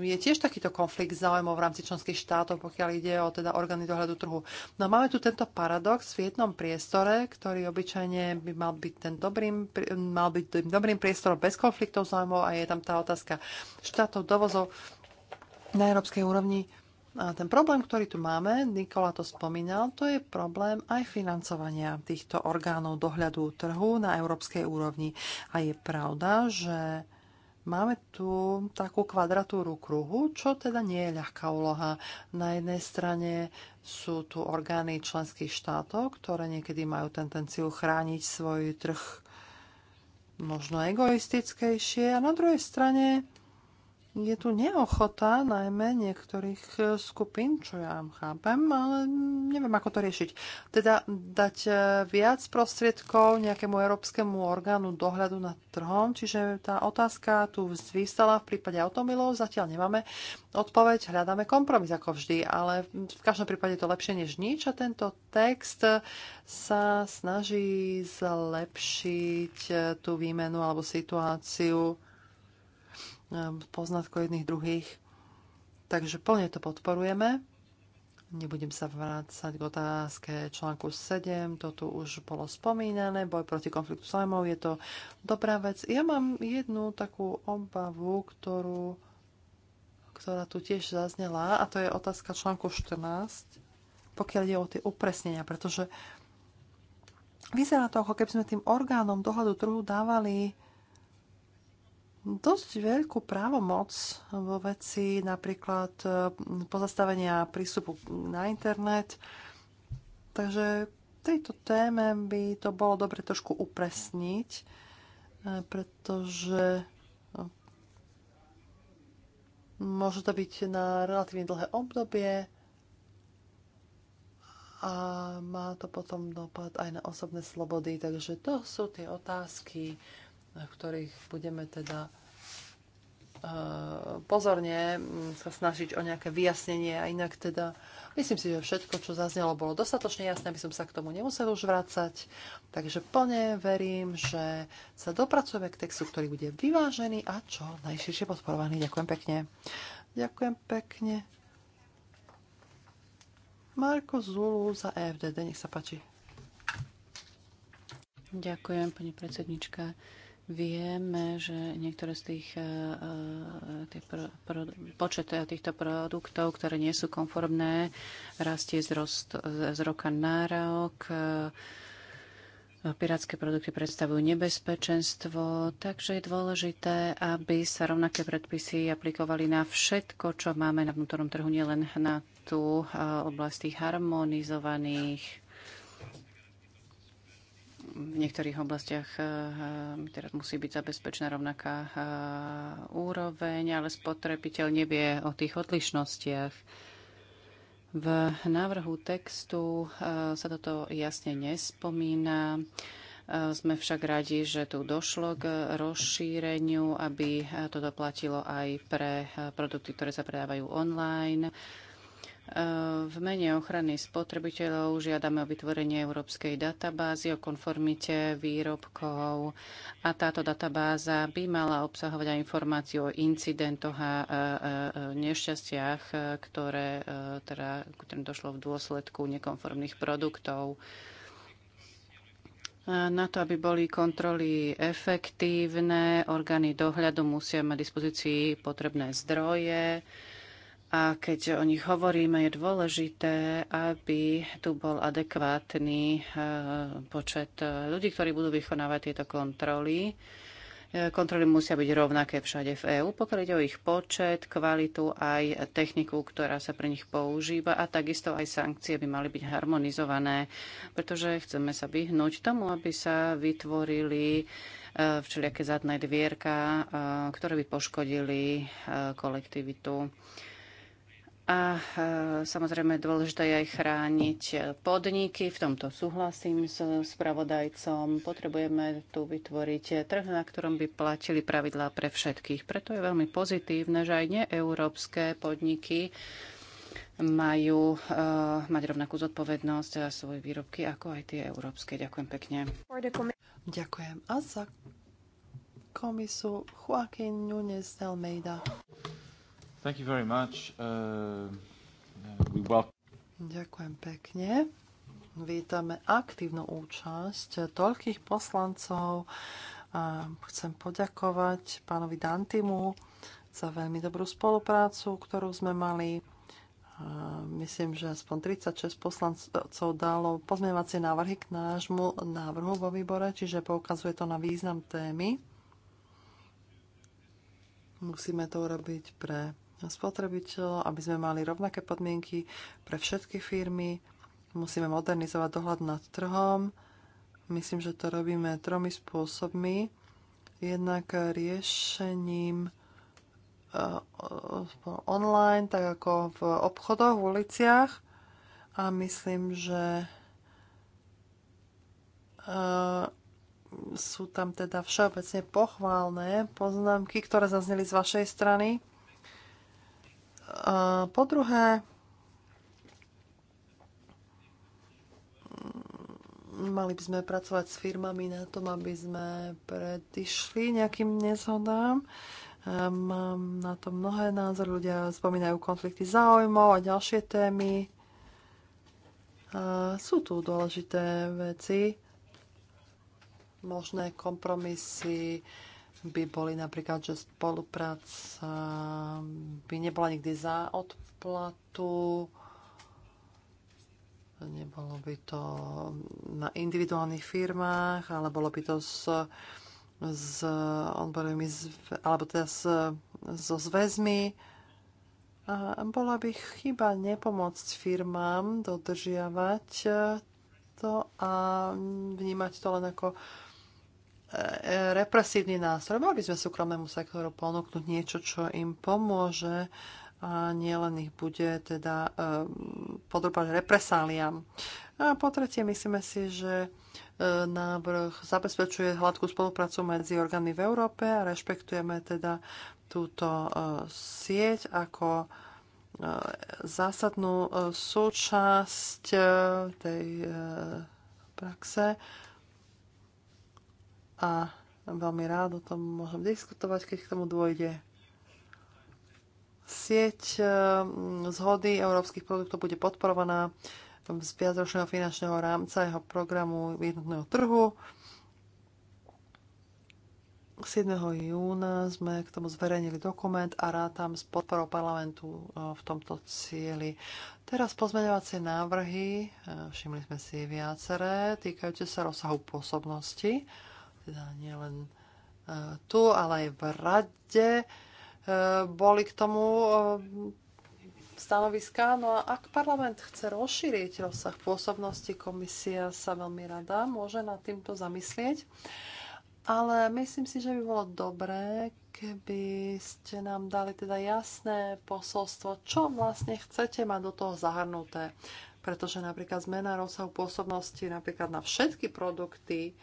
je tiež takýto konflikt záujmov v rámci členských štátov, pokiaľ ide o teda orgány dohľadu trhu. No máme tu tento paradox v jednom priestore, ktorý obyčajne by mal byť, ten dobrým, mal byť tým dobrým priestorom bez konfliktov záujmov a je tam tá otázka štátov dovozov na európskej úrovni. A ten problém, ktorý tu máme, Nikola to spomínal, to je problém aj financovania týchto orgánov dohľadu trhu na európskej úrovni. A je pravda, že máme tu takú kvadratúru kruhu, čo teda nie je ľahká úloha. Na jednej strane sú tu orgány členských štátov, ktoré niekedy majú tendenciu chrániť svoj trh možno egoistickejšie a na druhej strane je tu neochota najmä niektorých e, skupín, čo ja chápem, ale neviem, ako to riešiť. Teda dať e, viac prostriedkov nejakému európskemu orgánu dohľadu nad trhom, čiže tá otázka tu vystala v prípade automobilov, zatiaľ nemáme odpoveď, hľadáme kompromis ako vždy, ale v každom prípade je to lepšie než nič a tento text sa snaží zlepšiť e, tú výmenu alebo situáciu Ehm, poznatkov jedných druhých. Takže plne to podporujeme. Nebudem sa vrácať k otázke článku 7, to tu už bolo spomínané, boj proti konfliktu zájmov, je to dobrá vec. Ja mám jednu takú obavu, ktorú, ktorá tu tiež zaznela, a to je otázka článku 14, pokiaľ ide o tie upresnenia, pretože vyzerá to, ako keby sme tým orgánom dohľadu trhu dávali dosť veľkú právomoc vo veci napríklad e, pozastavenia prístupu na internet. Takže tejto téme by to bolo dobre trošku upresniť, e, pretože e, môže to byť na relatívne dlhé obdobie a má to potom dopad aj na osobné slobody. Takže to sú tie otázky, v ktorých budeme teda e, pozorne mm, sa snažiť o nejaké vyjasnenie a inak teda myslím si, že všetko, čo zaznelo, bolo dostatočne jasné, aby som sa k tomu nemusel už vrácať. Takže plne verím, že sa dopracujeme k textu, ktorý bude vyvážený a čo najširšie podporovaný. Ďakujem pekne. Ďakujem pekne. Marko Zulu za EFDD, nech sa páči. Ďakujem,
pani predsednička. Vieme, že niektoré z tých, e, e, tých pro, pro, počet e, týchto produktov, ktoré nie sú konformné, rastie z, rost, z roka na rok. Pirátske produkty predstavujú nebezpečenstvo, takže je dôležité, aby sa rovnaké predpisy aplikovali na všetko, čo máme na vnútornom trhu, nielen na tú oblasti harmonizovaných v niektorých oblastiach eh, eh, teraz musí byť zabezpečená rovnaká eh, úroveň, ale spotrebiteľ nevie o tých odlišnostiach. V návrhu textu sa toto jasne nespomína. Sme však radi, že tu došlo k rozšíreniu, aby toto platilo aj pre produkty, ktoré sa predávajú online v mene ochrany spotrebiteľov žiadame o vytvorenie európskej databázy o konformite výrobkov a táto databáza by mala obsahovať aj informáciu o incidentoch a nešťastiach, ktoré, e, teda, ktorým došlo v dôsledku nekonformných produktov. Na to, aby boli kontroly efektívne, orgány dohľadu musia mať dispozícii potrebné zdroje, a keď o nich hovoríme, je dôležité, aby tu bol adekvátny e, počet e, ľudí, ktorí budú vykonávať tieto kontroly. E, kontroly musia byť rovnaké všade v EÚ, pokiaľ ide o ich počet, kvalitu, aj techniku, ktorá sa pre nich používa a takisto aj sankcie by mali byť harmonizované, pretože chceme sa vyhnúť tomu, aby sa vytvorili všelijaké zadné dvierka, ktoré by poškodili kolektivitu a e, samozrejme dôležité je aj chrániť podniky, v tomto súhlasím s spravodajcom. Potrebujeme tu vytvoriť trh, na ktorom by platili pravidlá pre všetkých. Preto je veľmi pozitívne, že aj neeurópske podniky majú uh, mať rovnakú zodpovednosť za svoje výrobky, ako aj tie európske. Ďakujem pekne.
Ďakujem. A za komisu Joaquín Nunes Almeida.
Thank you very much. Uh, uh, we welcome...
Ďakujem pekne. Vítame aktívnu účasť toľkých poslancov. chcem poďakovať pánovi Dantimu za veľmi dobrú spoluprácu, ktorú sme mali myslím, že aspoň 36 poslancov dalo pozmievacie návrhy k nášmu návrhu vo výbore, čiže poukazuje to na význam témy. Musíme to urobiť pre spotrebiteľov, aby sme mali rovnaké podmienky pre všetky firmy. Musíme modernizovať dohľad nad trhom. Myslím, že to robíme tromi spôsobmi. Jednak riešením e, online, tak ako v obchodoch, v uliciach. A myslím, že e, sú tam teda všeobecne pochválne poznámky, ktoré zazneli z vašej strany po druhé, mali by sme pracovať s firmami na tom, aby sme predišli nejakým nezhodám. Mám na to mnohé názory, ľudia spomínajú konflikty záujmov a ďalšie témy. A sú tu dôležité veci, možné kompromisy, by boli napríklad, že spolupráca by nebola nikdy za odplatu, nebolo by to na individuálnych firmách, ale bolo by to s, s odborovými, alebo teda s, so zväzmi. A bola by chyba nepomôcť firmám dodržiavať to a vnímať to len ako E, represívny nástroj. Mali by sme súkromnému sektoru ponúknuť niečo, čo im pomôže a nielen ich bude teda e, podrobať represáliám. A po tretie, myslíme si, že e, návrh zabezpečuje hladkú spoluprácu medzi orgánmi v Európe a rešpektujeme teda túto sieť ako zásadnú súčasť tej praxe a veľmi rád o tom môžem diskutovať, keď k tomu dôjde. Sieť eh, zhody európskych produktov bude podporovaná z viacročného finančného rámca jeho programu jednotného trhu. 7. júna sme k tomu zverejnili dokument a rátam s podporou parlamentu eh, v tomto cieli. Teraz pozmeňovacie návrhy, eh, všimli sme si viaceré, týkajúce sa rozsahu pôsobnosti teda nielen e, tu, ale aj v rade e, boli k tomu e, stanoviská. No a ak parlament chce rozšíriť rozsah pôsobnosti, komisia sa veľmi rada môže nad týmto zamyslieť. Ale myslím si, že by bolo dobré, keby ste nám dali teda jasné posolstvo, čo vlastne chcete mať do toho zahrnuté. Pretože napríklad zmena rozsahu pôsobnosti napríklad na všetky produkty,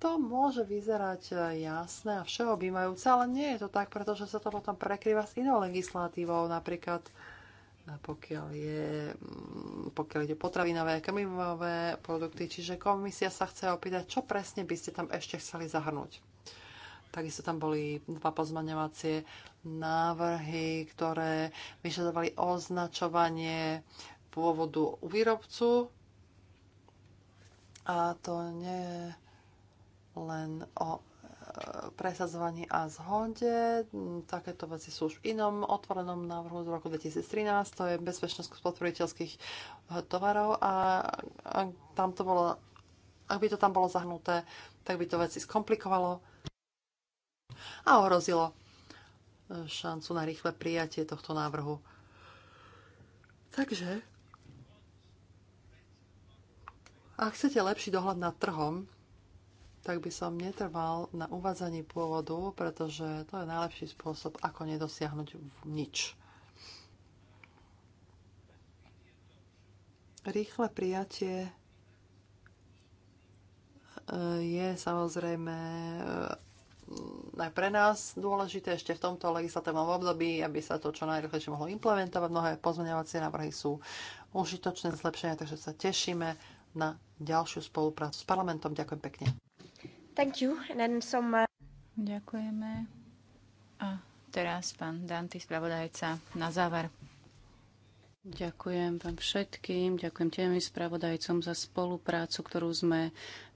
to môže vyzerať eh, jasné a všeobjímajúce, ale nie je to tak, pretože sa to potom prekrýva s inou legislatívou, napríklad eh, pokiaľ, je, mm, pokiaľ ide potravinové a krmivové produkty. Čiže komisia sa chce opýtať, čo presne by ste tam ešte chceli zahrnúť. Takisto tam boli dva pozmaňovacie návrhy, ktoré vyžadovali označovanie pôvodu u výrobcu. A to nie len o e, presadzovaní a zhode. Takéto veci sú už v inom otvorenom návrhu z roku 2013, to je bezpečnosť spotrebiteľských e, tovarov a, ak, tam to bolo, ak by to tam bolo zahnuté, tak by to veci skomplikovalo a ohrozilo e, šancu na rýchle prijatie tohto návrhu. Takže, ak chcete lepší dohľad nad trhom, tak by som netrval na uvádzaní pôvodu, pretože to je najlepší spôsob, ako nedosiahnuť nič. Rýchle prijatie e, je samozrejme e, aj pre nás dôležité ešte v tomto legislatívnom období, aby sa to čo najrychlejšie mohlo implementovať. Mnohé pozmeňovacie návrhy sú užitočné zlepšenia, takže sa tešíme na ďalšiu spoluprácu s parlamentom. Ďakujem pekne. Thank
you. And then some, uh... Ďakujeme.
A teraz pán Danty, spravodajca, na záver. Ďakujem vám všetkým, ďakujem tým spravodajcom za spoluprácu, ktorú sme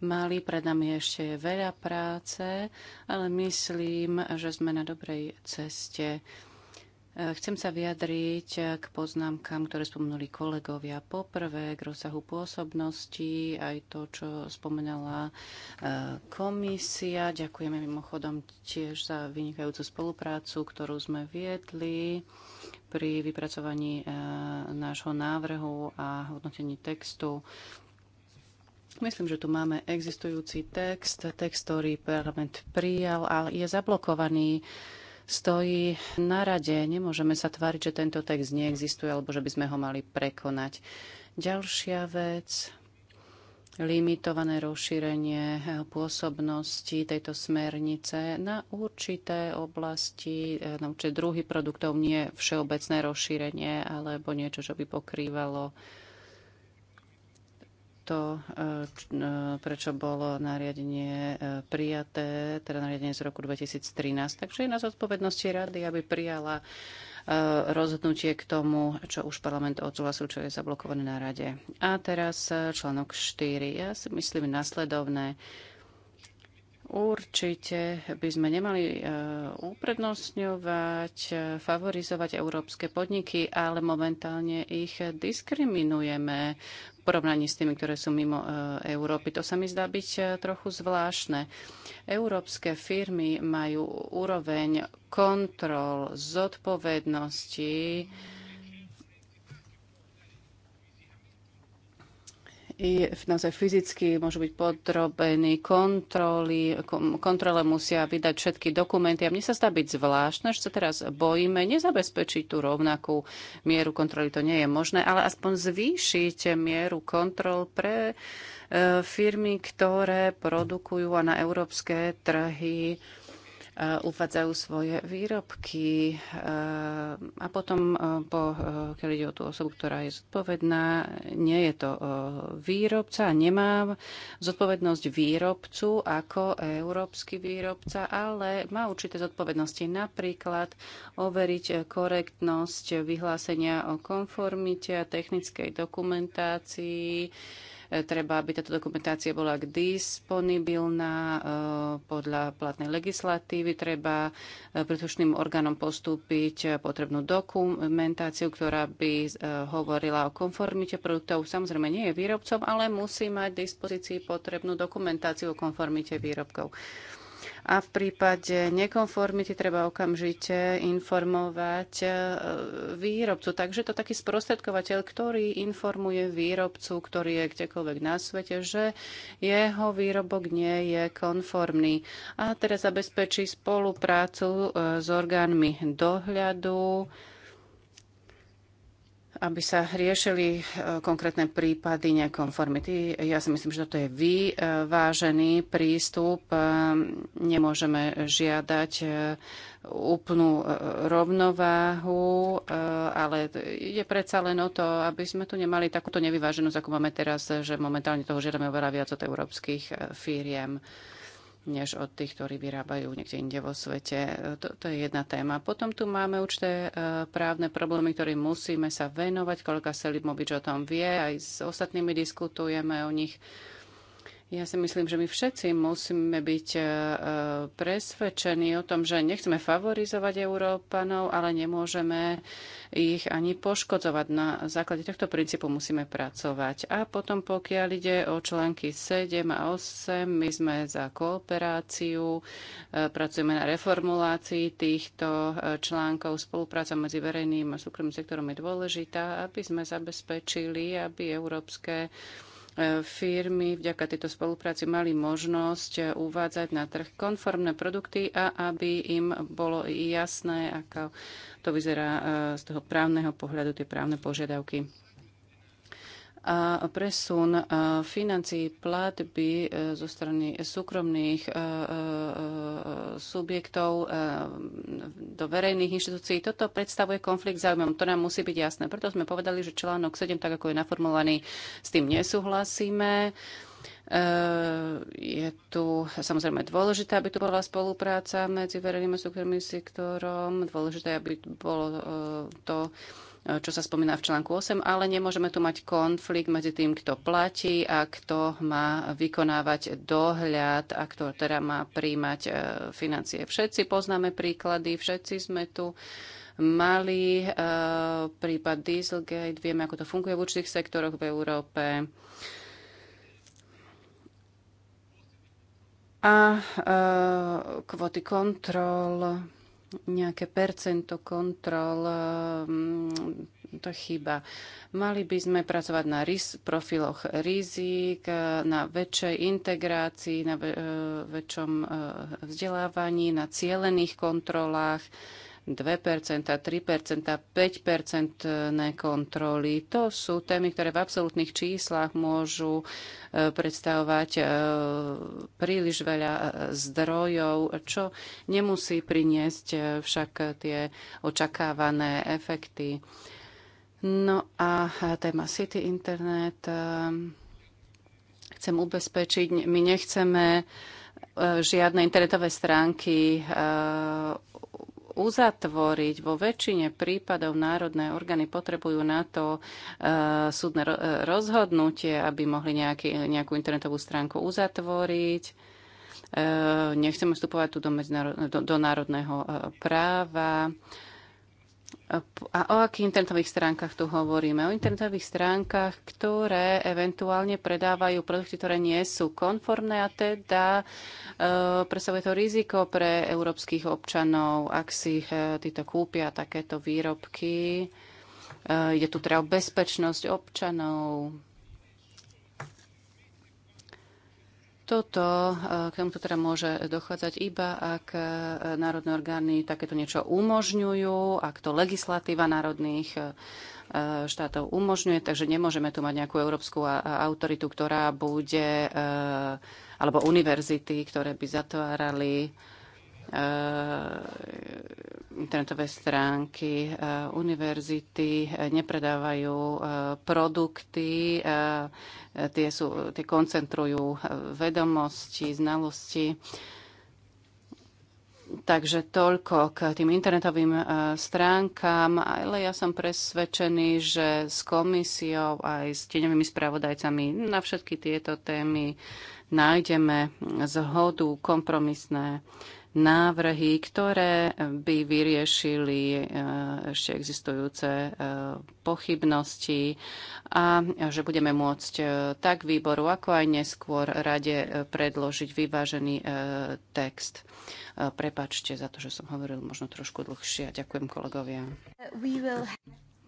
mali. Pred nami ešte je veľa práce, ale myslím, že sme na dobrej ceste. Chcem sa vyjadriť k poznámkam, ktoré spomenuli kolegovia. Poprvé k rozsahu pôsobnosti, aj to, čo spomenala e, komisia. Ďakujeme mimochodom tiež za vynikajúcu spoluprácu, ktorú sme viedli pri vypracovaní e, nášho návrhu a hodnotení textu. Myslím, že tu máme existujúci text, text, ktorý parlament prijal, ale je zablokovaný uh, stojí na rade. Nemôžeme sa tváriť, že tento text neexistuje alebo že by sme ho mali prekonať. Ďalšia vec, limitované rozšírenie pôsobnosti tejto smernice na určité oblasti, eh, na určité druhy produktov, nie všeobecné rozšírenie alebo niečo, čo by pokrývalo to, e, e, prečo bolo nariadenie e, prijaté, teda nariadenie z roku 2013. Takže je na zodpovednosti rady, aby prijala rozhodnutie k tomu, čo už parlament odsúhlasil, čo je zablokované na rade. A teraz článok 4. Ja si myslím nasledovné. Určite by sme nemali uprednostňovať, favorizovať európske podniky, ale momentálne ich diskriminujeme porovnaní s tými, ktoré sú mimo e, Európy. To sa mi zdá byť e, trochu zvláštne. Európske firmy majú úroveň kontrol, zodpovednosti, mm je naozaj fyzicky môžu byť podrobení kontroly, kontrole musia vydať všetky dokumenty. A mne sa zdá byť zvláštne, že sa teraz bojíme nezabezpečiť tú rovnakú mieru kontroly. To nie je možné, ale aspoň zvýšiť mieru kontrol pre e, firmy, ktoré produkujú a na európske trhy Eh, uvádzajú svoje výrobky eh, a potom, eh, po, keď ide o tú osobu, ktorá je zodpovedná, nie je to výrobca, nemá zodpovednosť výrobcu ako európsky výrobca, ale má určité zodpovednosti, napríklad overiť korektnosť vyhlásenia o konformite a technickej dokumentácii, E, treba, aby táto dokumentácia bola disponibilná e, podľa platnej legislatívy. Treba e, príslušným orgánom postúpiť potrebnú dokumentáciu, ktorá by hovorila o konformite produktov. Samozrejme nie je výrobcom, ale musí mať dispozícii potrebnú dokumentáciu o konformite výrobkov a v prípade nekonformity treba okamžite informovať e, výrobcu. Takže to taký sprostredkovateľ, ktorý informuje výrobcu, ktorý je kdekoľvek na svete, že jeho výrobok nie je konformný. A teda zabezpečí spoluprácu e, s orgánmi dohľadu, aby sa riešili e, konkrétne prípady nekonformity. Ja si myslím, že toto je vyvážený prístup. E, nemôžeme žiadať e, úplnú rovnováhu, ale je predsa len o to, aby sme tu nemali takúto nevyváženosť, ako máme teraz, že momentálne toho žiadame oveľa viac od európskych firiem než od tých, ktorí vyrábajú niekde inde vo svete. To, to je jedna téma. Potom tu máme určité e, právne problémy, ktorým musíme sa venovať. Kolega Selimovič o tom vie, aj s ostatnými diskutujeme o nich. Ja si myslím, že my všetci musíme byť e, e, presvedčení o tom, že nechceme favorizovať Európanov, ale nemôžeme ich ani poškodzovať. Na základe tohto princípu musíme pracovať. A potom, pokiaľ ide o články 7 a 8, my sme za kooperáciu, e, pracujeme na reformulácii týchto článkov. Spolupráca medzi verejným a súkromným sektorom je dôležitá, aby sme zabezpečili, aby európske E, firmy vďaka tejto spolupráci mali možnosť uvádzať na trh konformné produkty a aby im bolo jasné, ako to vyzerá e, z toho právneho pohľadu, tie právne požiadavky a presun financií platby e, zo strany súkromných e, e, subjektov do verejných inštitúcií. Toto predstavuje konflikt záujmom. To nám musí byť jasné. Preto sme povedali, že článok 7, tak ako je naformulovaný, s tým nesúhlasíme. Je tu samozrejme dôležité, aby tu bola spolupráca medzi verejným a súkromným sektorom. Dôležité, aby bolo to čo sa spomína v článku 8, ale nemôžeme tu mať konflikt medzi tým, kto platí a kto má vykonávať dohľad a kto teda má príjmať e, financie. Všetci poznáme príklady, všetci sme tu mali e, prípad Dieselgate, vieme, ako to funguje v určitých sektoroch v Európe. A e, kvoty kontrol nejaké percento kontrol, mm, to chýba. Mali by sme pracovať na ris- profiloch rizik, na väčšej integrácii, na e, väčšom e, vzdelávaní, na cielených kontrolách, 2%, 3%, 5% kontroly. To sú témy, ktoré v absolútnych číslach môžu e, predstavovať e, príliš veľa e, zdrojov, čo nemusí priniesť však tie očakávané efekty. No a téma City Internet. Chcem ubezpečiť, my nechceme žiadne internetové stránky uzatvoriť. Vo väčšine prípadov národné orgány potrebujú na to e, súdne e, rozhodnutie, aby mohli nejaký, nejakú internetovú stránku uzatvoriť. E, nechceme vstupovať tu do, do, do národného práva. A o akých internetových stránkach tu hovoríme? O internetových stránkach, ktoré eventuálne predávajú produkty, ktoré nie sú konformné a teda e, predstavuje to riziko pre európskych občanov, ak si e, títo kúpia takéto výrobky. E, ide tu teda o bezpečnosť občanov, Toto, eh, k tomuto teda môže dochádzať iba, ak eh, národné orgány takéto niečo umožňujú, ak to legislatíva národných eh, štátov umožňuje, takže nemôžeme tu mať nejakú európsku autoritu, ktorá bude, alebo univerzity, ktoré by zatvárali Eh, internetové stránky eh, univerzity eh, nepredávajú produkty, tie, sú, tie koncentrujú vedomosti, znalosti. Takže toľko k tým internetovým stránkam, ale ja som presvedčený, že s komisiou aj s tieňovými spravodajcami na všetky tieto témy nájdeme zhodu, kompromisné návrhy, ktoré by vyriešili eh, ešte existujúce eh, pochybnosti a že budeme môcť eh, tak výboru, ako aj neskôr rade predložiť vyvážený text. Prepačte za to, že som hovoril možno trošku dlhšie. Ďakujem kolegovia.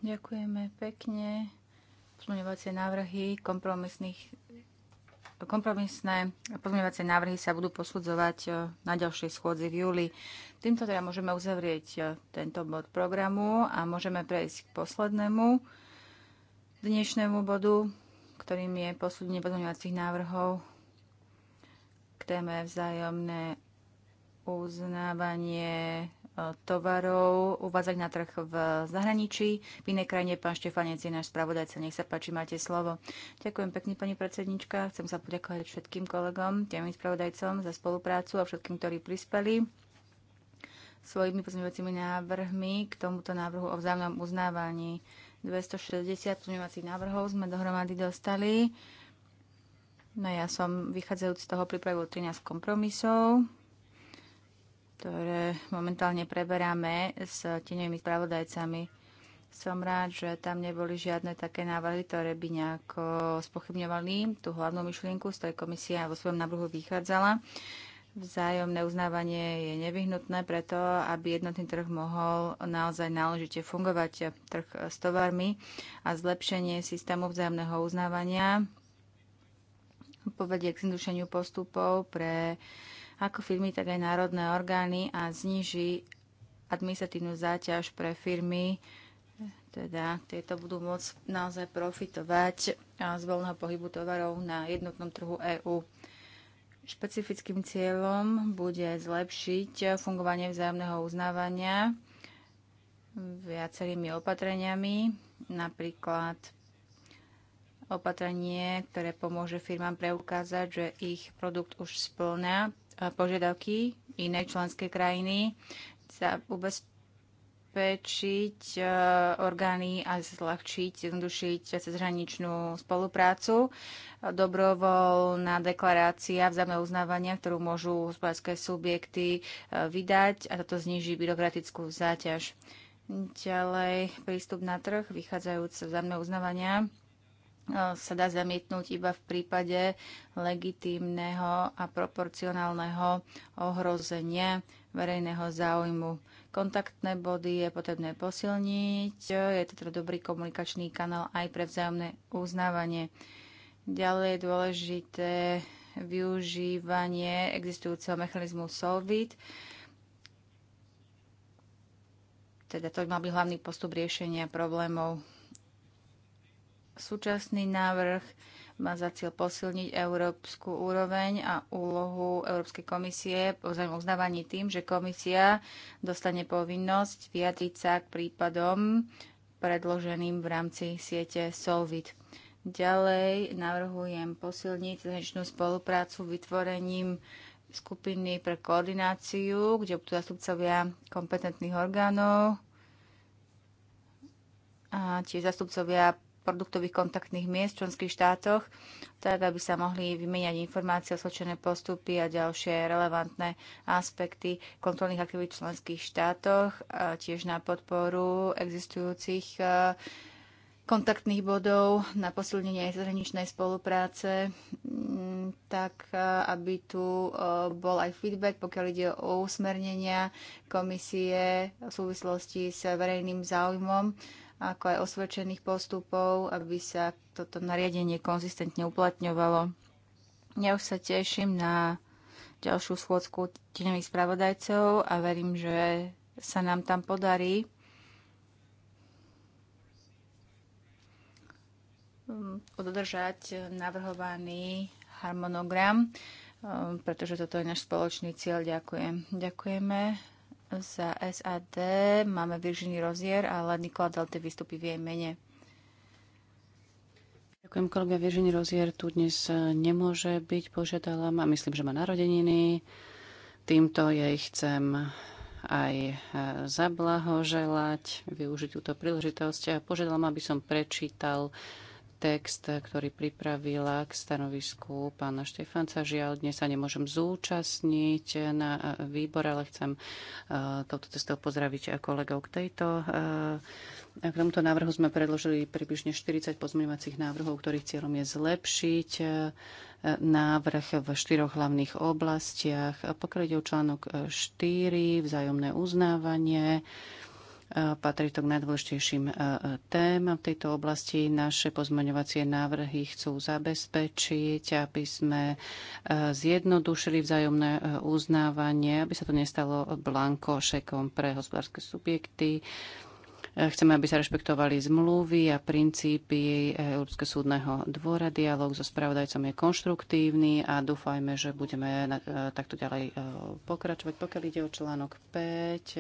Ďakujeme pekne. Pozmeňovacie návrhy kompromisných kompromisné pozmeňovacie návrhy sa budú posudzovať e, na ďalšej schôdzi v júli. Týmto teda môžeme uzavrieť e, tento bod programu a môžeme prejsť k poslednému dnešnému bodu, ktorým je posúdenie pozmeňovacích návrhov k téme vzájomné uznávanie tovarov uvádzať na trh v zahraničí. V inej krajine pán Štefanec je náš spravodajca. Nech sa páči, máte slovo. Ďakujem pekne, pani predsednička. Chcem sa poďakovať všetkým kolegom, tým spravodajcom za spoluprácu a všetkým, ktorí prispeli svojimi pozmeňovacími návrhmi k tomuto návrhu o vzájomnom uznávaní. 260 pozmeňovacích návrhov sme dohromady dostali. No ja som vychádzajúc z toho pripravil 13 kompromisov ktoré momentálne preberáme s tieňovými spravodajcami. Som rád, že tam neboli žiadne také návrhy, ktoré by nejako spochybňovali tú hlavnú myšlienku, z ktorej komisia vo svojom návrhu vychádzala. Vzájomné uznávanie je nevyhnutné preto, aby jednotný trh mohol naozaj náležite fungovať trh s tovarmi a zlepšenie systému vzájomného uznávania povedie k zjednodušeniu postupov pre uh, ako firmy, tak aj národné orgány a zniží administratívnu záťaž pre firmy, teda tieto budú môcť naozaj profitovať z voľného pohybu tovarov na jednotnom trhu EÚ. Špecifickým cieľom bude zlepšiť fungovanie vzájomného uznávania viacerými opatreniami, napríklad opatrenie, ktoré pomôže firmám preukázať, že ich produkt už splňa požiadavky inej členskej krajiny sa ubezpečiť e, orgány a zľahčiť, zjednodušiť cezhraničnú spoluprácu. Dobrovoľná deklarácia vzájomného uznávania, ktorú môžu hospodárske subjekty e, vydať a toto zniží byrokratickú záťaž. Ďalej prístup na trh vychádzajúc z uznávania E, sa dá zamietnúť iba v prípade legitímneho a proporcionálneho ohrozenia verejného záujmu. Kontaktné body je potrebné posilniť, je to teda dobrý komunikačný kanál aj pre vzájomné uznávanie. Ďalej je dôležité využívanie existujúceho mechanizmu SOLVIT, teda to by mal byť hlavný postup riešenia problémov Súčasný návrh má za cieľ posilniť európsku úroveň a úlohu Európskej komisie o uznávaní tým, že komisia dostane povinnosť vyjadriť sa k prípadom predloženým v rámci siete Solvit. Ďalej navrhujem posilniť zahraničnú spoluprácu vytvorením skupiny pre koordináciu, kde budú zastupcovia kompetentných orgánov a tiež zastupcovia produktových kontaktných miest v členských štátoch, tak aby sa mohli vymeniať informácie, o sločené postupy a ďalšie relevantné aspekty kontrolných aktivít v členských štátoch, tiež na podporu existujúcich e, kontaktných bodov na posilnenie aj zahraničnej spolupráce, mm, tak e, aby tu e, bol aj feedback, pokiaľ ide o usmernenia komisie v súvislosti s verejným záujmom ako aj osvedčených postupov, aby sa toto nariadenie konzistentne uplatňovalo. Ja už sa teším na ďalšiu schôdzku tieňových spravodajcov a verím, že sa nám tam podarí dodržať navrhovaný harmonogram, pretože toto je náš spoločný cieľ. Ďakujem. Ďakujeme za SAD máme Virginie Rozier, ale Nikola Delte vystupí v jej mene.
Ďakujem, kolega Virginie Rozier tu dnes e, nemôže byť, požiadala ma, myslím, že má narodeniny. Týmto jej chcem aj e, zablahoželať, využiť túto príležitosť. Požiadala ma, aby som prečítal text, ktorý pripravila k stanovisku pána Štefanca. Žiaľ, dnes sa nemôžem zúčastniť na výbor, ale chcem e, touto cestou pozdraviť kolegov k tejto e, k tomuto návrhu sme predložili približne 40 pozmeňovacích návrhov, ktorých cieľom je zlepšiť e, návrh v štyroch hlavných oblastiach. Pokiaľ ide o článok 4, vzájomné uznávanie, Patrí to k najdôležitejším e, e, témam v tejto oblasti. Naše pozmeňovacie návrhy chcú zabezpečiť, aby sme e, zjednodušili vzájomné uznávanie, aby sa to nestalo blankošekom pre hospodárske subjekty. Chceme, aby sa rešpektovali zmluvy a princípy Európskeho súdneho dvora. Dialóg so spravodajcom je konštruktívny a dúfajme, že budeme takto ďalej pokračovať. Pokiaľ ide o článok 5,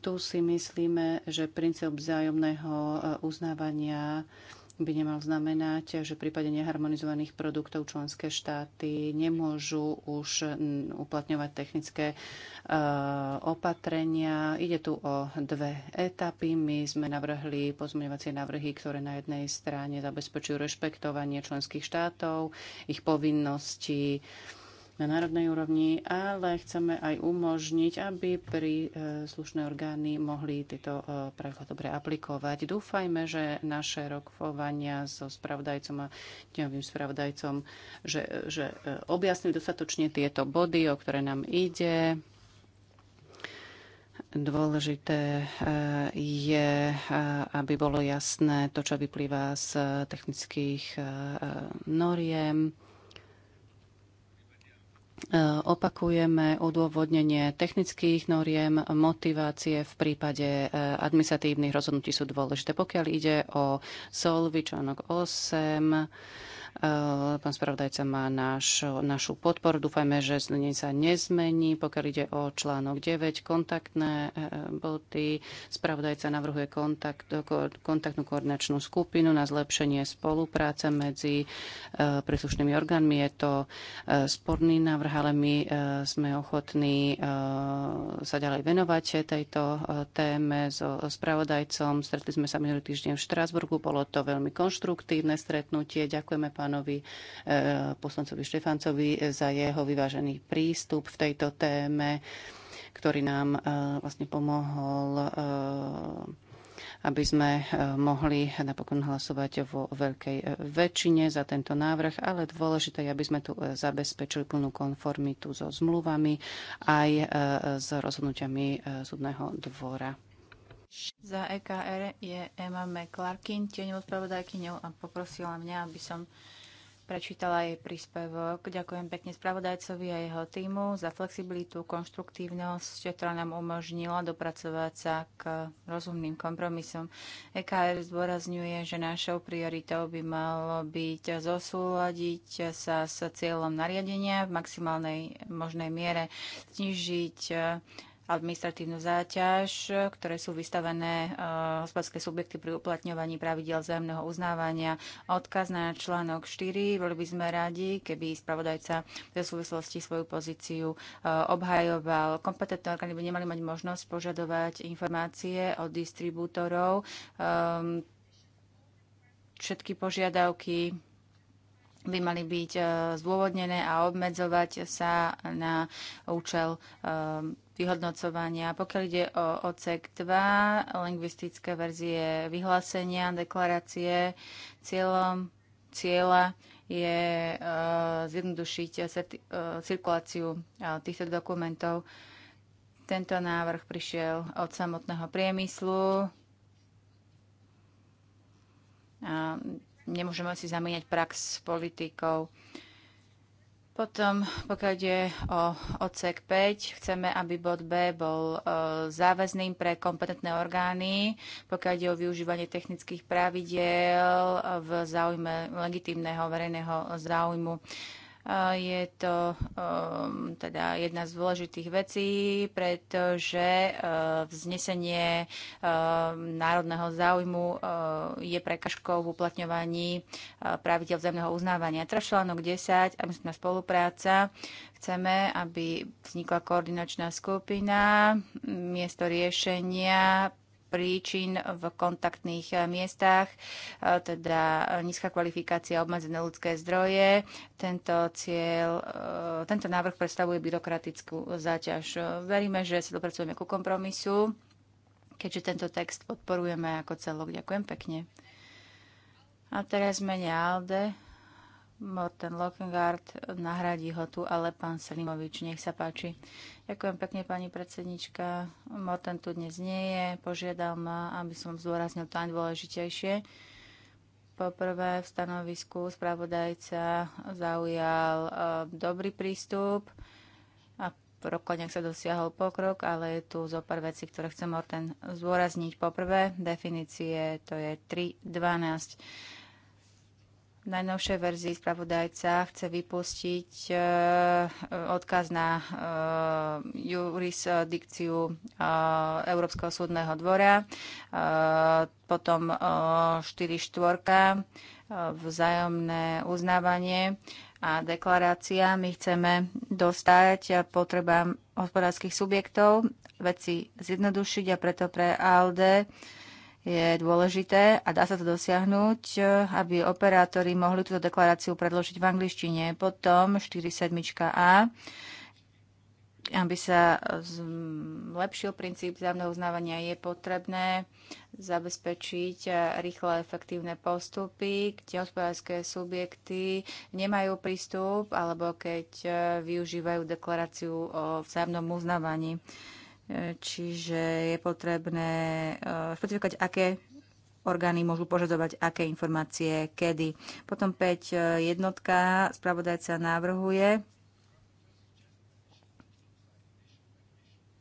tu si myslíme, že princíp vzájomného e, uznávania by nemal znamenať, že v prípade neharmonizovaných produktov členské štáty nemôžu už mm, uplatňovať technické e, opatrenia. Ide tu o dve etapy. My sme navrhli pozmeňovacie návrhy, ktoré na jednej strane zabezpečujú rešpektovanie členských štátov, ich povinnosti na národnej úrovni, ale chceme aj umožniť, aby pri slušné orgány mohli tieto e, pravidla dobre aplikovať. Dúfajme, že naše rokovania so spravodajcom a dňovým spravodajcom, že, že e, objasnili dostatočne tieto body, o ktoré nám ide. Dôležité e, je, aby bolo jasné to, čo vyplýva z technických noriem. E, opakujeme odôvodnenie technických noriem, motivácie v prípade e, administratívnych rozhodnutí sú dôležité. Pokiaľ ide o Solvy, článok 8, Eh, pán spravodajca má náš, našu podporu. Dúfajme, že znenie sa nezmení. Pokiaľ ide o článok 9, kontaktné eh, boty, spravodajca navrhuje kontakt, kontaktnú koordinačnú skupinu na zlepšenie spolupráce medzi eh, príslušnými orgánmi. Je to sporný návrh, ale my sme ochotní sa ďalej venovať tejto téme so spravodajcom. Stretli sme sa minulý týždeň v Štrásburgu. Bolo to veľmi konštruktívne stretnutie. Ďakujeme pán pánovi eh, poslancovi Štefancovi eh, za jeho vyvážený prístup v tejto téme, ktorý nám eh, vlastne pomohol aby sme mohli napokon hlasovať vo veľkej väčšine za tento návrh, ale dôležité je, aby sme tu zabezpečili plnú konformitu so zmluvami aj s rozhodnutiami súdneho dvora. Za
EKR je Emma McClarkin, tieňou spravodajkyňou a poprosila mňa, aby som prečítala jej príspevok. Ďakujem pekne spravodajcovi a jeho týmu za flexibilitu, konštruktívnosť, ktorá nám umožnila dopracovať sa k rozumným kompromisom. EKR zdôrazňuje, že našou prioritou by malo byť zosúľadiť sa s cieľom nariadenia v maximálnej možnej miere, znižiť administratívnu záťaž, ktoré sú vystavené e, hospodárske subjekty pri uplatňovaní pravidel zájomného uznávania. Odkaz na článok 4. Boli by sme radi, keby spravodajca v súvislosti svoju pozíciu e, obhajoval. Kompetentné orgány by nemali mať možnosť požadovať informácie od distribútorov. Ehm, všetky požiadavky by mali byť e, zdôvodnené a obmedzovať sa na účel ehm, vyhodnocovania. Pokiaľ ide o odsek 2, lingvistické verzie vyhlásenia, deklarácie, cieľom cieľa je uh, zjednodušiť uh, cirkuláciu uh, týchto dokumentov. Tento návrh prišiel od samotného priemyslu. Uh, nemôžeme si zamieňať prax s politikou. Uh, potom, pokiaľ ide o odsek 5, chceme, aby bod B bol e, záväzným pre kompetentné orgány, pokiaľ ide o využívanie technických pravidiel e, v záujme legitímneho verejného záujmu. E, je to um, teda jedna z dôležitých vecí, pretože uh, vznesenie uh, národného záujmu uh, je prekažkou v uplatňovaní uh, pravidel zemného uznávania. Teraz článok 10, amestná spolupráca. Chceme, aby vznikla koordinačná skupina, mm, miesto riešenia príčin v kontaktných eh, miestach, eh, teda eh, nízka kvalifikácia, obmedzené ľudské zdroje. Tento cieľ, tento návrh predstavuje byrokratickú záťaž. Veríme, že sa dopracujeme ku kompromisu, keďže tento text podporujeme ako celok. Ďakujem pekne. A teraz mene Alde, Morten Lockengard, nahradí ho tu, ale pán Selimovič, nech sa páči. Ďakujem pekne, pani predsednička. Morten tu dnes nie je, požiadal ma, aby som zdôraznil to najdôležitejšie. Poprvé v stanovisku spravodajca zaujal e, dobrý prístup a v rokovaniach sa dosiahol pokrok, ale je tu zo pár vecí, ktoré chcem Morten zdôrazniť. Poprvé, definície, to je 3.12 najnovšej verzii spravodajca chce vypustiť e, odkaz na e, jurisdikciu e, Európskeho súdneho dvora, potom 4 štvorka, vzájomné uznávanie a deklarácia. My chceme dostať potrebám hospodárskych subjektov, veci zjednodušiť a preto pre ALDE je dôležité a dá sa to dosiahnuť, eh, aby operátori mohli túto deklaráciu predložiť v angličtine. Potom 47a, aby sa zlepšil princíp vzájomného uznávania, je potrebné zabezpečiť eh, rýchle efektívne postupy, kde hospodárske subjekty nemajú prístup alebo keď eh, využívajú deklaráciu o vzájomnom uznávaní. Čiže je potrebné eh, špecifikovať, aké orgány môžu požadovať aké informácie, kedy. Potom 5 eh, jednotka spravodajca návrhuje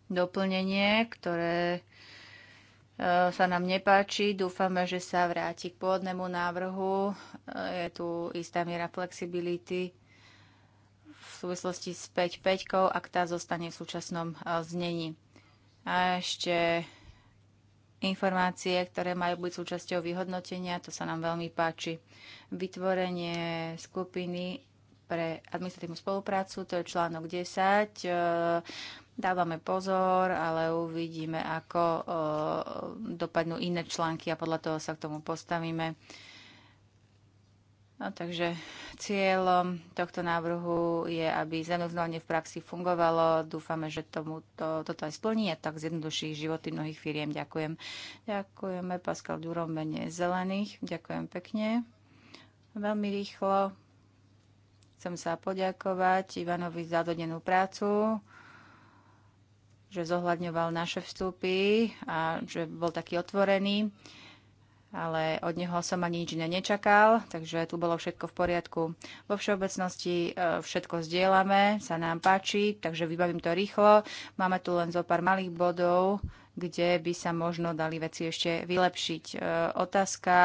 doplnenie, ktoré eh, sa nám nepáči. Dúfame, že sa vráti k pôvodnému návrhu. Je tu istá miera flexibility v súvislosti s 5.5, ak tá zostane v súčasnom znení. A ešte informácie, ktoré majú byť súčasťou vyhodnotenia, to sa nám veľmi páči. Vytvorenie skupiny pre administratívnu spoluprácu, to je článok 10. E, dávame pozor, ale uvidíme, ako e, dopadnú iné články a podľa toho sa k tomu postavíme. No, takže cieľom tohto návrhu je, aby zanúzlovne v praxi fungovalo. Dúfame, že tomu to, toto aj splní a tak zjednoduší životy mnohých firiem. Ďakujem. Ďakujeme Pascal Durom, mene zelených. Ďakujem pekne. Veľmi rýchlo chcem sa poďakovať Ivanovi za dodenú prácu že zohľadňoval naše vstupy a že bol taký otvorený ale od neho som ani nič iné nečakal, takže tu bolo všetko v poriadku. Vo všeobecnosti e, všetko zdieľame, sa nám páči, takže vybavím to rýchlo. Máme tu len zo pár malých bodov, kde by sa možno dali veci ešte vylepšiť. E, otázka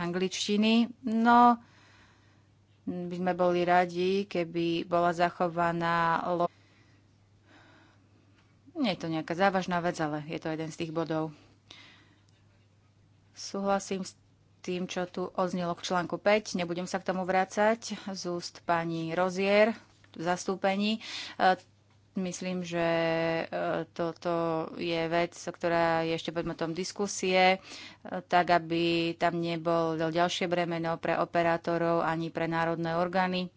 angličtiny. No, by sme boli radi, keby bola zachovaná lo- Nie je to nejaká závažná vec, ale je to jeden z tých bodov. Súhlasím s tým, čo tu oznelo k článku 5. Nebudem sa k tomu vrácať z úst pani Rozier v zastúpení. E, myslím, že e, toto je vec, ktorá je ešte predmetom diskusie, e, tak aby tam nebol ďalšie bremeno pre operátorov ani pre národné orgány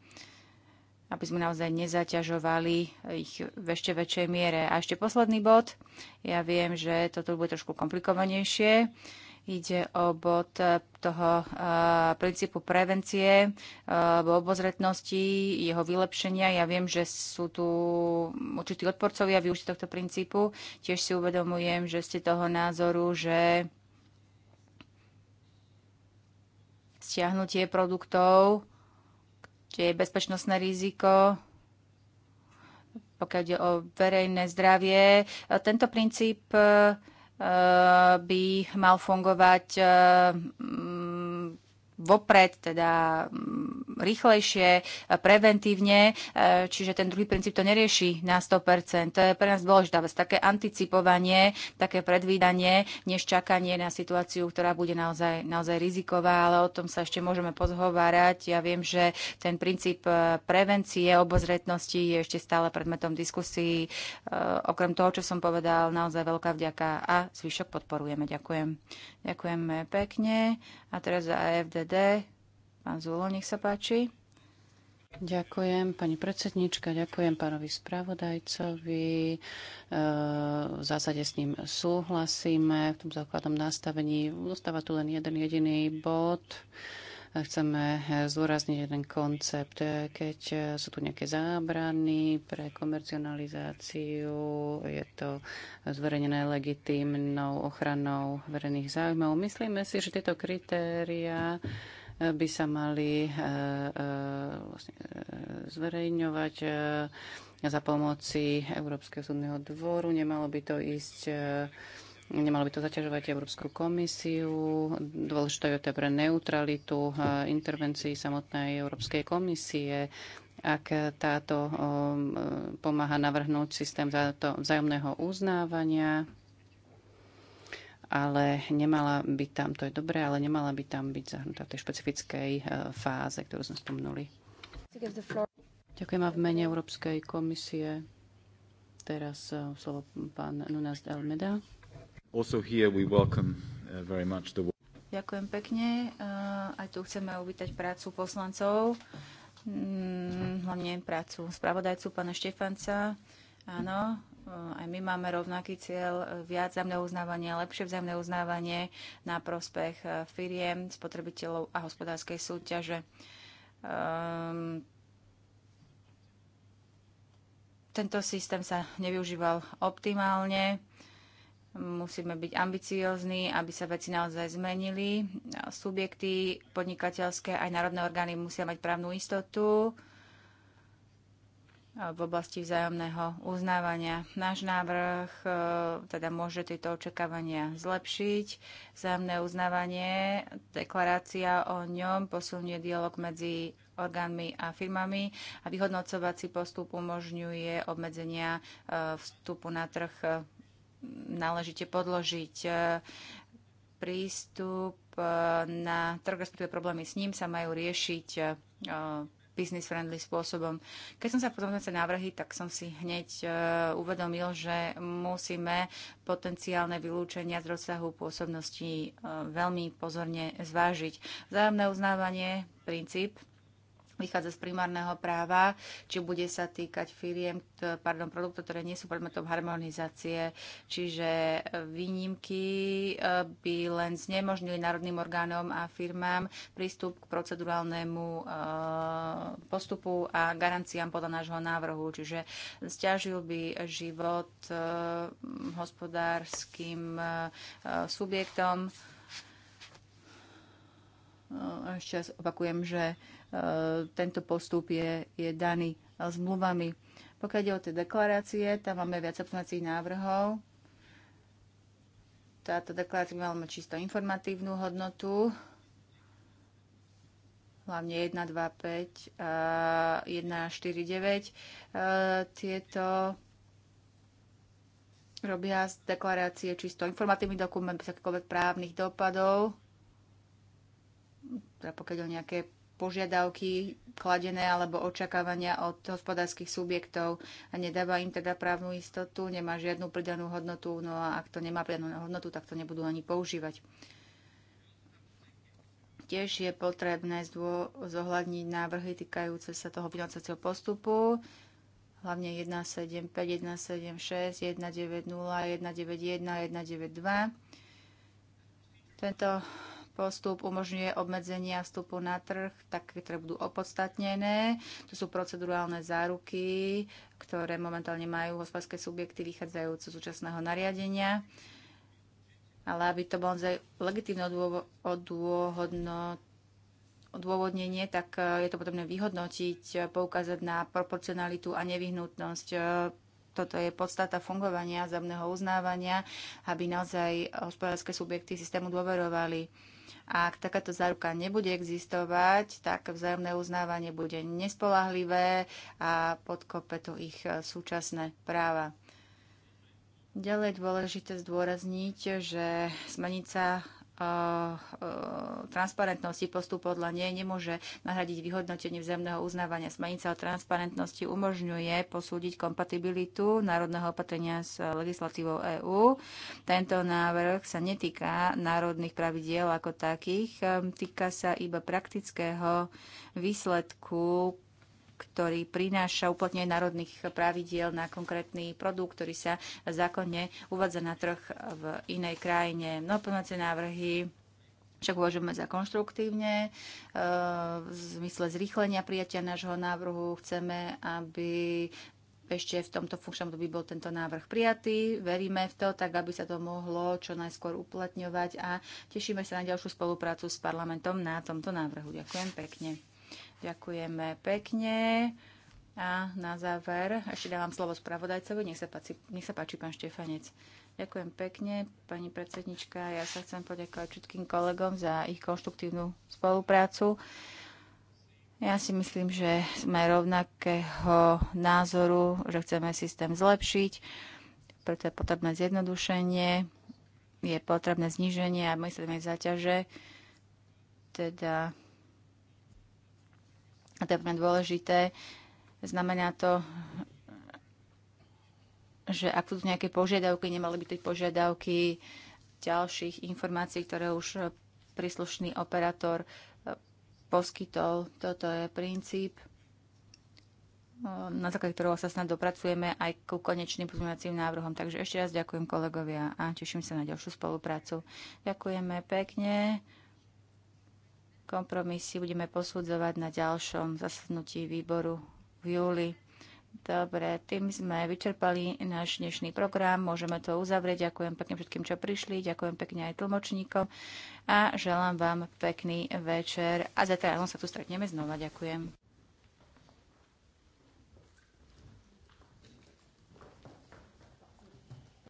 aby sme naozaj nezaťažovali ich v ešte väčšej miere. A ešte posledný bod. Ja viem, že toto bude trošku komplikovanejšie. Uh, Ide o bod e, toho e, princípu prevencie, e, obozretnosti, jeho vylepšenia. Ja viem, že sú tu určití odporcovia využiť tohto princípu. Tiež si uvedomujem, že ste toho názoru, že stiahnutie produktov, kde je bezpečnostné riziko, pokiaľ ide o verejné zdravie. Tento princíp by mal fungovať eh, vopred, teda mm, rýchlejšie, e, preventívne, e, čiže ten druhý princíp to nerieši na 100%. To je pre nás dôležitá vec, také anticipovanie, také predvídanie, než čakanie na situáciu, ktorá bude naozaj, naozaj riziková, ale o tom sa ešte môžeme pozhovárať. Ja viem, že ten princíp e, prevencie, obozretnosti je ešte stále predmetom diskusí. Okrem toho, čo som povedal, naozaj veľká vďaka a zvyšok podporujeme. Ďakujem.
Ďakujeme pekne. A teraz za AFD FDD. Pán Zulo, nech sa páči. Ďakujem pani predsednička, ďakujem pánovi spravodajcovi. E, v zásade s ním súhlasíme v tom základnom nastavení. Zostáva tu len jeden jediný bod Chceme eh, zúrazniť jeden koncept. Eh, keď eh, sú tu nejaké zábrany pre komercionalizáciu, je to zverejnené legitímnou ochranou verejných záujmov. Myslíme si, že tieto kritéria by sa mali vlastne zverejňovať za pomoci Európskeho súdneho dvoru. Nemalo by to ísť Nemalo by to zaťažovať Európsku komisiu. Dôležité je to pre neutralitu eh, intervencií samotnej Európskej komisie ak táto eh, pomáha navrhnúť systém vzájomného uznávania, ale nemala by tam, to je dobré, ale nemala by tam byť zahrnutá v tej špecifickej eh, fáze, ktorú sme spomnuli. Ďakujem a v mene Európskej komisie teraz slovo pán Nunas Almeda.
Also here we welcome uh, very much the...
Ďakujem pekne. Uh, aj tu chceme uvítať prácu poslancov, mm, hlavne prácu spravodajcu pána Štefanca. Áno, uh, aj my máme rovnaký cieľ, viac vzájomné uznávanie, lepšie vzájomné uznávanie na prospech firiem, spotrebiteľov a hospodárskej súťaže. Um, tento systém sa nevyužíval optimálne. Musíme byť ambiciózni, aby sa veci naozaj zmenili. Subjekty podnikateľské aj národné orgány musia mať právnu istotu v oblasti vzájomného uznávania. Náš návrh e, teda môže tieto očakávania zlepšiť. Vzájomné uznávanie, deklarácia o ňom posunie dialog medzi orgánmi a firmami a vyhodnocovací postup umožňuje obmedzenia e, vstupu na trh náležite podložiť e, prístup e, na trh, respektíve problémy s ním sa majú riešiť e, business-friendly spôsobom. Keď som sa potom na návrhy, tak som si hneď uvedomil, že musíme potenciálne vylúčenia z rozsahu pôsobnosti veľmi pozorne zvážiť. Vzájomné uznávanie, princíp, vychádza z primárneho práva, či bude sa týkať firiem, pardon, produktov, ktoré nie sú predmetom harmonizácie. Čiže e, výnimky e, by len znemožnili národným orgánom a firmám prístup k procedurálnemu e, postupu a garanciám podľa nášho návrhu. Čiže stiažil by život hospodárskym subjektom, ešte raz opakujem, že e, tento postup je, je daný zmluvami. Pokiaľ ide o tie deklarácie, tam máme viac obsnacích návrhov. Táto deklarácia má mať čisto informatívnu hodnotu, hlavne 1, 2, 5 a 1, 4, 9. Tieto robia z deklarácie čisto informatívny dokument bez akýchkoľvek právnych dopadov teda pokiaľ o nejaké požiadavky kladené alebo očakávania od hospodárskych subjektov a nedáva im teda právnu istotu, nemá žiadnu pridanú hodnotu, no a ak to nemá pridanú hodnotu, tak to nebudú ani používať. Tiež je potrebné zohľadniť návrhy týkajúce sa toho vynocacieho postupu, hlavne 175, 176, 190, 191, 192. Tento postup umožňuje obmedzenia vstupu na trh, tak ktoré budú opodstatnené. To sú procedurálne záruky, ktoré momentálne majú hospodárske subjekty vychádzajúce z súčasného nariadenia. Ale aby to bolo naozaj legitívne odôvodnenie, tak e, je to potrebné vyhodnotiť, e, poukázať na proporcionalitu a nevyhnutnosť e, toto je podstata fungovania zemného uznávania, aby naozaj hospodárske subjekty systému dôverovali. A ak takáto záruka nebude existovať, tak vzájomné uznávanie bude nespolahlivé a podkope to ich e, súčasné práva. Ďalej je dôležité zdôrazniť, že smernica E, transparentnosti postup podľa nej nemôže nahradiť vyhodnotenie vzemného uznávania. Smernica o transparentnosti umožňuje posúdiť kompatibilitu národného opatrenia s legislatívou EÚ. Tento návrh sa netýka národných pravidiel ako takých, e, týka sa iba praktického výsledku ktorý prináša uplatnenie národných pravidiel na konkrétny produkt, ktorý sa zákonne uvádza na trh v inej krajine. Mnoho návrhy však uvažujeme za konštruktívne. E, v zmysle zrýchlenia prijatia nášho návrhu chceme, aby ešte v tomto funkčnom období bol tento návrh prijatý. Veríme v to, tak aby sa to mohlo čo najskôr uplatňovať a tešíme sa na ďalšiu spoluprácu s parlamentom na tomto návrhu. Ďakujem pekne. Ďakujeme pekne. A na záver ešte dávam slovo spravodajcovi. Nech sa, páči, nech sa páči, pán Štefanec. Ďakujem pekne, pani predsednička. Ja sa chcem poďakovať všetkým kolegom za ich konštruktívnu spoluprácu. Ja si myslím, že sme rovnakého názoru, že chceme systém zlepšiť, preto je potrebné zjednodušenie, je potrebné zníženie a myslíme záťaže. Teda a to je pre dôležité, znamená to, že ak sú tu nejaké požiadavky, nemali by byť požiadavky ďalších informácií, ktoré už príslušný operátor e, poskytol. Toto je princíp, e, na základe ktorého sa snad dopracujeme aj ku konečným pozmeňovacím návrhom. Takže ešte raz ďakujem kolegovia a teším sa na ďalšiu spoluprácu. Ďakujeme pekne. Kompromisy budeme posudzovať na ďalšom zasadnutí výboru v júli. Dobre, tým sme vyčerpali náš dnešný program. Môžeme to uzavrieť. Ďakujem pekne všetkým, čo prišli. Ďakujem pekne aj tlmočníkom. A želám vám pekný večer. A zatiaľ sa tu stretneme znova. Ďakujem.